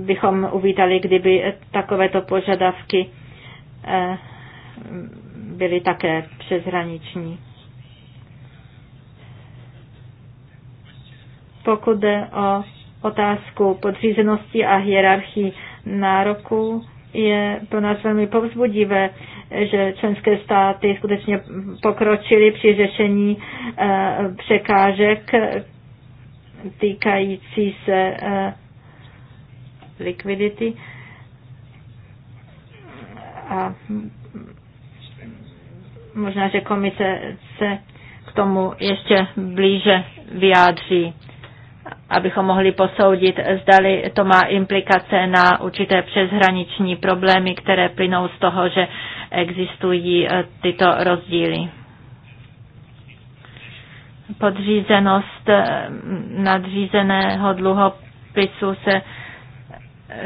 S3: bychom uvítali, kdyby takovéto požadavky eh, byly také přeshraniční. Pokud jde o otázku podřízenosti a hierarchii nároků, je pro nás velmi povzbudivé, že členské státy skutečně pokročily při řešení eh, překážek týkající se eh, likvidity. A možná, že komise se k tomu ještě blíže vyjádří abychom mohli posoudit, zdali to má implikace na určité přeshraniční problémy, které plynou z toho, že existují e, tyto rozdíly. Podřízenost e, nadřízeného dluhopisu se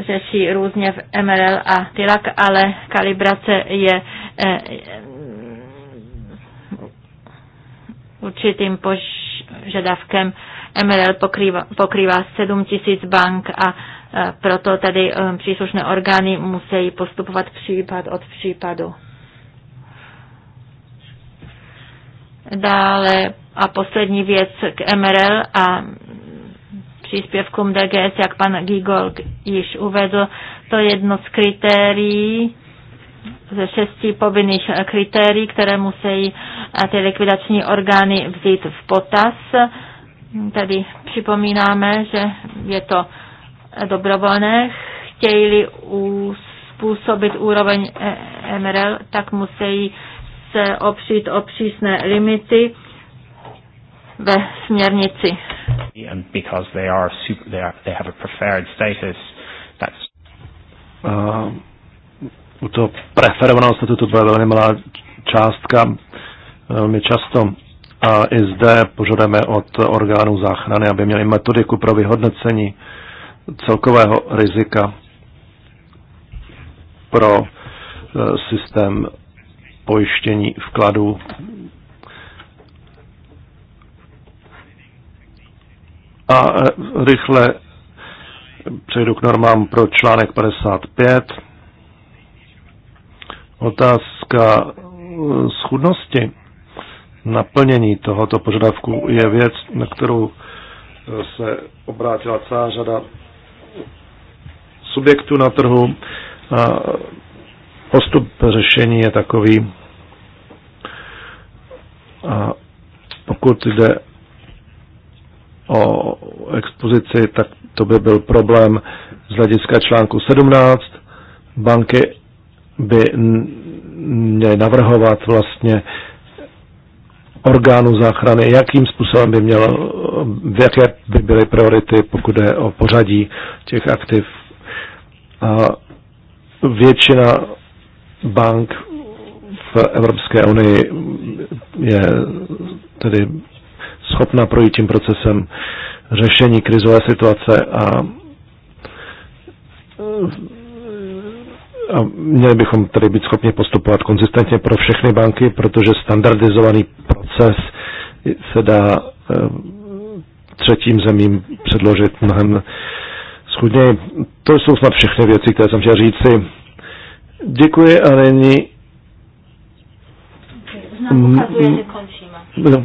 S3: řeší různě v MRL a TILAC, ale kalibrace je e, určitým požadavkem MRL pokrývá, pokrývá 7 tisíc bank a e, proto tady e, příslušné orgány musí postupovat případ od případu. Dále a poslední věc k MRL a příspěvkům DGS, jak pan Gigol již uvedl, to je jedno z kritérií, ze šesti povinných kritérií, které musí e, ty likvidační orgány vzít v potaz Tady připomínáme, že je to dobrovolné. Chtějí-li způsobit úroveň e- MRL, tak musí se opřít o přísné limity ve směrnici.
S1: u toho preferovaného statutu byla velmi malá částka. Velmi často a i zde požadujeme od orgánů záchrany, aby měli metodiku pro vyhodnocení celkového rizika pro e, systém pojištění vkladů. A e, rychle přejdu k normám pro článek 55. Otázka e, schudnosti naplnění tohoto požadavku je věc, na kterou eh, se obrátila celá řada subjektů na trhu. A postup řešení je takový, a pokud jde o expozici, tak to by byl problém z hlediska článku 17. Banky by měly navrhovat vlastně orgánů záchrany, jakým způsobem by měl, v jaké by byly priority, pokud je o pořadí těch aktiv. A většina bank v Evropské unii je tedy schopna projít tím procesem řešení krizové situace a a měli bychom tedy být schopni postupovat konzistentně pro všechny banky, protože standardizovaný proces se dá eh, třetím zemím předložit mnohem schudněji. To jsou snad všechny věci, které jsem chtěl říci. Děkuji a není...
S5: No.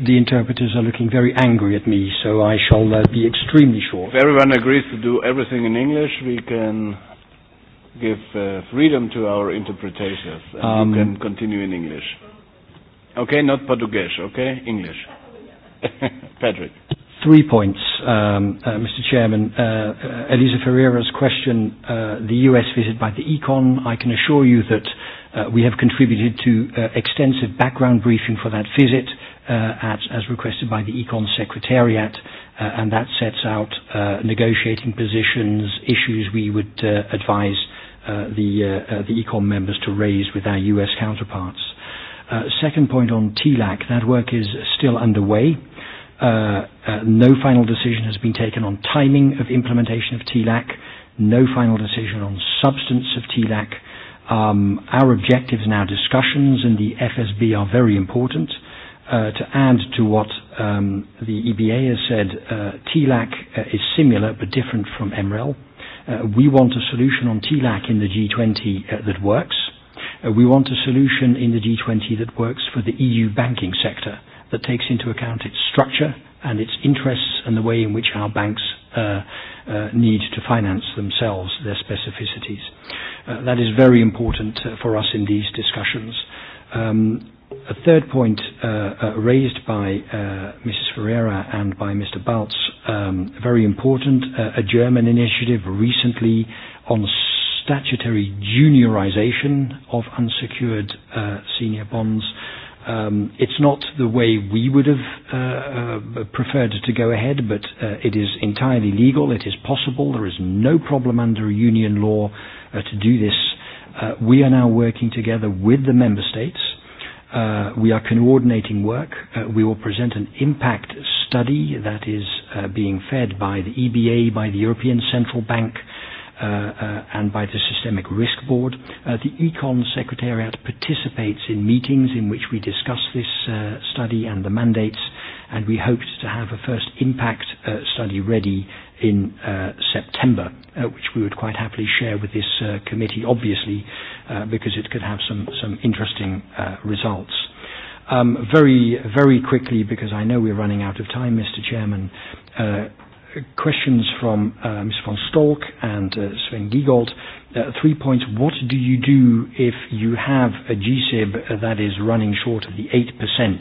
S2: The interpreters are looking very angry at me, so I shall uh, be extremely short.
S6: If everyone agrees to do everything in English, we can give uh, freedom to our interpreters. And um, you can
S2: continue in English.
S6: Okay, not Portuguese, okay? English. Patrick.
S2: Three points, um, uh, Mr. Chairman. Uh, uh, Elisa Ferreira's question, uh, the US visit by the Econ, I can assure you that uh, we have contributed to uh, extensive background briefing for that visit uh, at, as requested by the Econ Secretariat, uh, and that sets out uh, negotiating positions, issues we would uh, advise uh, Uh, the, uh, the ECOM members to raise with our US counterparts. Uh, second point on TLAC, that work is still underway. No final decision has been taken on timing of implementation of TLAC, no final decision on substance of TLAC, Um, our objectives and our discussions in the FSB are very important. Uh, to add to what um, the EBA has said, uh, TLAC uh, is similar but different from MREL. Uh, we want a solution on TLAC in the G20 uh, that works. Uh, we want a solution in the G20 that works for the EU banking sector, that takes into account its structure and its interests and the way in which our banks uh, uh, need to finance themselves, their specificities. Uh, that is very important uh, for us in these discussions. Um, a third point uh, uh, raised by uh, Mrs. Ferreira and by Mr. Baltz, um, very important, uh, a German initiative recently on statutory juniorization of unsecured uh, senior bonds. Um, it's not the way we would have uh, uh, preferred to go ahead, but uh, it is entirely legal. It is possible. There is no problem under union law uh, to do this. Uh, we are now working together with the member states Uh, we are coordinating work. Uh, we will present an impact study that is uh, being fed by the EBA, by the European Central Bank, uh, uh, and by the Systemic Risk Board. Uh, the Econ Secretariat participates in meetings in which we discuss this uh, study and the mandates, and we hoped to have a first impact uh, study ready in uh, September, uh, which we would quite happily share with this uh, committee. Obviously, Uh, because it could have some, some interesting uh, results. Um, very, very quickly, because I know we're running out of time, Mr. Chairman, uh, questions from uh, Ms. von Stolk and uh, Sven Giegold. Uh, three points. What do you do if you have a GSIB uh, that is running short of the 8%?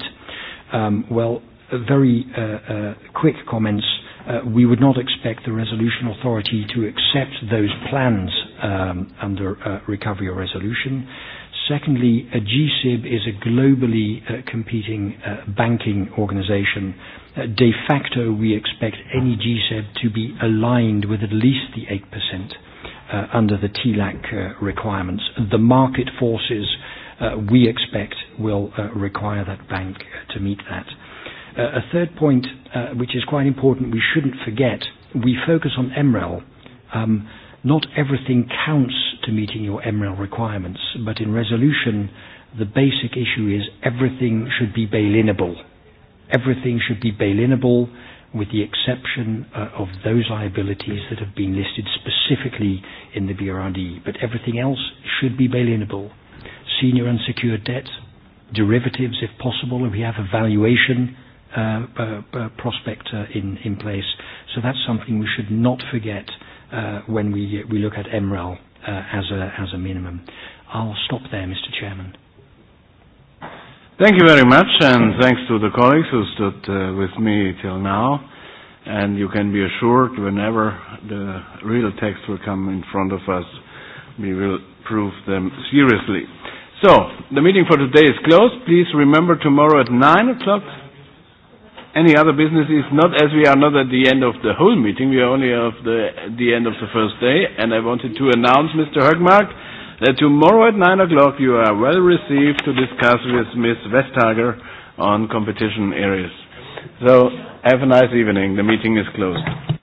S2: Um, well, very uh, uh, quick comments. Uh, we would not expect the resolution authority to accept those plans um, under uh, recovery or resolution. Secondly, a uh, GSIB is a globally uh, competing uh, banking organization. Uh, de facto, we expect any GSIB to be aligned with at least the 8% uh, under the TLAC uh, requirements. The market forces uh, we expect will uh, require that bank uh, to meet that. Uh, a third point, uh, which is quite important, we shouldn't forget, we focus on MREL. Um, not everything counts to meeting your MREL requirements, but in resolution, the basic issue is everything should be bail-inable. Everything should be bail-inable with the exception uh, of those liabilities that have been listed specifically in the BRRD, but everything else should be bail-inable. Senior unsecured debt, derivatives if possible, and we have a valuation uh, uh, prospect uh, in, in place. So that's something we should not forget uh, when we, we look at MREL uh, as, a, as a minimum. I'll stop there, Mr. Chairman.
S6: Thank you very much, and thanks to the colleagues who stood uh, with me till now. And you can be assured whenever the real text will come in front of us, we will prove them seriously. So, the meeting for today is closed. Please remember tomorrow at 9 o'clock any other business is not as we are not at the end of the whole meeting, we are only at the, the end of the first day, and I wanted to announce, Mr. Högmark, that tomorrow at 9 o'clock you are well received to discuss with Ms. Vestager on competition areas. So have a nice evening. The meeting is closed.